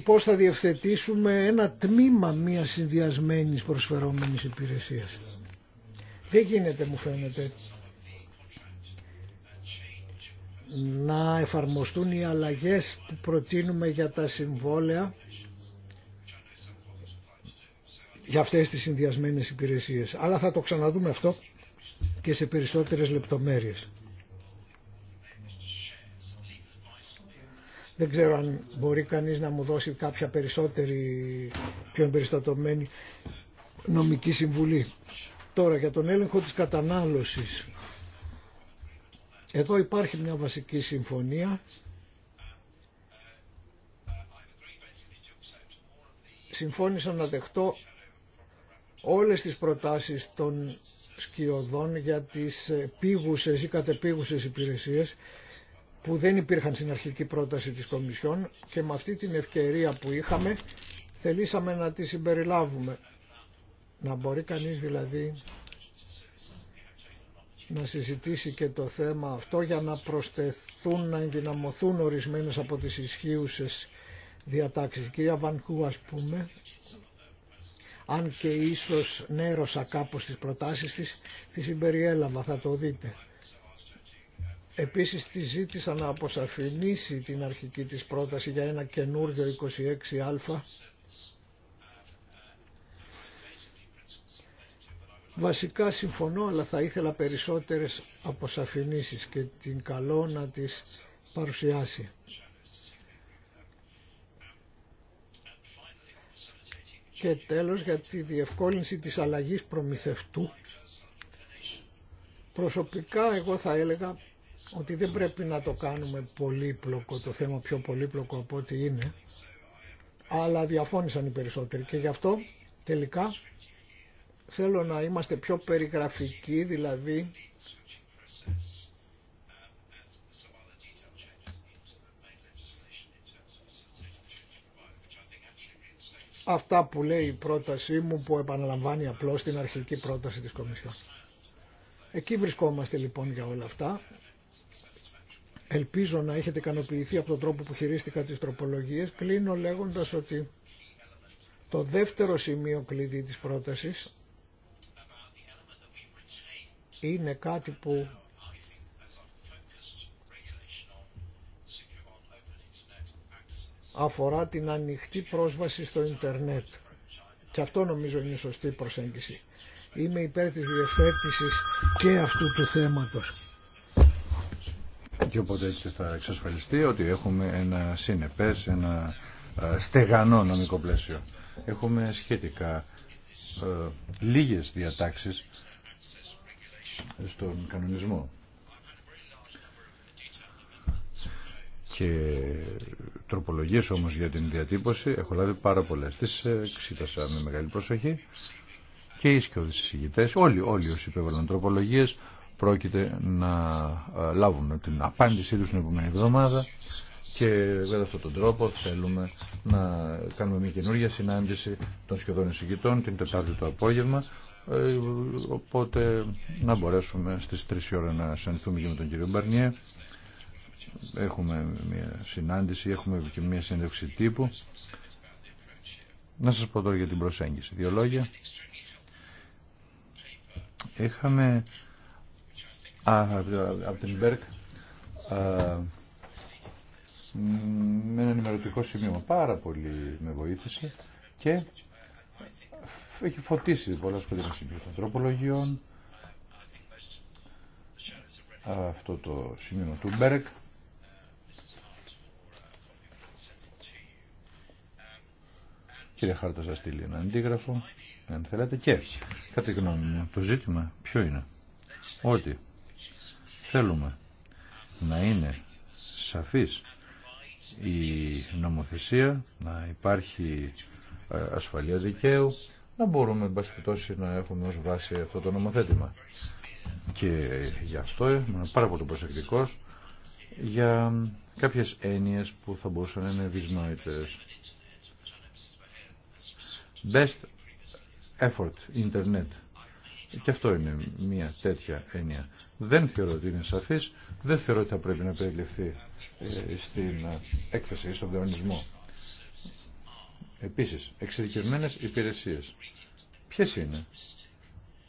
πώς θα διευθετήσουμε ένα τμήμα μιας συνδυασμένης προσφερόμενης υπηρεσίας. Δεν γίνεται μου φαίνεται να εφαρμοστούν οι αλλαγές που προτείνουμε για τα συμβόλαια για αυτές τις συνδυασμένες υπηρεσίες. Αλλά θα το ξαναδούμε αυτό και σε περισσότερες λεπτομέρειες. Δεν ξέρω αν μπορεί κανείς να μου δώσει κάποια περισσότερη, πιο εμπεριστατωμένη νομική συμβουλή. Τώρα για τον έλεγχο της κατανάλωσης. Εδώ υπάρχει μια βασική συμφωνία. Συμφώνησα να δεχτώ όλες τις προτάσεις των σκιωδών για τις πήγουσες ή κατεπήγουσες υπηρεσίες που δεν υπήρχαν στην αρχική πρόταση της Κομισιόν και με αυτή την ευκαιρία που είχαμε θελήσαμε να τη συμπεριλάβουμε. Να μπορεί κανείς δηλαδή να συζητήσει και το θέμα αυτό για να προσθεθούν, να ενδυναμωθούν ορισμένες από τις ισχύουσες διατάξεις. κυρία Βανκού ας πούμε, αν και ίσως νέρωσα κάπως τις προτάσεις της, τη συμπεριέλαβα, θα το δείτε. Επίσης τη ζήτησα να αποσαφηνίσει την αρχική της πρόταση για ένα καινούριο 26α Βασικά συμφωνώ, αλλά θα ήθελα περισσότερες αποσαφηνίσεις και την καλό να τις παρουσιάσει. Και τέλος για τη διευκόλυνση της αλλαγής προμηθευτού. Προσωπικά εγώ θα έλεγα ότι δεν πρέπει να το κάνουμε πολύπλοκο, το θέμα πιο πολύπλοκο από ό,τι είναι, αλλά διαφώνησαν οι περισσότεροι και γι' αυτό τελικά θέλω να είμαστε πιο περιγραφικοί, δηλαδή αυτά που λέει η πρότασή μου που επαναλαμβάνει απλώς την αρχική πρόταση της Κομισιόν. Εκεί βρισκόμαστε λοιπόν για όλα αυτά Ελπίζω να έχετε ικανοποιηθεί από τον τρόπο που χειρίστηκα τις τροπολογίες. Κλείνω λέγοντας ότι το δεύτερο σημείο κλειδί της πρότασης είναι κάτι που αφορά την ανοιχτή πρόσβαση στο ίντερνετ. Και αυτό νομίζω είναι σωστή προσέγγιση. Είμαι υπέρ της διευθέτησης και αυτού του θέματος. Και οπότε έτσι θα εξασφαλιστεί ότι έχουμε ένα συνεπές, ένα ε, στεγανό νομικό πλαίσιο. Έχουμε σχετικά ε, λίγες διατάξεις στον κανονισμό. Και τροπολογίες όμως για την διατύπωση έχω λάβει πάρα πολλές. Τις εξήτασα με μεγάλη προσοχή και οι σκιώδεις συζητητές, όλοι, όλοι όσοι υπέβαλαν τροπολογίες πρόκειται να ε, λάβουμε την απάντησή τους την επόμενη εβδομάδα και με αυτόν τον τρόπο θέλουμε να κάνουμε μια καινούργια συνάντηση των σχεδόν εισηγητών την Τετάρτη το απόγευμα ε, οπότε να μπορέσουμε στις 3 η ώρα να συναντηθούμε και με τον κύριο Μπαρνιέ έχουμε μια συνάντηση έχουμε και μια συνέντευξη τύπου να σας πω τώρα για την προσέγγιση δύο λόγια είχαμε από την Μπέρκ με ένα ενημερωτικό σημείο Πάρα πολύ με βοήθησε και έχει φωτίσει πολλά σχολεία σημεία των τροπολογιών. Αυτό το σημείο του Μπέρκ. Κύριε Χάρτα, σας στείλει ένα αντίγραφο, αν θέλετε. Και, κατά γνώμη το ζήτημα ποιο είναι. Ότι Θέλουμε να είναι σαφής η νομοθεσία, να υπάρχει ε, ασφαλεία δικαίου, να μπορούμε εν να έχουμε ως βάση αυτό το νομοθέτημα. Και γι' αυτό ήμουν πάρα πολύ προσεκτικό για κάποιες έννοιες που θα μπορούσαν να είναι δυσνόητες. Best effort, internet. Και αυτό είναι μια τέτοια έννοια. Δεν θεωρώ ότι είναι σαφής, δεν θεωρώ ότι θα πρέπει να περιληφθεί ε, στην ε, έκθεση, στον κανονισμό. Επίσης, εξειδικευμένες υπηρεσίες. Ποιες είναι.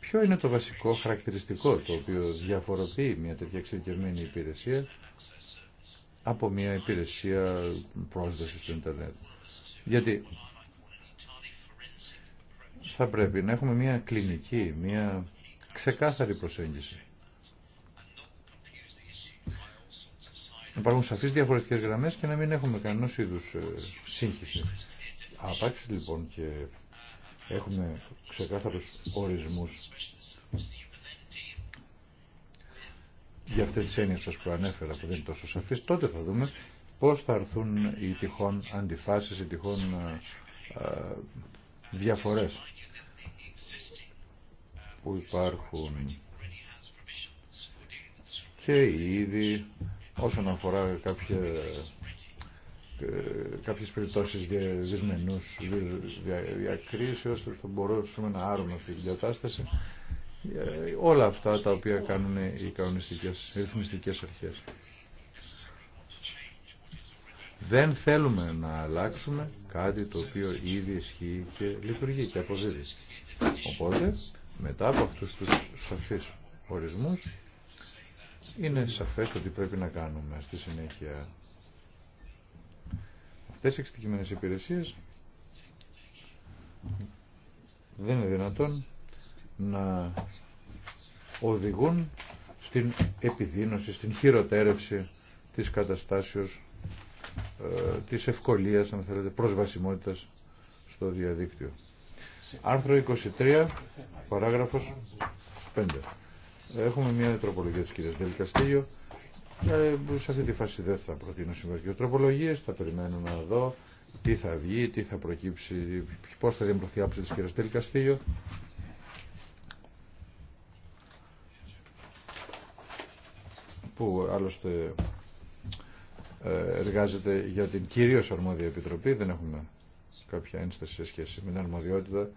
Ποιο είναι το βασικό χαρακτηριστικό το οποίο διαφοροποιεί μια τέτοια εξειδικευμένη υπηρεσία από μια υπηρεσία πρόσβαση στο Ιντερνετ. Γιατί θα πρέπει να έχουμε μια κλινική, μια ξεκάθαρη προσέγγιση. Να υπάρχουν σαφείς διαφορετικές γραμμές και να μην έχουμε κανένα είδους ε, σύγχυση. Απάξι λοιπόν και έχουμε ξεκάθαρους ορισμούς για αυτές τις έννοιες σας που ανέφερα που δεν είναι τόσο σαφείς, τότε θα δούμε πώς θα έρθουν οι τυχόν αντιφάσεις, οι τυχόν α, ε, ε, διαφορές που υπάρχουν και ήδη όσον αφορά κάποια, ε, κάποιες περιπτώσεις δυσμενούς διακρίσεως θα μπορούσαμε να άρουμε αυτή την κατάσταση ε, όλα αυτά τα οποία κάνουν οι κανονιστικές, οι ρυθμιστικές αρχές. Δεν θέλουμε να αλλάξουμε κάτι το οποίο ήδη ισχύει και λειτουργεί και αποδίδει. Οπότε μετά από αυτούς τους σαφείς ορισμούς, είναι σαφές ότι πρέπει να κάνουμε στη συνέχεια αυτές οι εξειδικημένες υπηρεσίες δεν είναι δυνατόν να οδηγούν στην επιδείνωση, στην χειροτέρευση της καταστάσεως, ε, της ευκολίας, αν θέλετε, προσβασιμότητας στο διαδίκτυο. Άρθρο 23, παράγραφος 5. Έχουμε μια τροπολογία της κυρίας Δελκαστήγιο. Ε, σε αυτή τη φάση δεν θα προτείνω συμβατικές τροπολογίες, θα περιμένουμε να δω τι θα βγει, τι θα προκύψει, πώς θα διαμορφωθεί άποψη της κυρίας Δελκαστήγιο. που άλλωστε ε, εργάζεται για την κυρίως αρμόδια επιτροπή, δεν έχουμε κάποια ένσταση σε σχέση με την αρμοδιότητα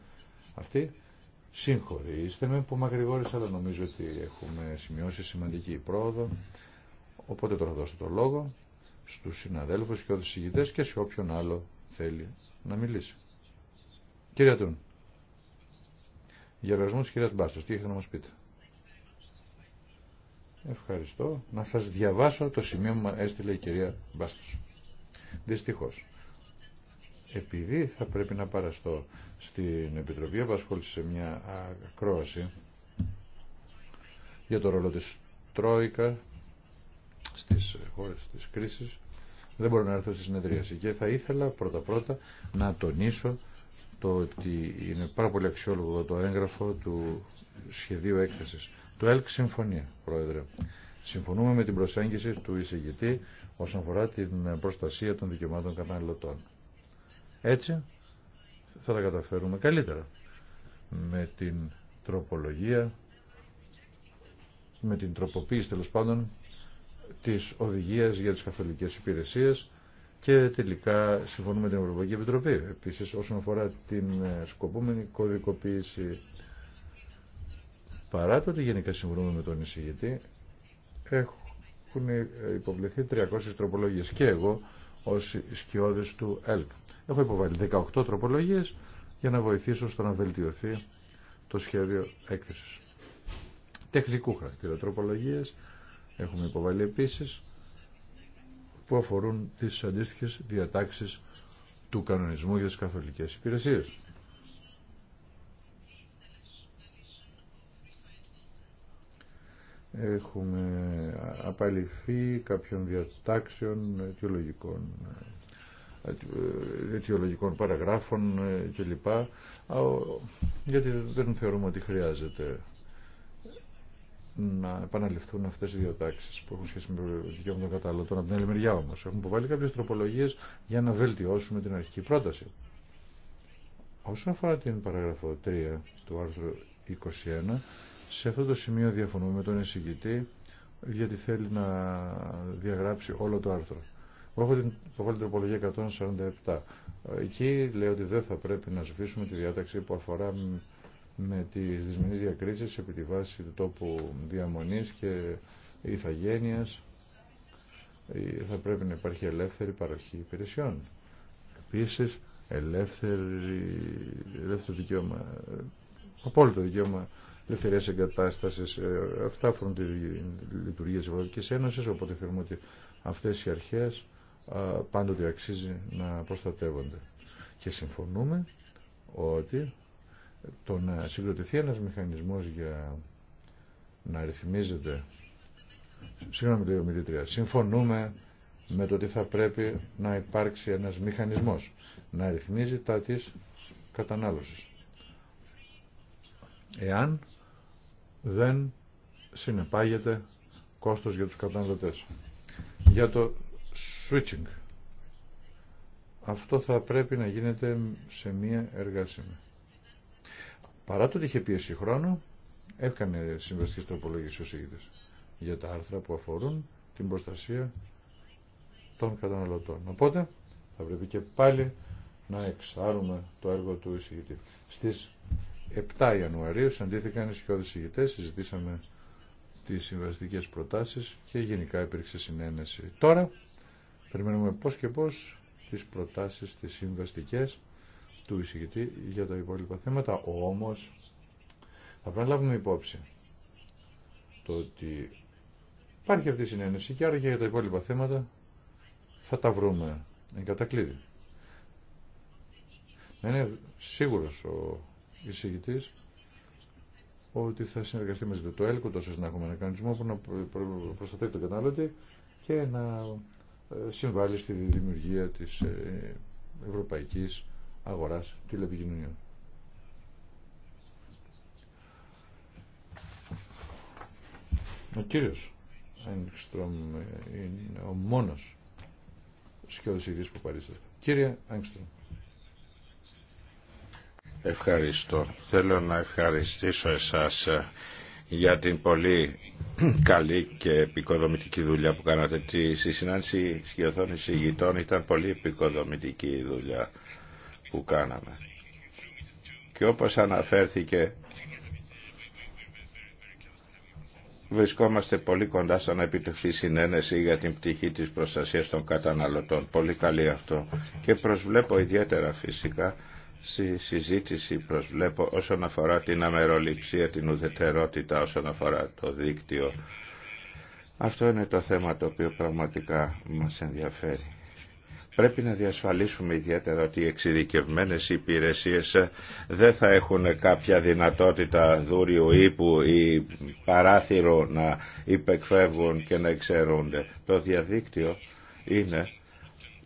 αυτή. Συγχωρήστε με που μακρηγόρησα, αλλά νομίζω ότι έχουμε σημειώσει σημαντική πρόοδο. Οπότε τώρα δώσω το λόγο στους συναδέλφους και όλους και σε όποιον άλλο θέλει να μιλήσει. Κυρία Τούν, για εργασμό κυρία Μπάστος, τι έχετε να μας πείτε. Ευχαριστώ. Να σας διαβάσω το σημείο που έστειλε η κυρία Μπάστος. Δυστυχώ επειδή θα πρέπει να παραστώ στην Επιτροπή Απασχόληση σε μια ακρόαση για το ρόλο της Τρόικα στις χώρες της κρίσης δεν μπορώ να έρθω στη συνεδρίαση και θα ήθελα πρώτα πρώτα να τονίσω το ότι είναι πάρα πολύ αξιόλογο το έγγραφο του σχεδίου έκθεσης. Το ΕΛΚ συμφωνεί, Πρόεδρε. Συμφωνούμε με την προσέγγιση του εισηγητή όσον αφορά την προστασία των δικαιωμάτων καταναλωτών. Έτσι θα τα καταφέρουμε καλύτερα με την τροπολογία, με την τροποποίηση τέλο πάντων της οδηγίας για τις καθολικές υπηρεσίες και τελικά συμφωνούμε με την Ευρωπαϊκή Επιτροπή. Επίσης όσον αφορά την ε, σκοπούμενη κωδικοποίηση παρά το ότι γενικά συμφωνούμε με τον εισηγητή έχουν ε, υποβληθεί 300 τροπολογίες και εγώ ως σκιώδες του ΕΛΚ. Έχω υποβάλει 18 τροπολογίες για να βοηθήσω στο να βελτιωθεί το σχέδιο έκθεσης. Τεχνικού χαρακτήρα τροπολογίες έχουμε υποβάλει επίσης που αφορούν τις αντίστοιχες διατάξεις του κανονισμού για τις καθολικές υπηρεσίες. Έχουμε απαλληφθεί κάποιων διατάξεων αιτιολογικών ε, αιτιολογικών παραγράφων ε, κλπ. Γιατί δεν θεωρούμε ότι χρειάζεται να επαναληφθούν αυτέ οι δύο τάξεις που έχουν σχέση με το δικαίωμα των καταναλωτών. Από την άλλη μεριά όμω, έχουμε υποβάλει κάποιε τροπολογίε για να βελτιώσουμε την αρχική πρόταση. Όσον αφορά την παράγραφο 3 του άρθρου 21, σε αυτό το σημείο διαφωνούμε με τον εισηγητή, γιατί θέλει να διαγράψει όλο το άρθρο. Έχω την τροπολογία 147. Εκεί λέει ότι δεν θα πρέπει να σβήσουμε τη διάταξη που αφορά με τις δυσμενείς διακρίσεις επί τη βάση του τόπου διαμονής και ηθαγένειας ε, θα πρέπει να υπάρχει ελεύθερη παροχή υπηρεσιών. Επίσης, ελεύθερη, ελεύθερο δικαίωμα, απόλυτο δικαίωμα ελευθερία εγκατάσταση. Ε, αυτά αφορούν τη λειτουργία τη Ευρωπαϊκή Ένωση, οπότε θεωρούμε ότι αυτέ οι αρχέ πάντοτε αξίζει να προστατεύονται. Και συμφωνούμε ότι το να συγκροτηθεί ένας μηχανισμός για να ρυθμίζεται συγγνώμη λέει συμφωνούμε με το ότι θα πρέπει να υπάρξει ένας μηχανισμός να ρυθμίζει τα της κατανάλωσης. Εάν δεν συνεπάγεται κόστος για τους καταναλωτές. Για το switching. Αυτό θα πρέπει να γίνεται σε μία εργάσιμη. Παρά το ότι είχε πίεση χρόνο έκανε συμβαστικές τροπολογίες ο σύγητης για τα άρθρα που αφορούν την προστασία των καταναλωτών. Οπότε θα πρέπει και πάλι να εξάρουμε το έργο του εισηγητή. Στις 7 Ιανουαρίου συναντήθηκαν οι σχεδόν εισηγητές, συζητήσαμε τις συμβαστικές προτάσεις και γενικά υπήρξε συνένεση. Τώρα Περιμένουμε πώς και πώς τις προτάσεις, τις συμβαστικές του εισηγητή για τα υπόλοιπα θέματα. Όμως θα πρέπει να λάβουμε υπόψη το ότι υπάρχει αυτή η συνένεση και άρα και για τα υπόλοιπα θέματα θα τα βρούμε εν κατακλείδη. Να είναι σίγουρος ο εισηγητής ότι θα συνεργαστεί με του το ΕΛΚΟ τόσο να έχουμε ένα κανονισμό που να προστατεύει τον κατάλληλο και να ε, συμβάλλει στη δημιουργία της ε, ευρωπαϊκής αγοράς τηλεπικοινωνιών. Ο κύριος Άγκστρομ είναι ο μόνος σκιώδης που παρίσταται. Κύριε Άγκστρομ. Ευχαριστώ. Θέλω να ευχαριστήσω εσάς ε, για την πολύ καλή και επικοδομητική δουλειά που κάνατε. Στη συνάντηση σχεδόν εισηγητών ήταν πολύ επικοδομητική η δουλειά που κάναμε. Και όπως αναφέρθηκε βρισκόμαστε πολύ κοντά στο να επιτευχθεί συνένεση για την πτυχή της προστασίας των καταναλωτών. Πολύ καλή αυτό. Και προσβλέπω ιδιαίτερα φυσικά στη συζήτηση προσβλέπω όσον αφορά την αμεροληψία, την ουδετερότητα όσον αφορά το δίκτυο. Αυτό είναι το θέμα το οποίο πραγματικά μας ενδιαφέρει. Πρέπει να διασφαλίσουμε ιδιαίτερα ότι οι εξειδικευμένες υπηρεσίες δεν θα έχουν κάποια δυνατότητα δούριου ύπου ή παράθυρο να υπεκφεύγουν και να εξαιρούνται. Το διαδίκτυο είναι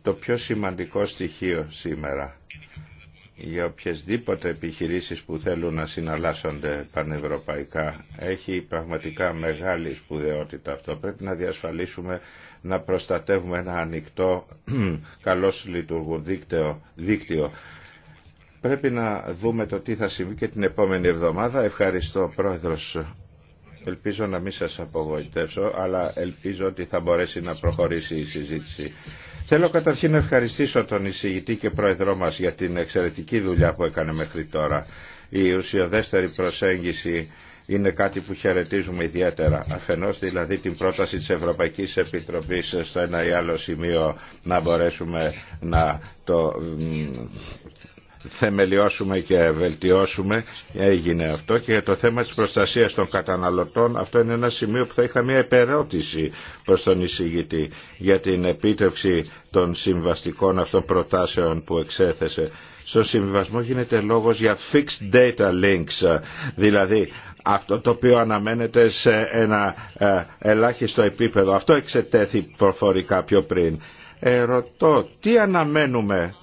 το πιο σημαντικό στοιχείο σήμερα για οποιασδήποτε επιχειρήσεις που θέλουν να συναλλάσσονται πανευρωπαϊκά έχει πραγματικά μεγάλη σπουδαιότητα αυτό. Πρέπει να διασφαλίσουμε να προστατεύουμε ένα ανοιχτό, καλό λειτουργούν δίκτυο, δίκτυο. Πρέπει να δούμε το τι θα συμβεί και την επόμενη εβδομάδα. Ευχαριστώ πρόεδρος Ελπίζω να μην σας απογοητεύσω, αλλά ελπίζω ότι θα μπορέσει να προχωρήσει η συζήτηση. Θέλω καταρχήν να ευχαριστήσω τον εισηγητή και πρόεδρό μας για την εξαιρετική δουλειά που έκανε μέχρι τώρα. Η ουσιοδέστερη προσέγγιση είναι κάτι που χαιρετίζουμε ιδιαίτερα. Αφενός δηλαδή την πρόταση της Ευρωπαϊκής Επιτροπής στο ένα ή άλλο σημείο να μπορέσουμε να το θεμελιώσουμε και βελτιώσουμε. Έγινε αυτό και για το θέμα της προστασίας των καταναλωτών αυτό είναι ένα σημείο που θα είχα μια επερώτηση προς τον εισηγητή για την επίτευξη των συμβαστικών αυτών προτάσεων που εξέθεσε. Στον συμβιβασμό γίνεται λόγος για fixed data links, δηλαδή αυτό το οποίο αναμένεται σε ένα ε, ελάχιστο επίπεδο. Αυτό εξετέθη προφορικά πιο πριν. Ερωτώ, τι αναμένουμε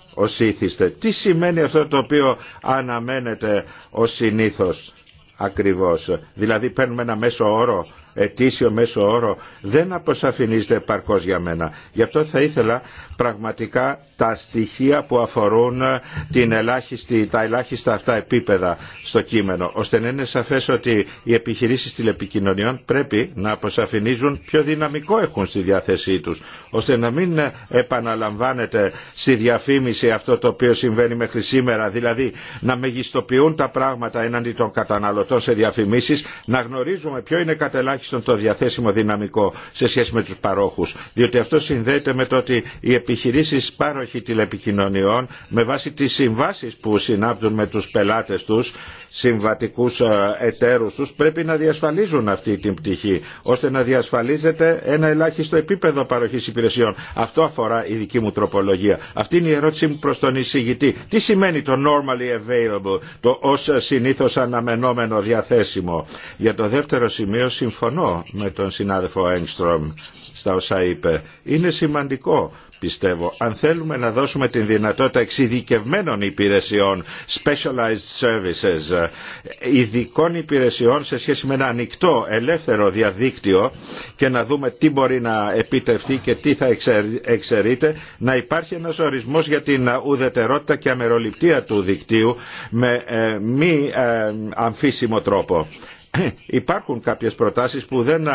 τι σημαίνει αυτό το οποίο αναμένεται ως συνήθως ακριβώς. Δηλαδή παίρνουμε ένα μέσο όρο ετήσιο μέσο όρο δεν αποσαφηνίζεται επαρκώς για μένα. Γι' αυτό θα ήθελα πραγματικά τα στοιχεία που αφορούν ε, την ελάχιστη, τα ελάχιστα αυτά επίπεδα στο κείμενο, ώστε να είναι σαφές ότι οι επιχειρήσεις τηλεπικοινωνιών πρέπει να αποσαφηνίζουν ποιο δυναμικό έχουν στη διάθεσή τους, ώστε να μην ε, επαναλαμβάνεται στη διαφήμιση αυτό το οποίο συμβαίνει μέχρι σήμερα, δηλαδή να μεγιστοποιούν τα πράγματα εναντί των καταναλωτών σε διαφημίσεις, να γνωρίζουμε ποιο είναι στον το διαθέσιμο δυναμικό σε σχέση με τους παρόχους. Διότι αυτό συνδέεται με το ότι οι επιχειρήσεις πάροχοι τηλεπικοινωνιών με βάση τις συμβάσεις που συνάπτουν με τους πελάτες τους συμβατικούς ε, εταίρους τους πρέπει να διασφαλίζουν αυτή την πτυχή ώστε να διασφαλίζεται ένα ελάχιστο επίπεδο παροχής υπηρεσιών. Αυτό αφορά η δική μου τροπολογία. Αυτή είναι η ερώτηση μου προς τον εισηγητή. Τι σημαίνει το normally available, το ω συνήθως αναμενόμενο διαθέσιμο. Για το δεύτερο σημείο συμφωνώ με τον συνάδελφο Έγκστρομ στα όσα είπε. Είναι σημαντικό πιστεύω. Αν θέλουμε να δώσουμε την δυνατότητα εξειδικευμένων υπηρεσιών, specialized services, ειδικών υπηρεσιών σε σχέση με ένα ανοιχτό, ελεύθερο διαδίκτυο και να δούμε τι μπορεί να επιτευχθεί και τι θα εξαιρείται, να υπάρχει ένας ορισμός για την ουδετερότητα και αμεροληπτία του δικτύου με ε, μη ε, αμφίσιμο τρόπο υπάρχουν κάποιες προτάσεις που δεν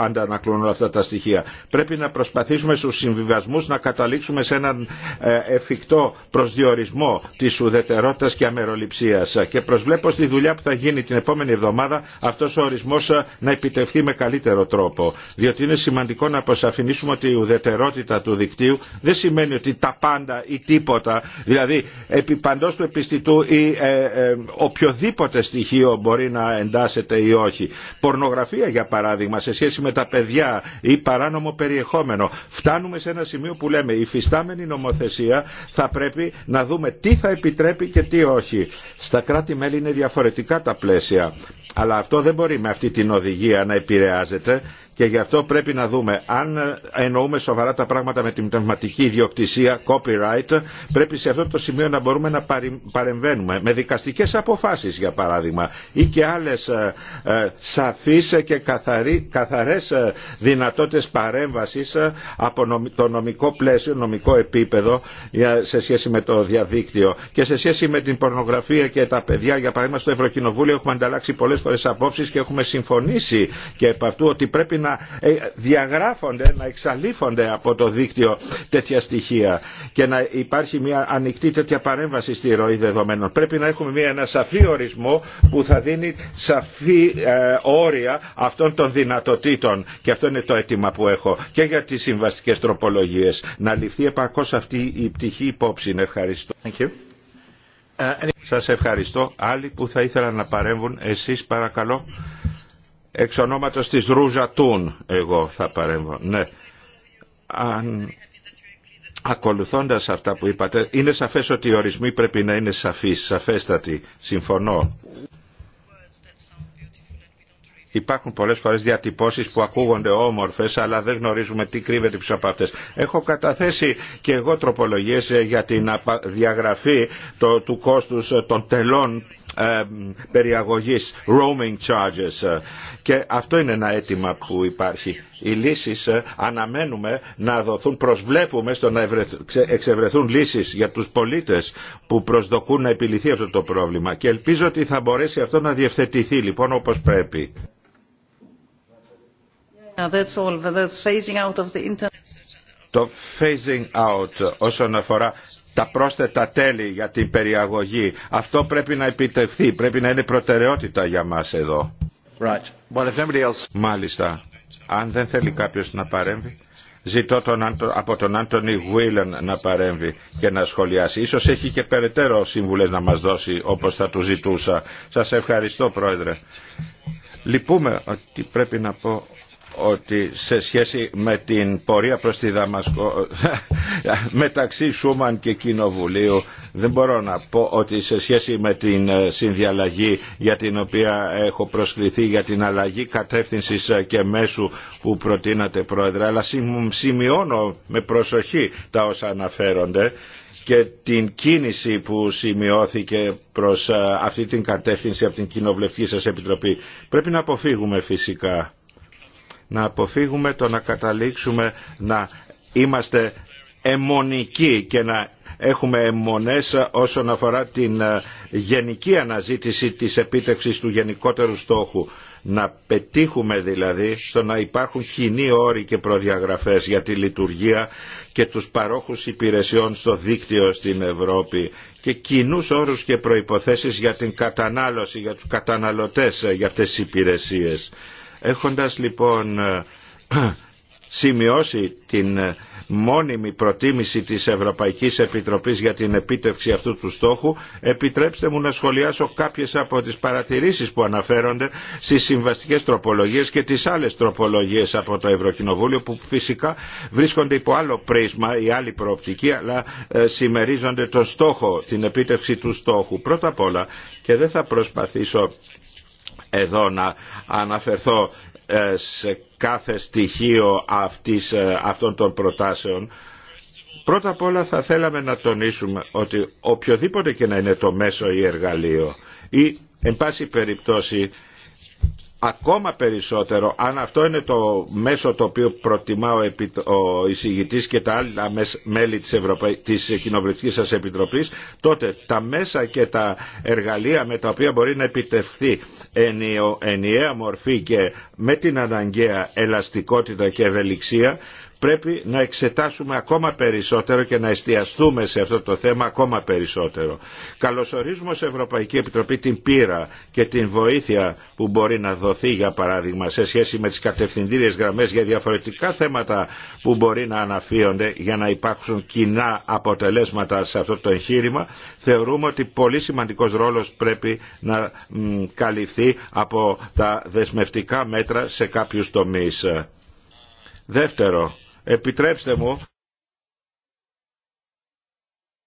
αντανακλούν, αυτά τα στοιχεία. Πρέπει να προσπαθήσουμε στους συμβιβασμούς να καταλήξουμε σε έναν ε, εφικτό προσδιορισμό της ουδετερότητας και αμεροληψίας και προσβλέπω στη δουλειά που θα γίνει την επόμενη εβδομάδα αυτός ο ορισμός ε, να επιτευχθεί με καλύτερο τρόπο. Διότι είναι σημαντικό να αποσαφηνίσουμε ότι η ουδετερότητα του δικτύου δεν σημαίνει ότι τα πάντα ή τίποτα, δηλαδή επί παντός του επιστητού ή ε, οποιοδήποτε στοιχείο μπορεί να εντάσσεται ή όχι. Πορνογραφία για παράδειγμα σε σχέση με τα παιδιά ή παράνομο περιεχόμενο. Φτάνουμε σε ένα σημείο που λέμε η φυστάμενη νομοθεσία θα πρέπει να δούμε τι θα επιτρέπει και τι όχι. Στα κράτη-μέλη είναι διαφορετικά τα πλαίσια. Αλλά αυτό δεν μπορεί με αυτή την οδηγία να επηρεάζεται και γι' αυτό πρέπει να δούμε, αν ε, εννοούμε σοβαρά τα πράγματα με την πνευματική ιδιοκτησία, copyright, πρέπει σε αυτό το σημείο να μπορούμε να παρεμβαίνουμε με δικαστικές αποφάσεις για παράδειγμα ή και άλλες ε, ε, σαφείς και καθαρές δυνατότητες παρέμβασης από το νομικό πλαίσιο, νομικό επίπεδο σε σχέση με το διαδίκτυο και σε σχέση με την πορνογραφία και τα παιδιά. Για παράδειγμα στο Ευρωκοινοβούλιο έχουμε ανταλλάξει πολλές φορές απόψει και έχουμε συμφωνήσει και επ' αυτού ότι πρέπει να ε, διαγράφονται, να εξαλείφονται από το δίκτυο τέτοια στοιχεία και να υπάρχει μια ανοιχτή τέτοια παρέμβαση στη ροή δεδομένων. Πρέπει να έχουμε μια, ένα σαφή ορισμό που θα δίνει σαφή ε, όρια αυτών των δυνατοτήτων και αυτό είναι το αίτημα που έχω και για τις συμβαστικές τροπολογίες. Να ληφθεί επαρκώς αυτή η πτυχή υπόψη. Ευχαριστώ. Ε, Σας ευχαριστώ. Άλλοι που θα ήθελαν να παρέμβουν, εσείς παρακαλώ. Εξ ονόματος της Ρούζα Τούν εγώ θα παρέμβω. Ναι. Αν... Ακολουθώντας αυτά που είπατε, είναι σαφές ότι οι ορισμοί πρέπει να είναι σαφείς, σαφέστατοι. Συμφωνώ. Υπάρχουν πολλές φορές διατυπώσεις που ακούγονται όμορφες αλλά δεν γνωρίζουμε τι κρύβεται πίσω από αυτές. Έχω καταθέσει και εγώ τροπολογίες ε, για την διαγραφή του κόστους ε, των τελών περιαγωγής, roaming charges. Και αυτό είναι ένα αίτημα που υπάρχει. Οι λύσεις ε, αναμένουμε να δοθούν, προσβλέπουμε στο να εξευρεθούν λύσεις για τους πολίτες που προσδοκούν να επιληθεί αυτό το πρόβλημα. Και ελπίζω ότι θα μπορέσει αυτό να διευθετηθεί λοιπόν όπως πρέπει. Το phasing out όσον αφορά τα πρόσθετα τέλη για την περιαγωγή. Αυτό πρέπει να επιτευχθεί, πρέπει να είναι προτεραιότητα για μας εδώ. Right. if else... Μάλιστα. Αν δεν θέλει κάποιος να παρέμβει, ζητώ τον, από τον Άντωνι Γουίλεν να παρέμβει και να σχολιάσει. Ίσως έχει και περαιτέρω σύμβουλες να μας δώσει όπως θα του ζητούσα. Σας ευχαριστώ Πρόεδρε. Λυπούμε ότι πρέπει να πω ότι σε σχέση με την πορεία προς τη Δαμασκό μεταξύ Σούμαν και Κοινοβουλίου δεν μπορώ να πω ότι σε σχέση με την ε, συνδιαλλαγή για την οποία έχω προσκληθεί για την αλλαγή κατεύθυνσης ε, και μέσου που προτείνατε Πρόεδρε αλλά σημειώνω με προσοχή τα όσα αναφέρονται και την κίνηση που σημειώθηκε προς ε, αυτή την κατεύθυνση από την Κοινοβουλευτική σας Επιτροπή. Πρέπει να αποφύγουμε φυσικά να αποφύγουμε το να καταλήξουμε να είμαστε αιμονικοί και να έχουμε αιμονές όσον αφορά την ε, γενική αναζήτηση της επίτευξης του γενικότερου στόχου. Να πετύχουμε δηλαδή στο να υπάρχουν κοινοί όροι και προδιαγραφές για τη λειτουργία και τους παρόχους υπηρεσιών στο δίκτυο στην Ευρώπη και κοινού όρους και προϋποθέσεις για την κατανάλωση, για τους καταναλωτές ε, για αυτές τις υπηρεσίες. Έχοντας λοιπόν ε, σημειώσει την ε, μόνιμη προτίμηση της Ευρωπαϊκής Επιτροπής για την επίτευξη αυτού του στόχου, επιτρέψτε μου να σχολιάσω κάποιες από τις παρατηρήσεις που αναφέρονται στις συμβαστικές τροπολογίες και τις άλλες τροπολογίες από το Ευρωκοινοβούλιο που φυσικά βρίσκονται υπό άλλο πρίσμα ή άλλη προοπτική αλλά ε, συμμερίζονται τον στόχο, την επίτευξη του στόχου. Πρώτα απ' όλα και δεν θα προσπαθήσω εδώ να αναφερθώ ε, σε κάθε στοιχείο ε, αυτών των προτάσεων. Πρώτα απ' όλα θα θέλαμε να τονίσουμε ότι οποιοδήποτε και να είναι το μέσο ή εργαλείο ή εν πάση περιπτώσει ακόμα περισσότερο αν αυτό είναι το μέσο το οποίο προτιμά ο εισηγητής και τα άλλα μέλη της, Ευρωπαϊ... της Κοινοβουλευτικής σας Επιτροπής τότε τα μέσα και τα εργαλεία με τα οποία μπορεί να επιτευχθεί ενιαία μορφή και με την αναγκαία ελαστικότητα και ευελιξία πρέπει να εξετάσουμε ακόμα περισσότερο και να εστιαστούμε σε αυτό το θέμα ακόμα περισσότερο. Καλωσορίζουμε ως Ευρωπαϊκή Επιτροπή την πείρα και την βοήθεια που μπορεί να δοθεί για παράδειγμα σε σχέση με τις κατευθυντήριες γραμμές για διαφορετικά θέματα που μπορεί να αναφύονται για να υπάρξουν κοινά αποτελέσματα σε αυτό το εγχείρημα. Θεωρούμε ότι πολύ σημαντικός ρόλος πρέπει να καλυφθεί από τα δεσμευτικά μέτρα σε κάποιους τομείς. Δεύτερο, Επιτρέψτε μου.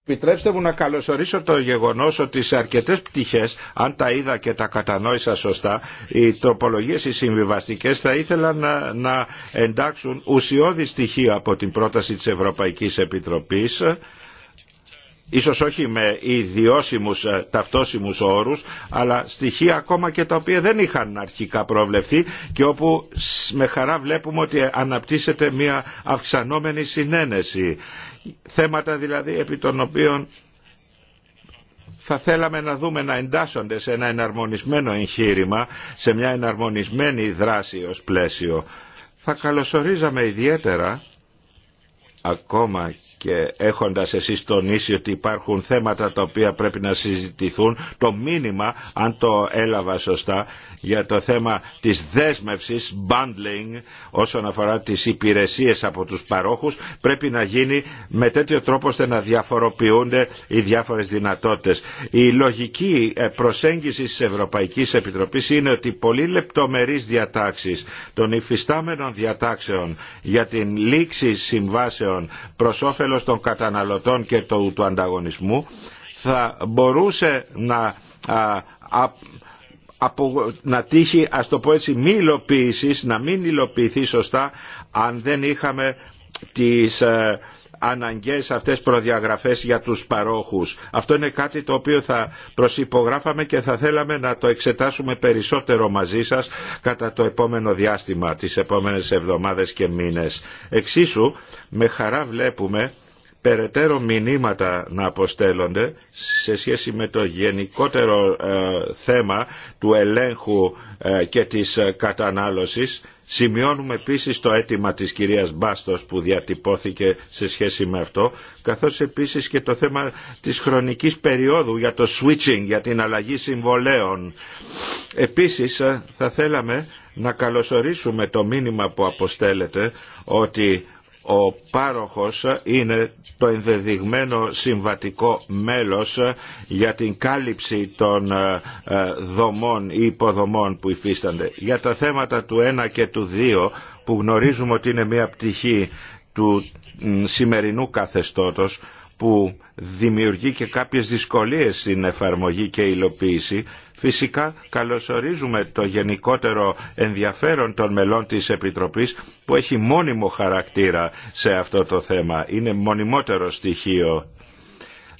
Επιτρέψτε μου να καλωσορίσω το γεγονός ότι σε αρκετές πτυχές, αν τα είδα και τα κατανόησα σωστά, οι τροπολογίες οι συμβιβαστικές θα ήθελαν να, να εντάξουν ουσιώδη στοιχεία από την πρόταση της Ευρωπαϊκής Επιτροπής ίσως όχι με ιδιώσιμους ε, ταυτόσιμους όρους, αλλά στοιχεία ακόμα και τα οποία δεν είχαν αρχικά προβλεφθεί και όπου με χαρά βλέπουμε ότι αναπτύσσεται μια αυξανόμενη συνένεση. Θέματα δηλαδή επί των οποίων θα θέλαμε να δούμε να εντάσσονται σε ένα εναρμονισμένο εγχείρημα, σε μια εναρμονισμένη δράση ως πλαίσιο. Θα καλωσορίζαμε ιδιαίτερα ακόμα και έχοντας εσείς τονίσει ότι υπάρχουν θέματα τα οποία πρέπει να συζητηθούν το μήνυμα αν το έλαβα σωστά για το θέμα της δέσμευσης bundling όσον αφορά τις υπηρεσίες από τους παρόχους πρέπει να γίνει με τέτοιο τρόπο ώστε να διαφοροποιούνται οι διάφορες δυνατότητες. Η λογική ε, προσέγγιση της Ευρωπαϊκής Επιτροπής είναι ότι πολύ λεπτομερείς διατάξεις των υφιστάμενων διατάξεων για την λήξη συμβάσεων Προ προς όφελος των καταναλωτών και του, του ανταγωνισμού θα μπορούσε να α, α, από, να τύχει, ας το πω έτσι, μη υλοποίησης, να μην υλοποιηθεί σωστά αν δεν είχαμε τις, ε, αναγκαίες αυτές προδιαγραφές για τους παρόχους. Αυτό είναι κάτι το οποίο θα προσυπογράφαμε και θα θέλαμε να το εξετάσουμε περισσότερο μαζί σας κατά το επόμενο διάστημα, τις επόμενες εβδομάδες και μήνες. Εξίσου, με χαρά βλέπουμε περαιτέρω μηνύματα να αποστέλλονται σε σχέση με το γενικότερο ε, θέμα του ελέγχου ε, και της κατανάλωσης Σημειώνουμε επίσης το αίτημα της κυρίας Μπάστος που διατυπώθηκε σε σχέση με αυτό, καθώς επίσης και το θέμα της χρονικής περίοδου για το switching, για την αλλαγή συμβολέων. Επίσης ε, θα θέλαμε να καλωσορίσουμε το μήνυμα που αποστέλλεται ότι ο πάροχος είναι το ενδεδειγμένο συμβατικό μέλος για την κάλυψη των ε, ε, δομών ή υποδομών που υφίστανται. Για τα θέματα του 1 και του 2 που γνωρίζουμε ότι είναι μια πτυχή του σημερινού καθεστώτος που δημιουργεί και κάποιες δυσκολίες στην εφαρμογή και υλοποίηση Φυσικά καλωσορίζουμε το γενικότερο ενδιαφέρον των μελών της Επιτροπής που έχει μόνιμο χαρακτήρα σε αυτό το θέμα. Είναι μονιμότερο στοιχείο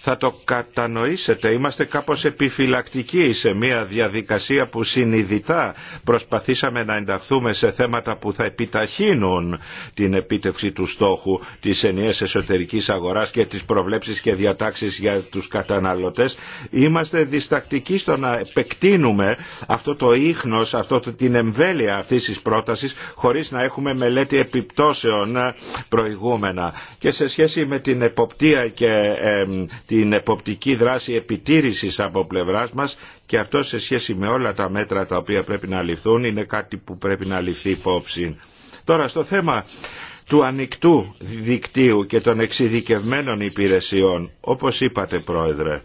θα το κατανοήσετε. Είμαστε κάπως επιφυλακτικοί σε μια διαδικασία που συνειδητά προσπαθήσαμε να ενταχθούμε σε θέματα που θα επιταχύνουν την επίτευξη του στόχου της ενιαίας εσωτερικής αγοράς και τις προβλέψεις και διατάξεις για τους καταναλωτές. Είμαστε διστακτικοί στο να επεκτείνουμε αυτό το ίχνος, αυτό την εμβέλεια αυτής της πρότασης χωρίς να έχουμε μελέτη επιπτώσεων προηγούμενα. Και σε σχέση με την εποπτεία και την εποπτική δράση επιτήρησης από πλευράς μας και αυτό σε σχέση με όλα τα μέτρα τα οποία πρέπει να ληφθούν είναι κάτι που πρέπει να ληφθεί υπόψη. Τώρα στο θέμα του ανοικτού δικτύου και των εξειδικευμένων υπηρεσιών, όπως είπατε Πρόεδρε,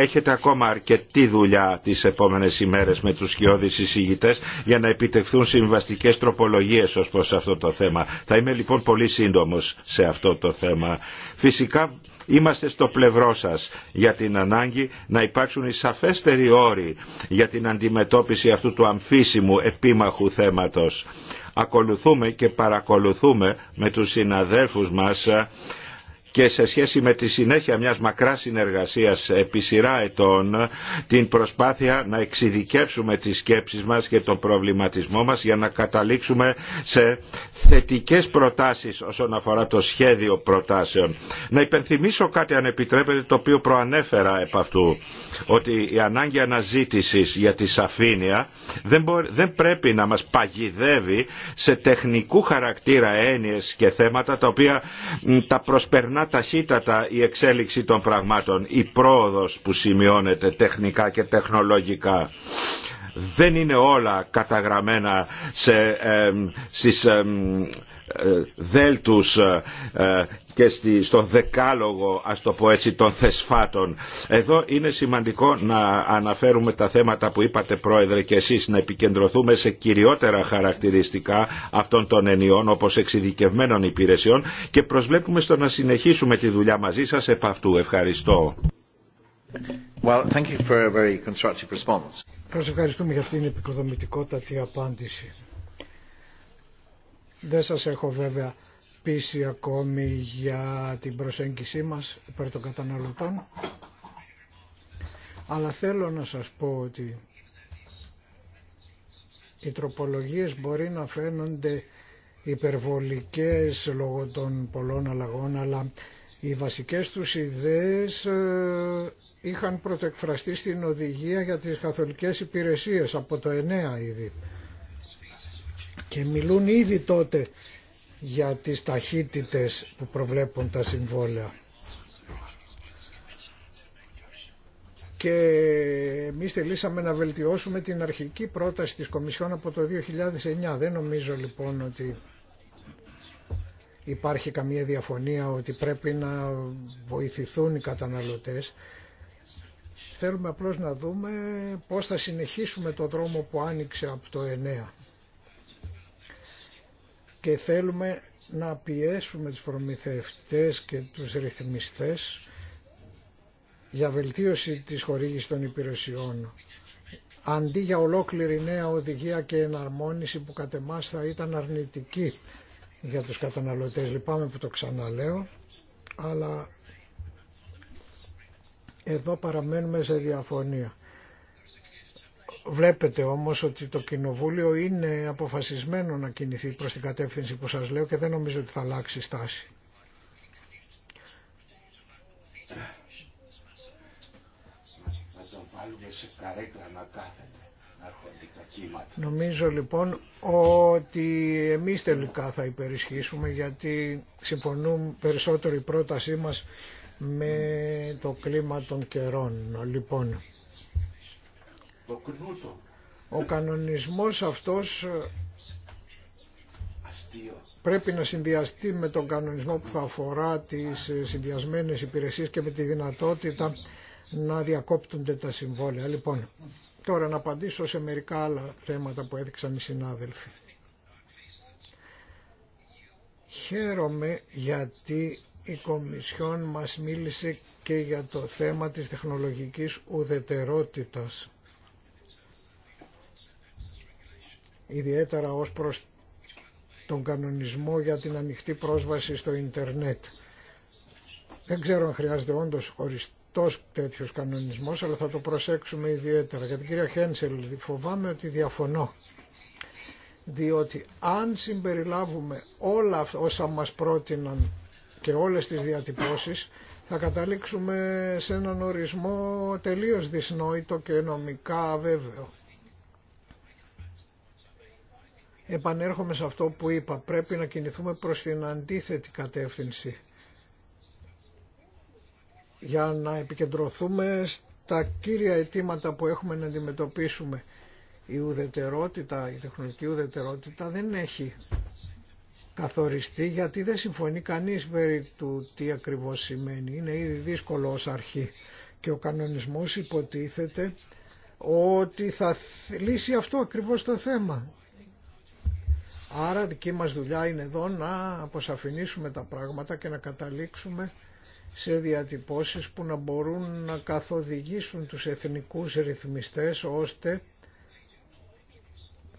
έχετε ακόμα αρκετή δουλειά τις επόμενες ημέρες με τους σκιώδεις εισηγητές για να επιτευχθούν συμβαστικές τροπολογίες ως προς αυτό το θέμα. Θα είμαι λοιπόν πολύ σύντομος σε αυτό το θέμα. Φυσικά είμαστε στο πλευρό σας για την ανάγκη να υπάρξουν οι σαφέστεροι όροι για την αντιμετώπιση αυτού του αμφίσιμου επίμαχου θέματος. Ακολουθούμε και παρακολουθούμε με τους συναδέλφους μας και σε σχέση με τη συνέχεια μιας μακράς συνεργασίας επί σειρά ετών την προσπάθεια να εξειδικεύσουμε τις σκέψεις μας και τον προβληματισμό μας για να καταλήξουμε σε θετικές προτάσεις όσον αφορά το σχέδιο προτάσεων. Να υπενθυμίσω κάτι αν επιτρέπετε το οποίο προανέφερα επ' αυτού ότι η ανάγκη αναζήτησης για τη σαφήνεια δεν, δεν πρέπει να μας παγιδεύει σε τεχνικού χαρακτήρα έννοιες και θέματα τα οποία τα προσπερνάμε ταχύτατα η εξέλιξη των πραγμάτων, η πρόοδος που σημειώνεται τεχνικά και τεχνολογικά. Δεν είναι όλα καταγραμμένα σε, στις, ε, δέλτους ε, ε, και στο δεκάλογο ας το πω έτσι των θεσφάτων. Εδώ είναι σημαντικό να αναφέρουμε τα θέματα που είπατε πρόεδρε και εσείς να επικεντρωθούμε σε κυριότερα χαρακτηριστικά αυτών των ενιών όπως εξειδικευμένων υπηρεσιών και προσβλέπουμε στο να συνεχίσουμε τη δουλειά μαζί σας επ' αυτού. Ευχαριστώ. Well, thank you for a very constructive response. ευχαριστούμε για αυτήν την επικοδομητικότατη απάντηση. Δεν σας έχω βέβαια πείσει ακόμη για την προσέγγισή μας υπέρ των καταναλωτών. Αλλά θέλω να σας πω ότι οι τροπολογίες μπορεί να φαίνονται υπερβολικές λόγω των πολλών αλλαγών, αλλά οι βασικές τους ιδέες ε, είχαν πρωτοεκφραστεί στην οδηγία για τις καθολικές υπηρεσίες από το 9 ήδη και μιλούν ήδη τότε για τις ταχύτητες που προβλέπουν τα συμβόλαια. Και εμεί θελήσαμε να βελτιώσουμε την αρχική πρόταση της Κομισιόν από το 2009. Δεν νομίζω λοιπόν ότι υπάρχει καμία διαφωνία ότι πρέπει να βοηθηθούν οι καταναλωτές. Θέλουμε απλώς να δούμε πώς θα συνεχίσουμε το δρόμο που άνοιξε από το 9 και θέλουμε να πιέσουμε τους προμηθευτές και τους ρυθμιστές για βελτίωση της χορήγησης των υπηρεσιών αντί για ολόκληρη νέα οδηγία και εναρμόνιση που κατ' εμάς θα ήταν αρνητική για τους καταναλωτές. Λυπάμαι που το ξαναλέω, αλλά εδώ παραμένουμε σε διαφωνία. Βλέπετε όμως ότι το Κοινοβούλιο είναι αποφασισμένο να κινηθεί προς την κατεύθυνση που σας λέω και δεν νομίζω ότι θα αλλάξει στάση. Νομίζω λοιπόν ότι εμείς τελικά θα υπερισχύσουμε γιατί συμφωνούν περισσότερο η πρότασή μας με το κλίμα των καιρών. Λοιπόν, ο κανονισμός αυτός ε, πρέπει να συνδυαστεί με τον κανονισμό που θα αφορά τις ε, συνδυασμένες υπηρεσίες και με τη δυνατότητα να διακόπτονται τα συμβόλαια. Λοιπόν, τώρα να απαντήσω σε μερικά άλλα θέματα που έδειξαν οι συνάδελφοι. Χαίρομαι γιατί η Κομισιόν μας μίλησε και για το θέμα της τεχνολογικής ουδετερότητας ιδιαίτερα ως προς τον κανονισμό για την ανοιχτή πρόσβαση στο ίντερνετ. Δεν ξέρω αν χρειάζεται όντως οριστός τέτοιος κανονισμός, αλλά θα το προσέξουμε ιδιαίτερα. Για την κυρία Χένσελ φοβάμαι ότι διαφωνώ, διότι αν συμπεριλάβουμε όλα όσα μας πρότειναν και όλες τις διατυπώσεις, θα καταλήξουμε σε έναν ορισμό τελείως δυσνόητο και νομικά αβέβαιο. επανέρχομαι σε αυτό που είπα. Πρέπει να κινηθούμε προς την αντίθετη κατεύθυνση για να επικεντρωθούμε στα κύρια αιτήματα που έχουμε να αντιμετωπίσουμε. Η ουδετερότητα, η τεχνολογική ουδετερότητα δεν έχει καθοριστεί γιατί δεν συμφωνεί κανείς περί του τι ακριβώς σημαίνει. Είναι ήδη δύσκολο ως αρχή και ο κανονισμός υποτίθεται ότι θα λύσει αυτό ακριβώς το θέμα. Άρα δική μας δουλειά είναι εδώ να αποσαφηνίσουμε τα πράγματα και να καταλήξουμε σε διατυπώσεις που να μπορούν να καθοδηγήσουν τους εθνικούς ρυθμιστές ώστε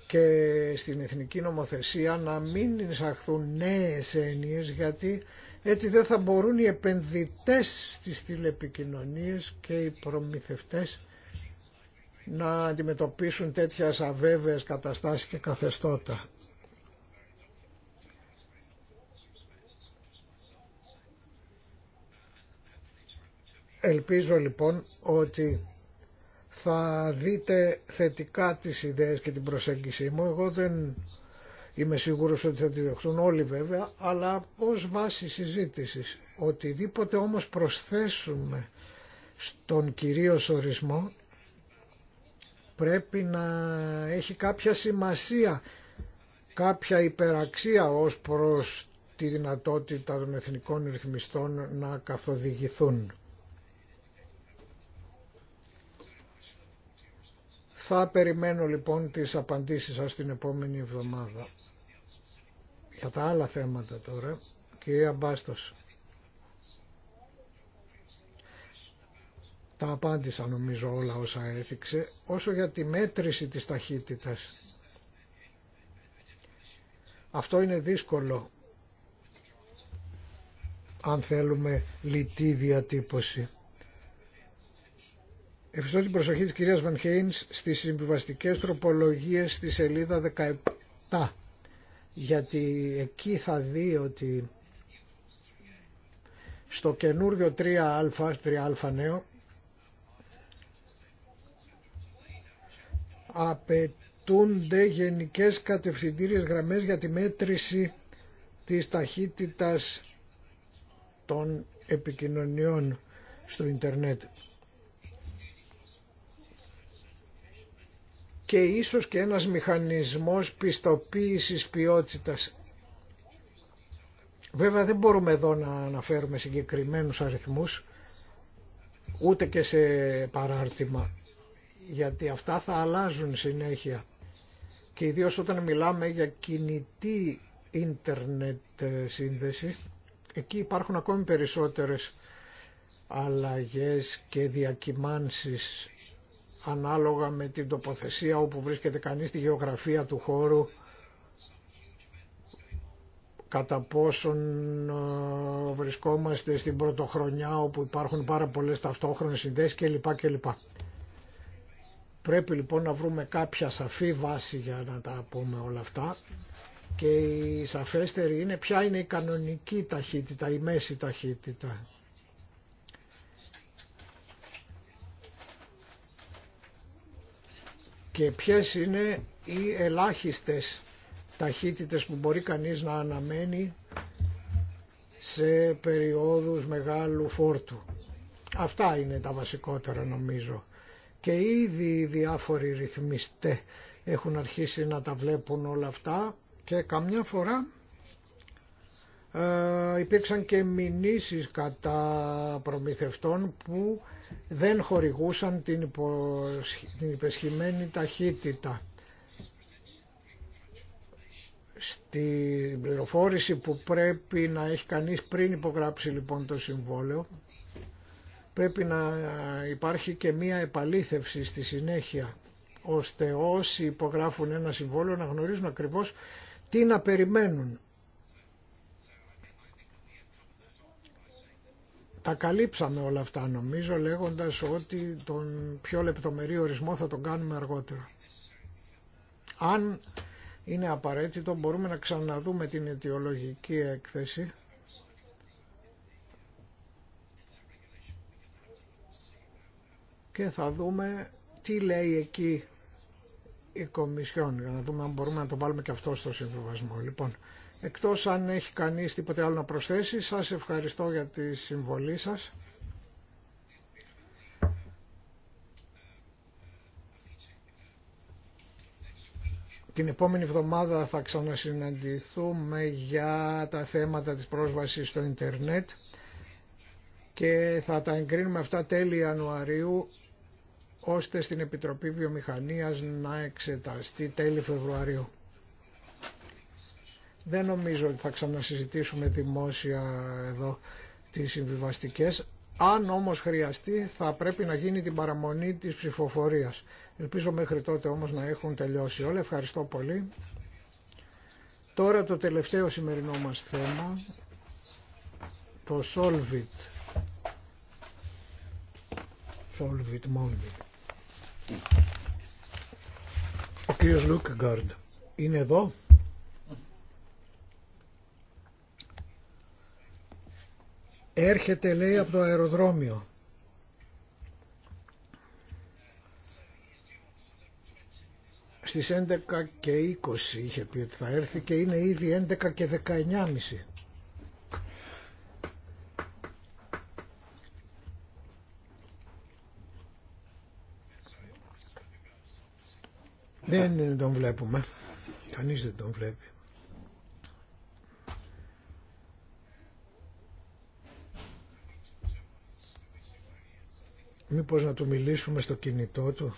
και στην εθνική νομοθεσία να μην εισαχθούν νέες έννοιες γιατί έτσι δεν θα μπορούν οι επενδυτές στις τηλεπικοινωνίες και οι προμηθευτές να αντιμετωπίσουν τέτοιες αβέβαιες καταστάσεις και καθεστώτα. Ελπίζω λοιπόν ότι θα δείτε θετικά τις ιδέες και την προσέγγιση μου. Εγώ δεν είμαι σίγουρος ότι θα τη δεχτούν όλοι βέβαια, αλλά ως βάση συζήτησης. Οτιδήποτε όμως προσθέσουμε στον κυρίω ορισμό πρέπει να έχει κάποια σημασία, κάποια υπεραξία ως προς τη δυνατότητα των εθνικών ρυθμιστών να καθοδηγηθούν. Θα περιμένω λοιπόν τις απαντήσεις σας την επόμενη εβδομάδα. Για τα άλλα θέματα τώρα, κυρία Μπάστος. Τα απάντησα νομίζω όλα όσα έθιξε. Όσο για τη μέτρηση της ταχύτητας. Αυτό είναι δύσκολο αν θέλουμε λιτή διατύπωση. Ευχαριστώ την προσοχή της κυρίας Βαν Χέινς στις συμβιβαστικές τροπολογίες στη σελίδα 17 γιατί εκεί θα δει ότι στο καινούριο 3α, 3α νέο απαιτούνται γενικές κατευθυντήριες γραμμές για τη μέτρηση της ταχύτητας των επικοινωνιών στο Ιντερνετ. και ίσως και ένας μηχανισμός πιστοποίησης ποιότητας. Βέβαια δεν μπορούμε εδώ να αναφέρουμε συγκεκριμένους αριθμούς, ούτε και σε παράρτημα, γιατί αυτά θα αλλάζουν συνέχεια. Και ιδίως όταν μιλάμε για κινητή ίντερνετ ε, σύνδεση, εκεί υπάρχουν ακόμη περισσότερες αλλαγές και διακυμάνσεις ανάλογα με την τοποθεσία όπου βρίσκεται κανείς τη γεωγραφία του χώρου κατά πόσον ε, βρισκόμαστε στην πρωτοχρονιά όπου υπάρχουν πάρα πολλές ταυτόχρονες συνδέσεις κλπ. κλπ. Πρέπει λοιπόν να βρούμε κάποια σαφή βάση για να τα πούμε όλα αυτά και η σαφέστερη είναι ποια είναι η κανονική ταχύτητα, η μέση ταχύτητα. και ποιες είναι οι ελάχιστες ταχύτητες που μπορεί κανείς να αναμένει σε περιόδους μεγάλου φόρτου. Αυτά είναι τα βασικότερα νομίζω. Και ήδη οι διάφοροι ρυθμιστές έχουν αρχίσει να τα βλέπουν όλα αυτά και καμιά φορά ε, υπήρξαν και μηνύσεις κατά προμηθευτών που δεν χορηγούσαν την, την υπεσχημένη ταχύτητα. Στην πληροφόρηση που πρέπει να έχει κανείς πριν υπογράψει λοιπόν το συμβόλαιο, πρέπει να υπάρχει και μία επαλήθευση στη συνέχεια, ώστε όσοι υπογράφουν ένα συμβόλαιο να γνωρίζουν ακριβώς τι να περιμένουν τα καλύψαμε όλα αυτά νομίζω λέγοντας ότι τον πιο λεπτομερή ορισμό θα τον κάνουμε αργότερα. Αν είναι απαραίτητο μπορούμε να ξαναδούμε την αιτιολογική έκθεση και θα δούμε τι λέει εκεί η Κομισιόν για να δούμε αν μπορούμε να το βάλουμε και αυτό στο συμβιβασμό. Λοιπόν, Εκτός αν έχει κανείς τίποτε άλλο να προσθέσει, σας ευχαριστώ για τη συμβολή σας. Την επόμενη εβδομάδα θα ξανασυναντηθούμε για τα θέματα της πρόσβασης στο Ιντερνετ και θα τα εγκρίνουμε αυτά τέλη Ιανουαρίου ώστε στην Επιτροπή Βιομηχανίας να εξεταστεί τέλη Φεβρουαρίου. Δεν νομίζω ότι θα ξανασυζητήσουμε δημόσια εδώ τις συμβιβαστικές. Αν όμως χρειαστεί θα πρέπει να γίνει την παραμονή της ψηφοφορίας. Ελπίζω μέχρι τότε όμως να έχουν τελειώσει όλα. Ευχαριστώ πολύ. Τώρα το τελευταίο σημερινό μας θέμα, το Solvit. Solvit, Molvit. Ο κύριος Λούκγκαρντ είναι εδώ. Έρχεται λέει από το αεροδρόμιο. Στις 11 και 20 είχε πει ότι θα έρθει και είναι ήδη 11 και 19.30. Δεν τον βλέπουμε. Κανείς δεν τον βλέπει. Μήπως να του μιλήσουμε στο κινητό του.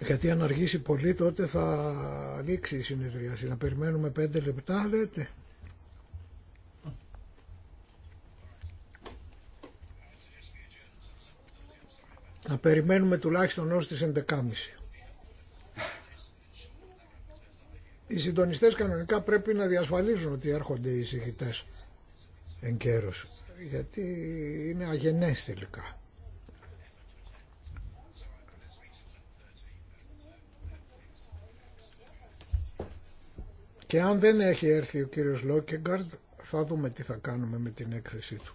Γιατί αν αργήσει πολύ τότε θα ανοίξει η συνεδρίαση. Να περιμένουμε πέντε λεπτά λέτε. Να περιμένουμε τουλάχιστον ως τις 11.30. Οι συντονιστές κανονικά πρέπει να διασφαλίζουν ότι έρχονται οι συγχυτές. Εν καιρός, γιατί είναι αγενές τελικά. Και αν δεν έχει έρθει ο κύριος Λόκεγκαρντ, θα δούμε τι θα κάνουμε με την έκθεσή του.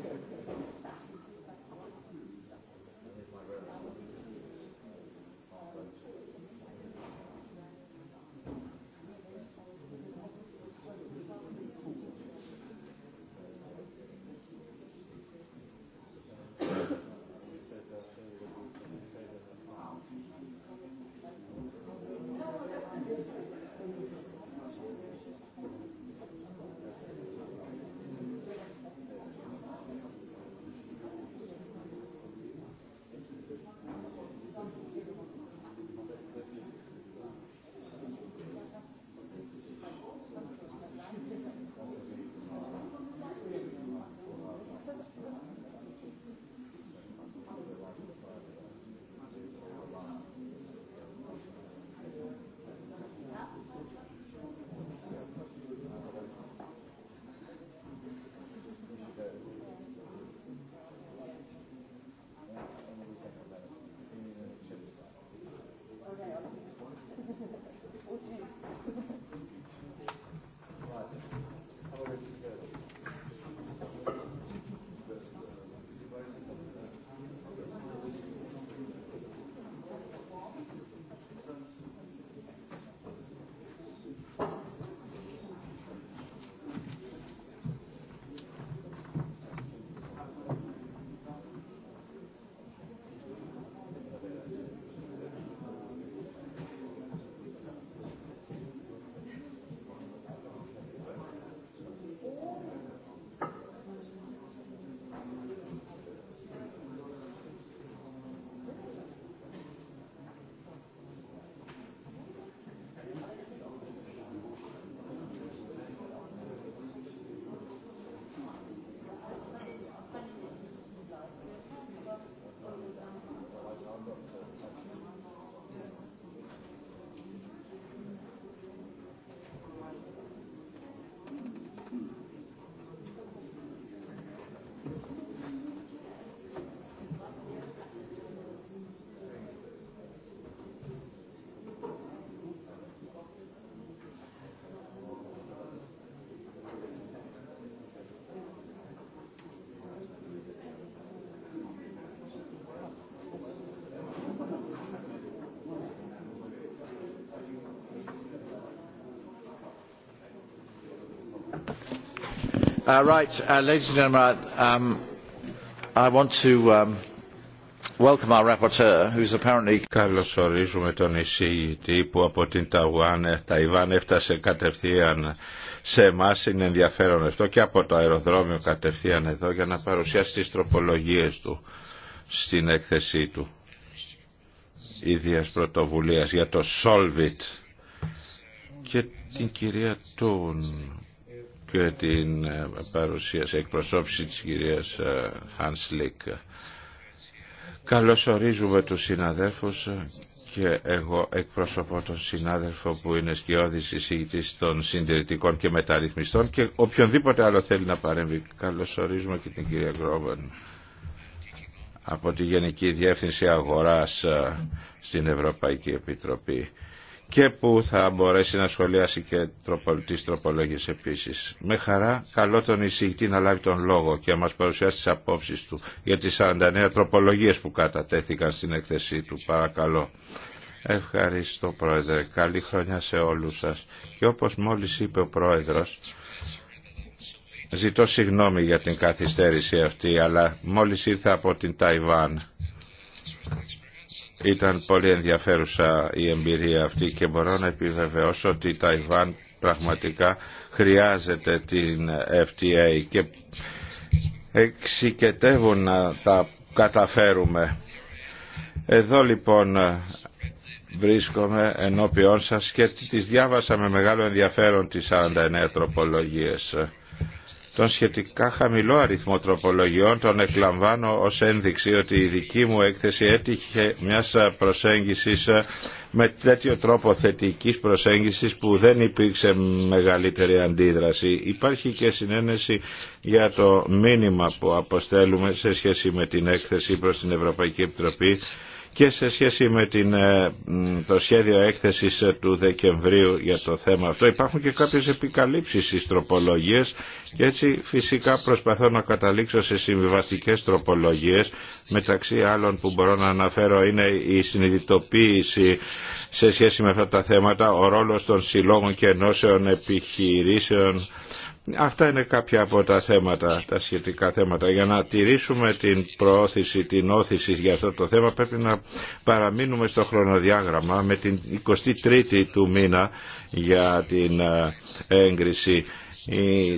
Uh, right, uh, ladies and gentlemen, I um, um, ορίζουμε τον εισηγητή που από την Ταϊβάν, Ταϊβάν έφτασε κατευθείαν σε εμά είναι ενδιαφέρον αυτό και από το αεροδρόμιο κατευθείαν εδώ για να παρουσιάσει τις τροπολογίες του στην έκθεσή του ίδιας πρωτοβουλίας για το Solvit και την κυρία Τούν και την ε, παρουσίαση εκπροσώπηση της κυρίας Χάνσλικ. Ε, Καλώς ορίζουμε τους συναδέλφους και εγώ εκπροσωπώ τον συνάδελφο που είναι σκιώδης εισηγητής των συντηρητικών και μεταρρυθμιστών και οποιονδήποτε άλλο θέλει να παρέμβει. Καλωσορίζουμε και την κυρία Γκρόβεν από τη Γενική Διεύθυνση Αγοράς ε, στην Ευρωπαϊκή Επιτροπή και που θα μπορέσει να σχολιάσει και τις τροπολογίε επίσης. Με χαρά καλό τον εισηγητή να λάβει τον λόγο και να μας παρουσιάσει τις απόψεις του για τις 49 τροπολογίες που κατατέθηκαν στην έκθεσή του. Παρακαλώ. Ευχαριστώ Πρόεδρε. Καλή χρονιά σε όλους σας. Και όπως μόλις είπε ο Πρόεδρος, ζητώ συγγνώμη για την καθυστέρηση αυτή, αλλά μόλις ήρθα από την Ταϊβάν ήταν πολύ ενδιαφέρουσα η εμπειρία αυτή και μπορώ να επιβεβαιώσω ότι η Ταϊβάν πραγματικά χρειάζεται την FTA και εξικετεύουν να τα καταφέρουμε. Εδώ λοιπόν βρίσκομαι ενώπιόν σας και τις διάβασα με μεγάλο ενδιαφέρον τις 49 τροπολογίες τον σχετικά χαμηλό αριθμό τροπολογιών τον εκλαμβάνω ως ένδειξη ότι η δική μου έκθεση έτυχε μιας προσέγγισης με τέτοιο τρόπο θετικής προσέγγισης που δεν υπήρξε μεγαλύτερη αντίδραση. Υπάρχει και συνένεση για το μήνυμα που αποστέλουμε σε σχέση με την έκθεση προς την Ευρωπαϊκή Επιτροπή και σε σχέση με την, ε, το σχέδιο έκθεσης ε, του Δεκεμβρίου για το θέμα αυτό υπάρχουν και κάποιες επικαλύψεις στις τροπολογίες και έτσι φυσικά προσπαθώ να καταλήξω σε συμβιβαστικές τροπολογίες μεταξύ άλλων που μπορώ να αναφέρω είναι η συνειδητοποίηση σε σχέση με αυτά τα θέματα ο ρόλος των συλλόγων και ενώσεων επιχειρήσεων Αυτά είναι κάποια από τα θέματα, τα σχετικά θέματα. Για να τηρήσουμε την προώθηση, την όθηση για αυτό το θέμα πρέπει να παραμείνουμε στο χρονοδιάγραμμα με την 23η του μήνα για την ε, έγκριση.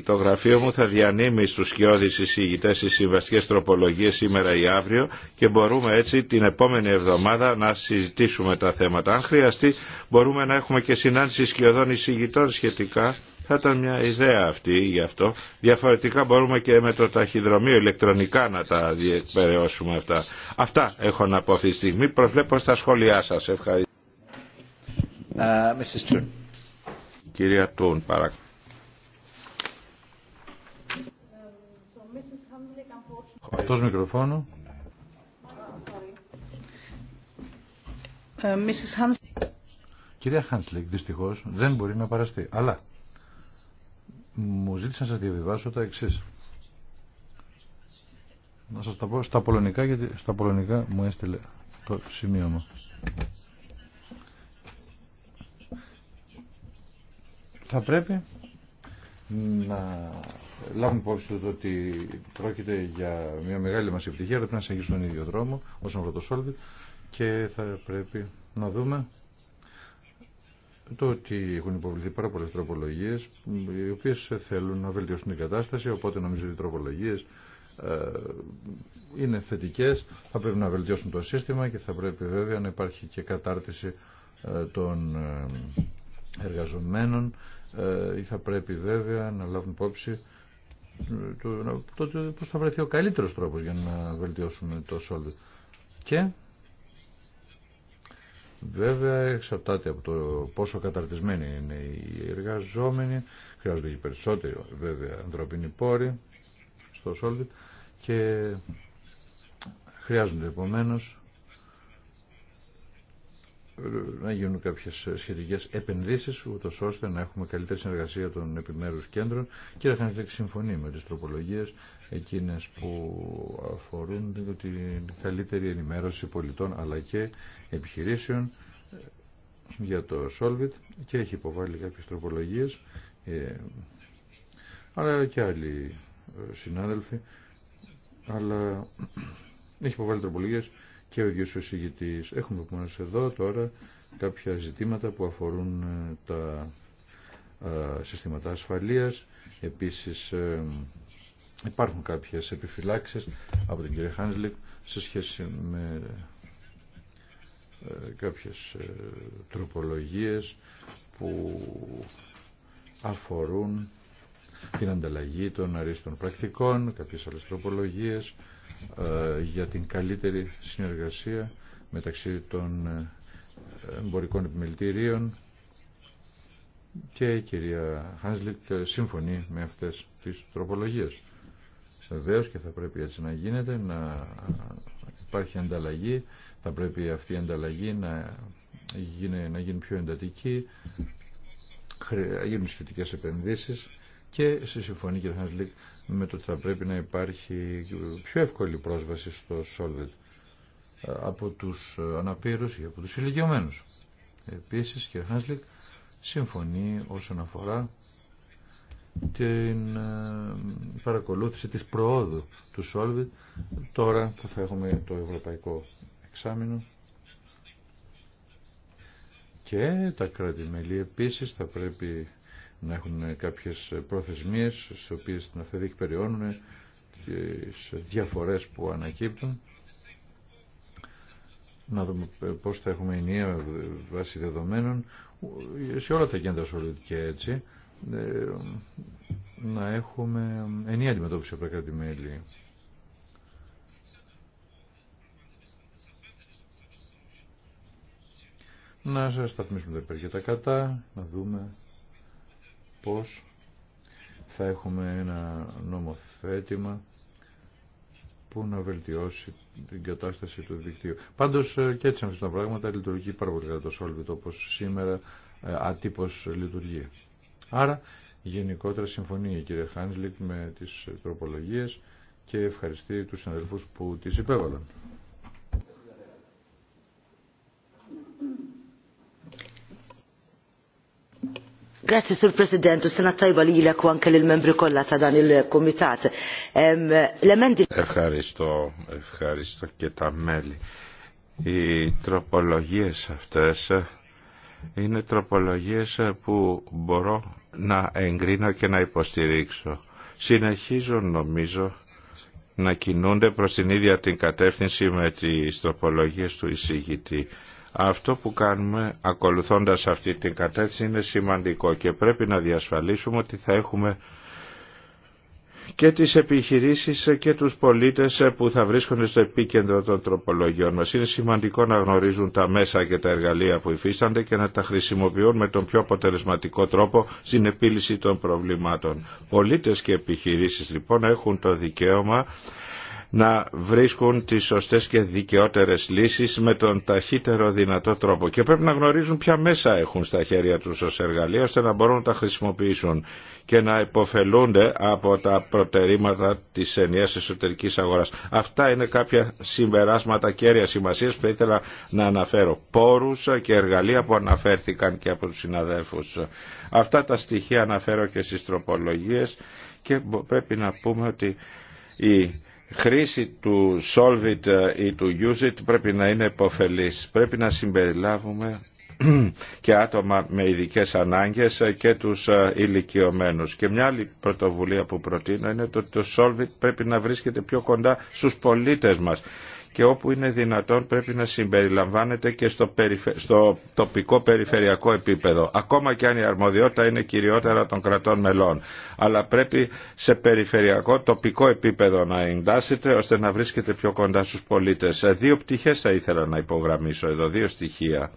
Το γραφείο μου θα διανύμει στους σκιώδεις εισηγητές τις συμβαστικές τροπολογίες σήμερα ή αύριο και μπορούμε έτσι την επόμενη εβδομάδα να συζητήσουμε τα θέματα. Αν χρειαστεί μπορούμε να έχουμε και συνάντηση σκιωδών εισηγητών σχετικά θα ήταν μια ιδέα αυτή γι' αυτό. Διαφορετικά μπορούμε και με το ταχυδρομείο ηλεκτρονικά να τα διεκπαιρεώσουμε αυτά. Αυτά έχω να πω αυτή τη στιγμή. Προσβλέπω στα σχόλιά σας. Ευχαριστώ. Ε, Κυρία Τούν, παρακαλώ. μικροφώνου. Ε, Κυρία Χάνσλικ, δυστυχώς, δεν μπορεί να παραστεί. Αλλά μου ζήτησε να σας διαβιβάσω τα εξή. Να σας τα πω στα πολωνικά, γιατί στα πολωνικά μου έστειλε το σημείο μου. Θα πρέπει να λάβουμε υπόψη το ότι πρόκειται για μια μεγάλη μας επιτυχία, πρέπει να συνεχίσουμε τον ίδιο δρόμο όσον αφορά το Σόλβιτ και θα πρέπει να δούμε το ότι έχουν υποβληθεί πάρα πολλέ τροπολογίε οι οποίε θέλουν να βελτιώσουν την κατάσταση οπότε νομίζω ότι οι τροπολογίε ε, είναι θετικέ, θα πρέπει να βελτιώσουν το σύστημα και θα πρέπει βέβαια να υπάρχει και κατάρτιση ε, των ε, εργαζομένων ή θα πρέπει βέβαια να λάβουν υπόψη το, το, πώς θα βρεθεί ο καλύτερο τρόπο για να βελτιώσουμε το σόλτ. Και Βέβαια, εξαρτάται από το πόσο καταρτισμένοι είναι οι εργαζόμενοι, χρειάζονται και περισσότεροι βέβαια ανθρωπίνοι πόροι στο Σόλβιτ. και χρειάζονται επομένως να γίνουν κάποιες σχετικές επενδύσεις ούτως ώστε να έχουμε καλύτερη συνεργασία των επιμέρους κέντρων και να συμφωνεί συμφωνία με τις τροπολογίες εκείνες που αφορούν την καλύτερη ενημέρωση πολιτών αλλά και επιχειρήσεων για το Solvit και έχει υποβάλει κάποιες τροπολογίες ε, αλλά και άλλοι ε, συνάδελφοι αλλά έχει υποβάλει τροπολογίες και ο ίδιος ο συγητής. Έχουμε πούμε εδώ τώρα κάποια ζητήματα που αφορούν ε, τα ε, συστήματα ασφαλείας. Επίσης ε, υπάρχουν κάποιες επιφυλάξεις από την κύριο Χάνσλικ σε σχέση με κάποιες τροπολογίες που αφορούν την ανταλλαγή των αρίστων πρακτικών, κάποιες άλλες τροπολογίες ε, για την καλύτερη συνεργασία μεταξύ των ε, εμπορικών επιμελητηρίων και η κυρία Χάνσλικ ε, σύμφωνη με αυτές τις τροπολογίες. Βεβαίω και θα πρέπει έτσι να γίνεται, να υπάρχει ανταλλαγή, θα πρέπει αυτή η ανταλλαγή να γίνει, να γίνει πιο εντατική, να γίνουν σχετικές επενδύσεις και σε συμφωνεί και με το ότι θα πρέπει να υπάρχει πιο εύκολη πρόσβαση στο Solvit ε, από τους ε, αναπήρους ή από τους ηλικιωμένους. Επίσης, κ. Χάνσλικ συμφωνεί όσον αφορά την ε, παρακολούθηση της προόδου του Solvit τώρα που θα έχουμε το ευρωπαϊκό εξάμεινο και τα κράτη-μέλη επίσης θα πρέπει να έχουν κάποιες προθεσμίες στις οποίες να θα διεκπεριώνουν τις διαφορές που ανακύπτουν να δούμε πώς θα έχουμε ενιαία βάση δεδομένων σε όλα τα κέντρα σχολή έτσι ε, να έχουμε ενιαία αντιμετώπιση από τα κράτη-μέλη. Να σας σταθμίσουμε τα υπέρ και τα κατά, να δούμε πως θα έχουμε ένα νομοθέτημα που να βελτιώσει την κατάσταση του δικτύου. Πάντως ε, και έτσι αυτά τα πράγματα λειτουργεί πάρα πολύ καλά το Solvit όπως σήμερα ε, ατύπως λειτουργεί. Άρα γενικότερα συμφωνεί η κυρία Χάνσλικ με τις τροπολογίες και ευχαριστεί τους συναδελφούς που τις υπέβαλαν. ευχαριστω ευχαριστώ και τα μέλη. Οι τροπολογίες αυτές είναι τροπολογίες που μπορώ να εγκρίνω και να υποστηρίξω. Συνεχίζω νομίζω να κινούνται προς την ίδια την κατεύθυνση με τις τροπολογίες του εισηγητή. Αυτό που κάνουμε ακολουθώντας αυτή την κατεύθυνση είναι σημαντικό και πρέπει να διασφαλίσουμε ότι θα έχουμε και τις επιχειρήσεις και τους πολίτες που θα βρίσκονται στο επίκεντρο των τροπολογιών μας. Είναι σημαντικό να γνωρίζουν τα μέσα και τα εργαλεία που υφίστανται και να τα χρησιμοποιούν με τον πιο αποτελεσματικό τρόπο στην επίλυση των προβλημάτων. Πολίτες και επιχειρήσεις λοιπόν έχουν το δικαίωμα να βρίσκουν τις σωστές και δικαιότερες λύσεις με τον ταχύτερο δυνατό τρόπο και πρέπει να γνωρίζουν ποια μέσα έχουν στα χέρια τους ως εργαλεία ώστε να μπορούν να τα χρησιμοποιήσουν και να υποφελούνται από τα προτερήματα της ενιαίας εσωτερικής αγοράς. Αυτά είναι κάποια συμπεράσματα κέρια σημασίας που ήθελα να αναφέρω. Πόρους και εργαλεία που αναφέρθηκαν και από τους συναδέλφους. Αυτά τα στοιχεία αναφέρω και στις τροπολογίες και πρέπει να πούμε ότι η χρήση του it ε, ή του it πρέπει να είναι υποφελής. Πρέπει να συμπεριλάβουμε και άτομα με ειδικές ανάγκες ε, και τους ε, ηλικιωμένους. Και μια άλλη πρωτοβουλία που προτείνω είναι ότι το it πρέπει να βρίσκεται πιο κοντά στους πολίτες μας και όπου είναι δυνατόν πρέπει να συμπεριλαμβάνεται και στο, τοπικό περιφερειακό επίπεδο. Ακόμα και αν η αρμοδιότητα είναι κυριότερα των κρατών μελών. Αλλά πρέπει σε περιφερειακό τοπικό επίπεδο να εντάσσεται ώστε να βρίσκεται πιο κοντά στους πολίτες. Ε, δύο πτυχές θα ήθελα να υπογραμμίσω εδώ, δύο στοιχεία.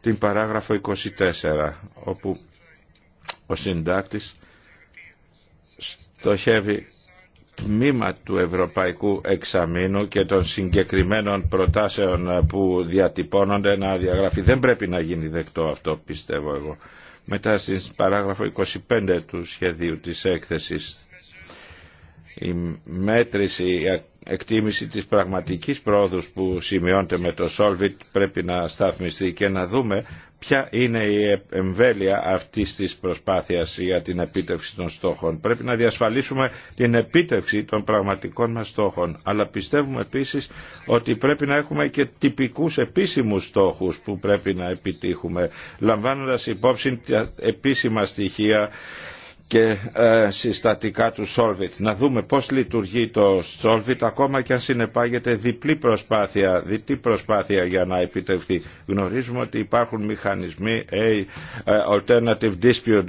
Την παράγραφο 24 όπου ο συντάκτης στοχεύει τμήμα του Ευρωπαϊκού Εξαμήνου και των συγκεκριμένων προτάσεων που διατυπώνονται να διαγραφεί. Δεν πρέπει να γίνει δεκτό αυτό πιστεύω εγώ. Μετά στην παράγραφο 25 του σχεδίου της έκθεσης η μέτρηση, η εκτίμηση της πραγματικής πρόοδου που σημειώνεται με το Solvit πρέπει να σταθμιστεί και να δούμε ποια είναι η ε, εμβέλεια αυτής της προσπάθειας για την επίτευξη των στόχων. Πρέπει να διασφαλίσουμε την επίτευξη των πραγματικών μας στόχων. Αλλά πιστεύουμε επίσης ότι πρέπει να έχουμε και τυπικούς επίσημους στόχους που πρέπει να επιτύχουμε, λαμβάνοντας υπόψη τα επίσημα στοιχεία και ε, συστατικά του Solvit. Να δούμε πώς λειτουργεί το Solvit ακόμα και αν συνεπάγεται διπλή προσπάθεια, διπλή προσπάθεια για να επιτευχθεί. Γνωρίζουμε ότι υπάρχουν μηχανισμοί ε, Alternative Dispute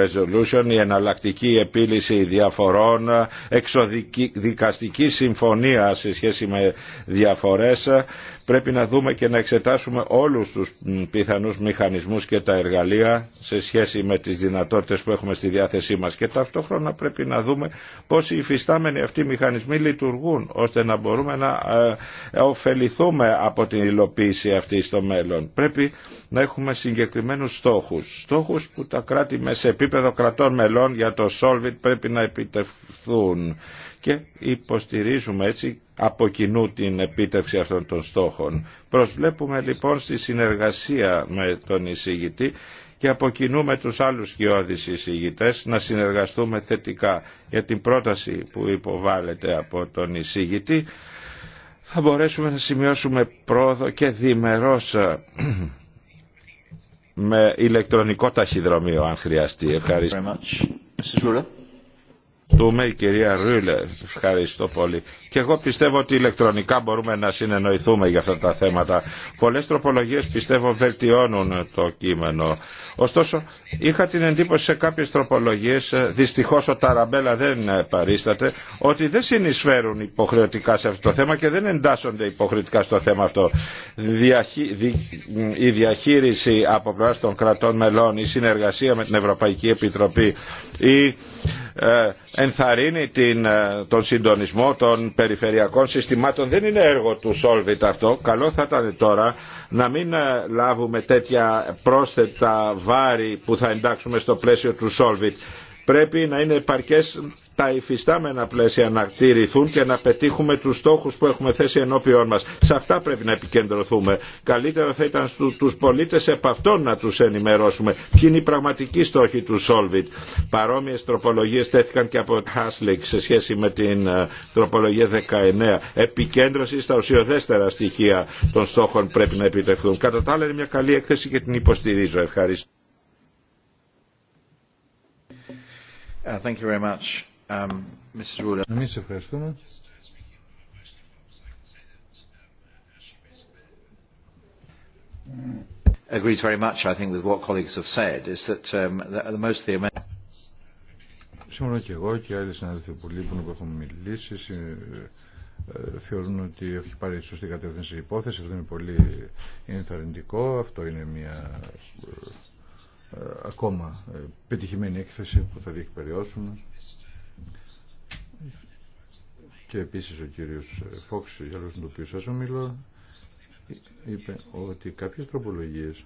Resolution, η εναλλακτική επίλυση διαφορών, εξοδικαστική συμφωνία σε σχέση με διαφορές πρέπει να δούμε και να εξετάσουμε όλους τους πιθανούς μηχανισμούς και τα εργαλεία σε σχέση με τις δυνατότητες που έχουμε στη διάθεσή μας και ταυτόχρονα πρέπει να δούμε πώς οι υφιστάμενοι αυτοί οι μηχανισμοί λειτουργούν ώστε να μπορούμε να ε, ωφεληθούμε από την υλοποίηση αυτή στο μέλλον. Πρέπει να έχουμε συγκεκριμένους στόχους. Στόχους που τα κράτη σε επίπεδο κρατών μελών για το Solvit πρέπει να επιτευχθούν και υποστηρίζουμε έτσι από κοινού την επίτευξη αυτών των στόχων. Προσβλέπουμε λοιπόν στη συνεργασία με τον εισηγητή και από κοινού με τους άλλους κοιόδης εισηγητές να συνεργαστούμε θετικά για την πρόταση που υποβάλλεται από τον εισηγητή θα μπορέσουμε να σημειώσουμε πρόοδο και διμερώς με ηλεκτρονικό ταχυδρομείο αν χρειαστεί. Ευχαριστώ. Ευχαριστούμε η κυρία Ρούλε. Ευχαριστώ πολύ. Και εγώ πιστεύω ότι ηλεκτρονικά μπορούμε να συνεννοηθούμε για αυτά τα θέματα. Πολλές τροπολογίες πιστεύω βελτιώνουν το κείμενο. Ωστόσο, είχα την εντύπωση σε κάποιε τροπολογίες, ε, δυστυχώ ο Ταραμπέλα δεν ε, παρίσταται, ότι δεν συνεισφέρουν υποχρεωτικά σε αυτό το θέμα και δεν εντάσσονται υποχρεωτικά στο θέμα αυτό. Η διαχείριση από πλευρά των κρατών μελών, η συνεργασία με την Ευρωπαϊκή Επιτροπή, η ε, ενθαρρύνει την, ε, τον συντονισμό των περιφερειακών συστημάτων. Δεν είναι έργο του Solvit αυτό. Καλό θα ήταν τώρα να μην ε, λάβουμε τέτοια πρόσθετα βάρη που θα εντάξουμε στο πλαίσιο του Solvit πρέπει να είναι επαρκές τα υφιστάμενα πλαίσια να τηρηθούν και να πετύχουμε τους στόχους που έχουμε θέσει ενώπιόν μας. Σε αυτά πρέπει να επικεντρωθούμε. Καλύτερα θα ήταν στου, πολίτε πολίτες επ' αυτών να τους ενημερώσουμε. Ποιοι είναι οι πραγματικοί στόχοι του Solvit. Παρόμοιες τροπολογίες τέθηκαν και από το Haslick σε σχέση με την ε, τροπολογία 19. Επικέντρωση στα ουσιοδέστερα στοιχεία των στόχων πρέπει να επιτευχθούν. Κατά τα άλλα είναι μια καλή έκθεση και την υποστηρίζω. Ευχαριστώ. Uh, thank you very much, Mrs. ευχαριστούμε. what και εγώ και άλλοι συνάδελφοι που λείπουν που έχουν μιλήσει ε, θεωρούν ότι έχει πάρει σωστή κατεύθυνση η υπόθεση. Αυτό είναι πολύ ενθαρρυντικό. Αυτό είναι μια ε, ε, ακόμα ε, πετυχημένη έκθεση που θα διεκπαιριώσουμε και επίσης ο κύριος ε, Φόξ, για λόγους του οποίου σας ομιλώ, είπε ότι κάποιες τροπολογίες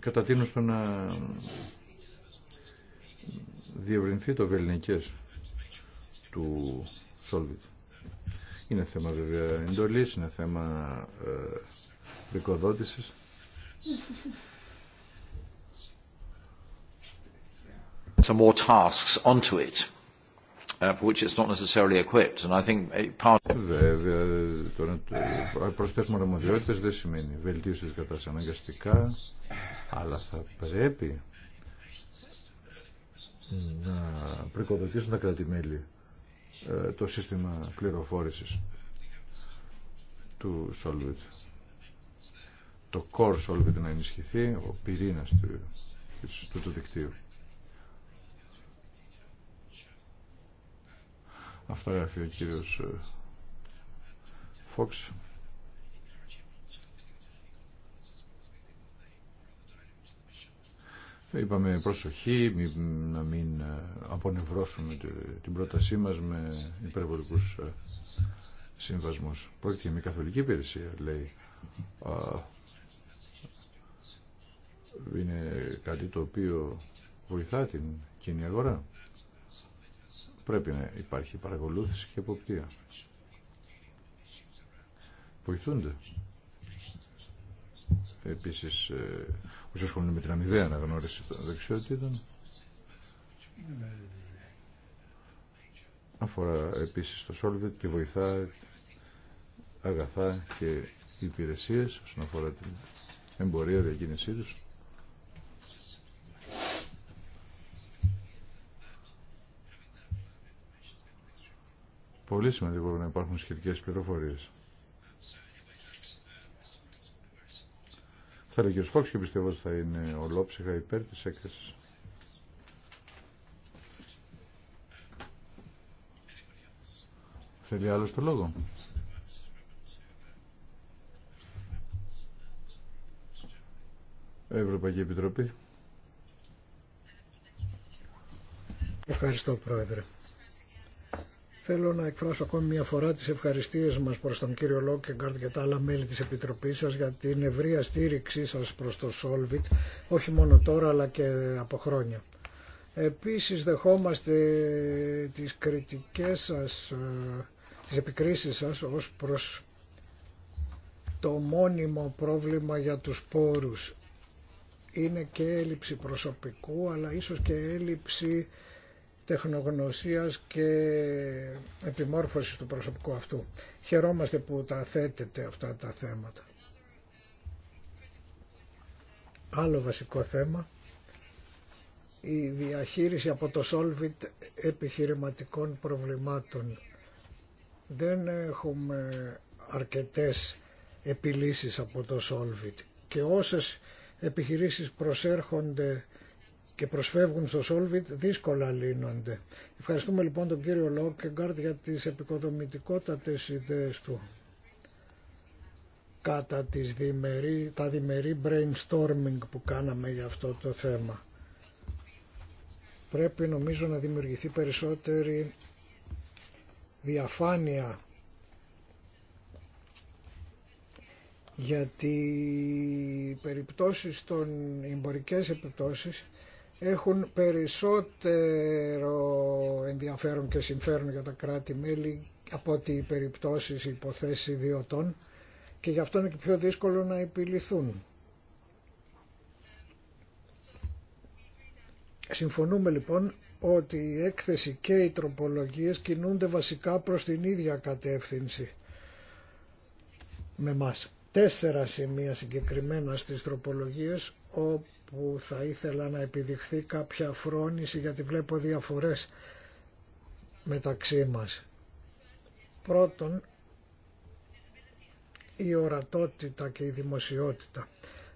κατατείνουν στο να διευρυνθεί το βελληνικές του Σόλβιτ. Είναι θέμα βέβαια εντολή, είναι θέμα ε, δικοδότηση. Some more tasks onto it, uh, for which it's not necessarily equipped. And I think part... Ε, βέβαια, το προσθέσουμε αρμοδιότητες δεν σημαίνει βελτίωση της κατάστασης αναγκαστικά, αλλά θα πρέπει να προκοδοτήσουν τα κρατημέλη ε, το σύστημα πληροφόρησης του Solvit. Το core Solvit να ενισχυθεί, ο πυρήνας του, του, δικτύου. Αυτά γράφει ο κύριος Fox. Ε, Είπαμε προσοχή, να μην ε, απονευρώσουμε την πρότασή μας με υπερβολικούς ε, συμβασμούς. Πρόκειται για μια καθολική υπηρεσία, λέει. Είναι κάτι το οποίο βοηθά την κοινή αγορά. Πρέπει να υπάρχει παρακολούθηση και εποπτεία. Βοηθούνται. Επίσης, ε, που συσχολούν με την αμοιβαία αναγνώριση των δεξιότητων. Αφορά επίσης το Solvit και βοηθά αγαθά και υπηρεσίες όσον αφορά την εμπορία διακίνησή τους. Πολύ σημαντικό να υπάρχουν σχετικές πληροφορίες. Θα λέει ο κ. και πιστεύω ότι θα είναι ολόψυχα υπέρ της έκθεσης. Θέλει άλλο το λόγο. Ευρωπαϊκή Επιτροπή. Ευχαριστώ, Πρόεδρε. Θέλω να εκφράσω ακόμη μια φορά τις ευχαριστίες μας προς τον κύριο Λόκεγκαρτ και τα άλλα μέλη της Επιτροπής σας για την ευρεία στήριξή σας προς το Solvit, όχι μόνο τώρα αλλά και από χρόνια. Επίσης δεχόμαστε τις κριτικές σας, ε, τις επικρίσεις σας ως προς το μόνιμο πρόβλημα για τους πόρους. Είναι και έλλειψη προσωπικού αλλά ίσως και έλλειψη τεχνογνωσίας και επιμόρφωσης του προσωπικού αυτού. Χαιρόμαστε που τα θέτετε αυτά τα θέματα. Άλλο βασικό θέμα, η διαχείριση από το Solvit επιχειρηματικών προβλημάτων. Δεν έχουμε αρκετές επιλύσεις από το Solvit και όσες επιχειρήσεις προσέρχονται και προσφεύγουν στο Solvit δύσκολα λύνονται. Ευχαριστούμε λοιπόν τον κύριο Λόκεγκαρτ για τις επικοδομητικότατες ιδέες του κατά τις διμερί, τα διμερή brainstorming που κάναμε για αυτό το θέμα. Πρέπει νομίζω να δημιουργηθεί περισσότερη διαφάνεια γιατί οι περιπτώσεις των εμπορικές επιπτώσεις έχουν περισσότερο ενδιαφέρον και συμφέρον για τα κράτη-μέλη από ότι οι περιπτώσεις οι υποθέσεις ιδιωτών και γι' αυτό είναι και πιο δύσκολο να επιληθούν. Συμφωνούμε λοιπόν ότι η έκθεση και οι τροπολογίες κινούνται βασικά προς την ίδια κατεύθυνση με μας τέσσερα σημεία συγκεκριμένα στις τροπολογίες όπου θα ήθελα να επιδειχθεί κάποια φρόνηση γιατί βλέπω διαφορές μεταξύ μας. Πρώτον, η ορατότητα και η δημοσιότητα.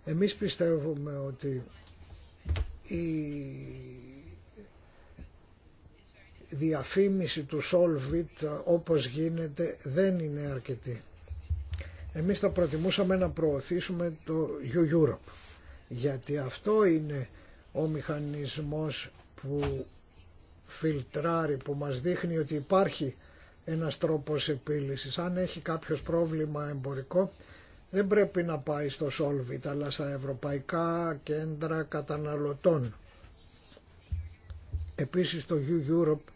Εμείς πιστεύουμε ότι η διαφήμιση του Solvit όπως γίνεται δεν είναι αρκετή. Εμείς θα προτιμούσαμε να προωθήσουμε το U Europe γιατί αυτό είναι ο μηχανισμός που φιλτράρει, που μας δείχνει ότι υπάρχει ένας τρόπος επίλυσης. Αν έχει κάποιος πρόβλημα εμπορικό δεν πρέπει να πάει στο Solvit αλλά στα ευρωπαϊκά κέντρα καταναλωτών. Επίσης το U Europe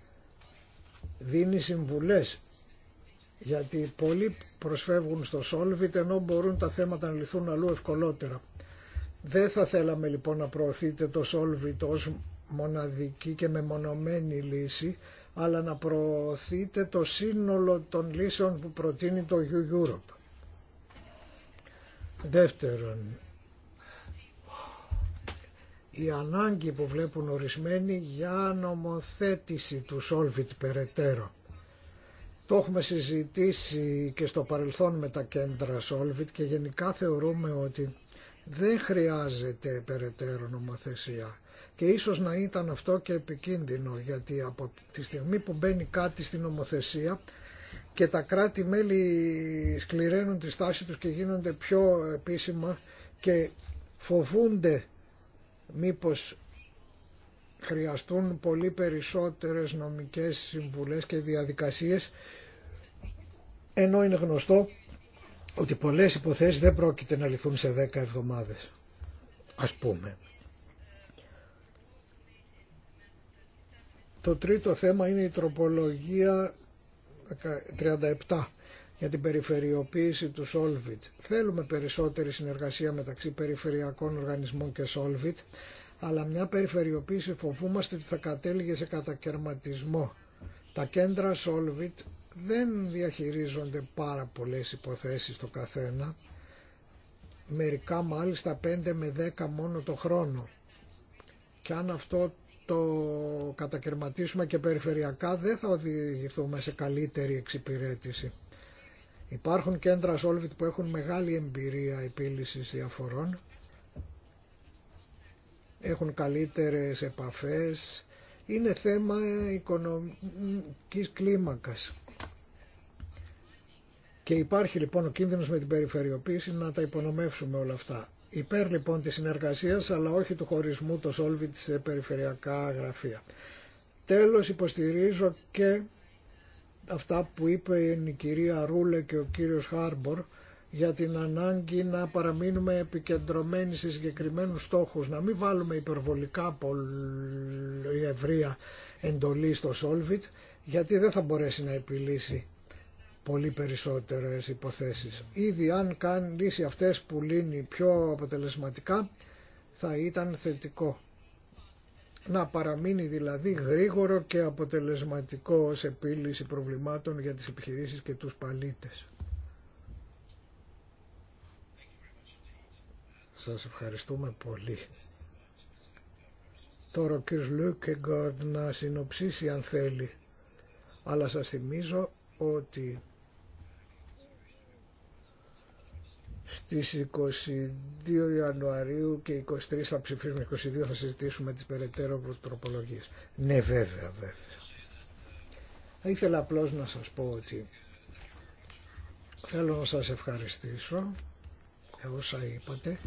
δίνει συμβουλές γιατί πολλοί προσφεύγουν στο Solvit ενώ μπορούν τα θέματα να λυθούν αλλού ευκολότερα. Δεν θα θέλαμε λοιπόν να προωθείτε το Solvit ως μοναδική και μεμονωμένη λύση, αλλά να προωθείτε το σύνολο των λύσεων που προτείνει το U Europe. Δεύτερον, η ανάγκη που βλέπουν ορισμένοι για νομοθέτηση του Solvit περαιτέρω το έχουμε συζητήσει και στο παρελθόν με τα κέντρα Solvit και γενικά θεωρούμε ότι δεν χρειάζεται περαιτέρω νομοθεσία. Και ίσως να ήταν αυτό και επικίνδυνο, γιατί από τη στιγμή που μπαίνει κάτι στην νομοθεσία και τα κράτη-μέλη σκληραίνουν τη στάση τους και γίνονται πιο επίσημα και φοβούνται μήπως χρειαστούν πολύ περισσότερες νομικές συμβουλές και διαδικασίες ενώ είναι γνωστό ότι πολλές υποθέσεις δεν πρόκειται να λυθούν σε 10 εβδομάδες, ας πούμε. Το τρίτο θέμα είναι η τροπολογία 37 για την περιφερειοποίηση του Solvit. Θέλουμε περισσότερη συνεργασία μεταξύ περιφερειακών οργανισμών και Solvit, αλλά μια περιφερειοποίηση φοβούμαστε ότι θα κατέληγε σε κατακαιρματισμό. Τα κέντρα Solvit δεν διαχειρίζονται πάρα πολλές υποθέσεις το καθένα, μερικά μάλιστα 5 με 10 μόνο το χρόνο. Και αν αυτό το κατακαιρματίσουμε και περιφερειακά δεν θα οδηγηθούμε σε καλύτερη εξυπηρέτηση. Υπάρχουν κέντρα Solvit που έχουν μεγάλη εμπειρία επίλυσης διαφορών, έχουν καλύτερες επαφές, είναι θέμα οικονομικής κλίμακας. Και υπάρχει λοιπόν ο κίνδυνος με την περιφερειοποίηση να τα υπονομεύσουμε όλα αυτά. Υπέρ λοιπόν της συνεργασίας αλλά όχι του χωρισμού το Solvit σε περιφερειακά γραφεία. Τέλος υποστηρίζω και αυτά που είπε η κυρία Ρούλε και ο κύριος Χάρμπορ για την ανάγκη να παραμείνουμε επικεντρωμένοι σε συγκεκριμένου στόχους, να μην βάλουμε υπερβολικά πολύ ευρεία εντολή στο Solvit, γιατί δεν θα μπορέσει να επιλύσει πολύ περισσότερες υποθέσεις. Ήδη αν κάνει λύση αυτές που λύνει πιο αποτελεσματικά θα ήταν θετικό. Να παραμείνει δηλαδή γρήγορο και αποτελεσματικό ως επίλυση προβλημάτων για τις επιχειρήσεις και τους παλίτες. Σας ευχαριστούμε πολύ. Τώρα ο κ. Λούκεγκορντ να συνοψίσει αν θέλει. Αλλά σας θυμίζω ότι στις 22 Ιανουαρίου και 23 θα ψηφίσουμε, 22 θα συζητήσουμε τις περαιτέρω προτροπολογίες Ναι βέβαια, βέβαια. Θα ήθελα απλώς να σας πω ότι θέλω να σας ευχαριστήσω για όσα είπατε.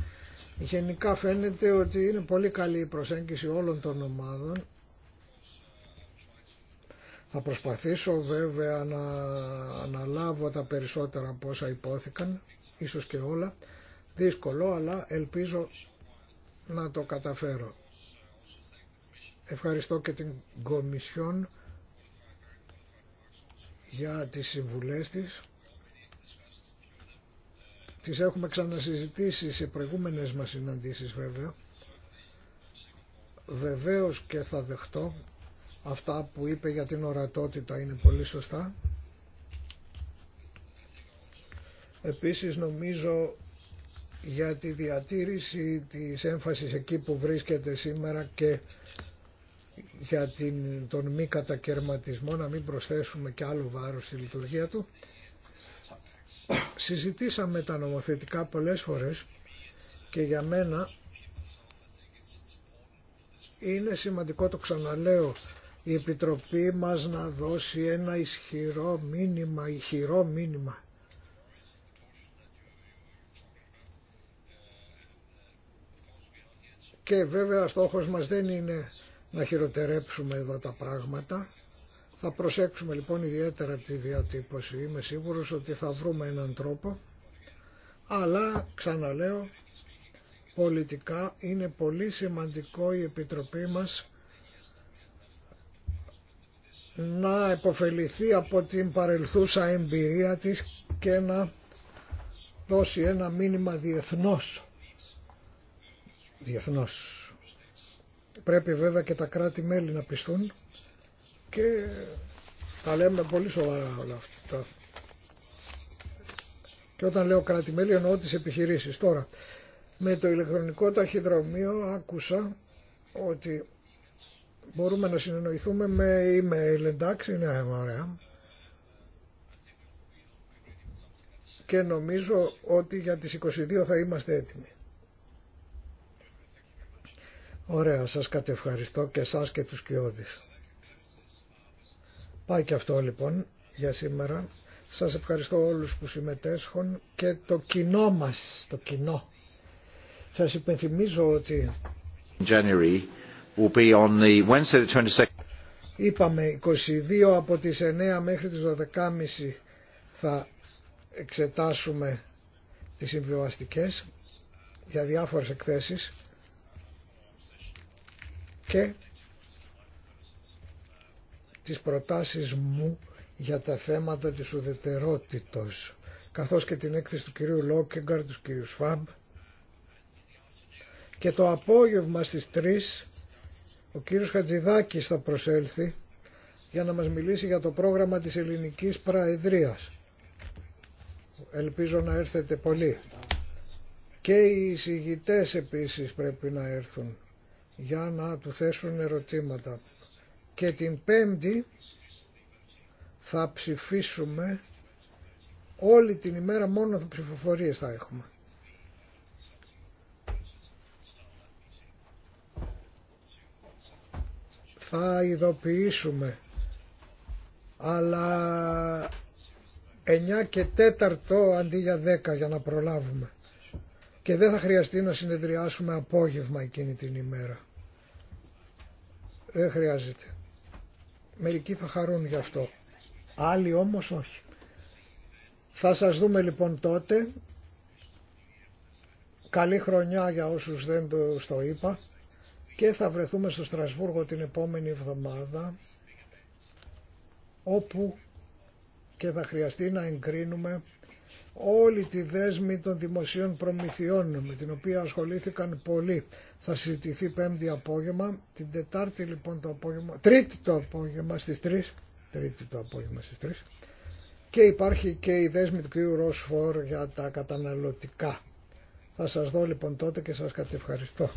Γενικά φαίνεται ότι είναι πολύ καλή η προσέγγιση όλων των ομάδων. Θα προσπαθήσω βέβαια να αναλάβω τα περισσότερα από όσα υπόθηκαν ίσως και όλα. Δύσκολο, αλλά ελπίζω να το καταφέρω. Ευχαριστώ και την Κομισιόν για τις συμβουλές της. Τις έχουμε ξανασυζητήσει σε προηγούμενες μας συναντήσεις βέβαια. Βεβαίως και θα δεχτώ αυτά που είπε για την ορατότητα είναι πολύ σωστά. Επίσης νομίζω για τη διατήρηση της έμφασης εκεί που βρίσκεται σήμερα και για τον μη κατακαιρματισμό, να μην προσθέσουμε και άλλο βάρος στη λειτουργία του. Συζητήσαμε τα νομοθετικά πολλές φορές και για μένα είναι σημαντικό το ξαναλέω η Επιτροπή μας να δώσει ένα ισχυρό μήνυμα, ηχηρό μήνυμα Και βέβαια στόχος μας δεν είναι να χειροτερέψουμε εδώ τα πράγματα. Θα προσέξουμε λοιπόν ιδιαίτερα τη διατύπωση. Είμαι σίγουρος ότι θα βρούμε έναν τρόπο. Αλλά ξαναλέω πολιτικά είναι πολύ σημαντικό η Επιτροπή μας να επωφεληθεί από την παρελθούσα εμπειρία της και να δώσει ένα μήνυμα διεθνώς διεθνώς. Πρέπει βέβαια και τα κράτη-μέλη να πιστούν και τα λέμε πολύ σοβαρά όλα αυτά. Και όταν λέω κράτη-μέλη εννοώ τις επιχειρήσεις. Τώρα, με το ηλεκτρονικό ταχυδρομείο άκουσα ότι μπορούμε να συνεννοηθούμε με email, εντάξει, ναι, ωραία. Και νομίζω ότι για τις 22 θα είμαστε έτοιμοι. Ωραία, σας κατευχαριστώ και σας και τους κοιόδης. Πάει και αυτό λοιπόν για σήμερα. Σας ευχαριστώ όλους που συμμετέσχουν και το κοινό μας, το κοινό. Σας υπενθυμίζω ότι January will be on the Wednesday the 22nd. Είπαμε 22 ειπαμε 22 απο τις 9 μέχρι τις 12.30 θα εξετάσουμε τις συμβιβαστικές για διάφορες εκθέσεις και τις προτάσεις μου για τα θέματα της ουδετερότητος καθώς και την έκθεση του κυρίου Λόκεγκαρ, του κυρίου Σφάμπ και το απόγευμα στις 3 ο κύριος Χατζηδάκης θα προσέλθει για να μας μιλήσει για το πρόγραμμα της ελληνικής Πραεδρίας. Ελπίζω να έρθετε πολύ. Και οι εισηγητές επίσης πρέπει να έρθουν για να του θέσουν ερωτήματα. Και την Πέμπτη θα ψηφίσουμε όλη την ημέρα μόνο θα ψηφοφορίες θα έχουμε. Θα ειδοποιήσουμε αλλά 9 και 4 αντί για 10 για να προλάβουμε και δεν θα χρειαστεί να συνεδριάσουμε απόγευμα εκείνη την ημέρα. Δεν χρειάζεται. Μερικοί θα χαρούν γι' αυτό. Άλλοι όμως όχι. Θα σας δούμε λοιπόν τότε. Καλή χρονιά για όσους δεν το, το είπα. Και θα βρεθούμε στο Στρασβούργο την επόμενη εβδομάδα όπου και θα χρειαστεί να εγκρίνουμε όλη τη δέσμη των δημοσίων προμηθειών με την οποία ασχολήθηκαν πολλοί. Θα συζητηθεί πέμπτη απόγευμα, την τετάρτη λοιπόν το απόγευμα, τρίτη το απόγευμα στις 3, τρίτη το απόγευμα στις 3 και υπάρχει και η δέσμη του κ. Ροσφόρ για τα καταναλωτικά. Θα σας δω λοιπόν τότε και σας κατευχαριστώ.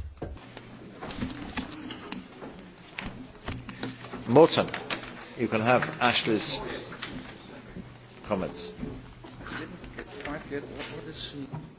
you can have Ashley's comments get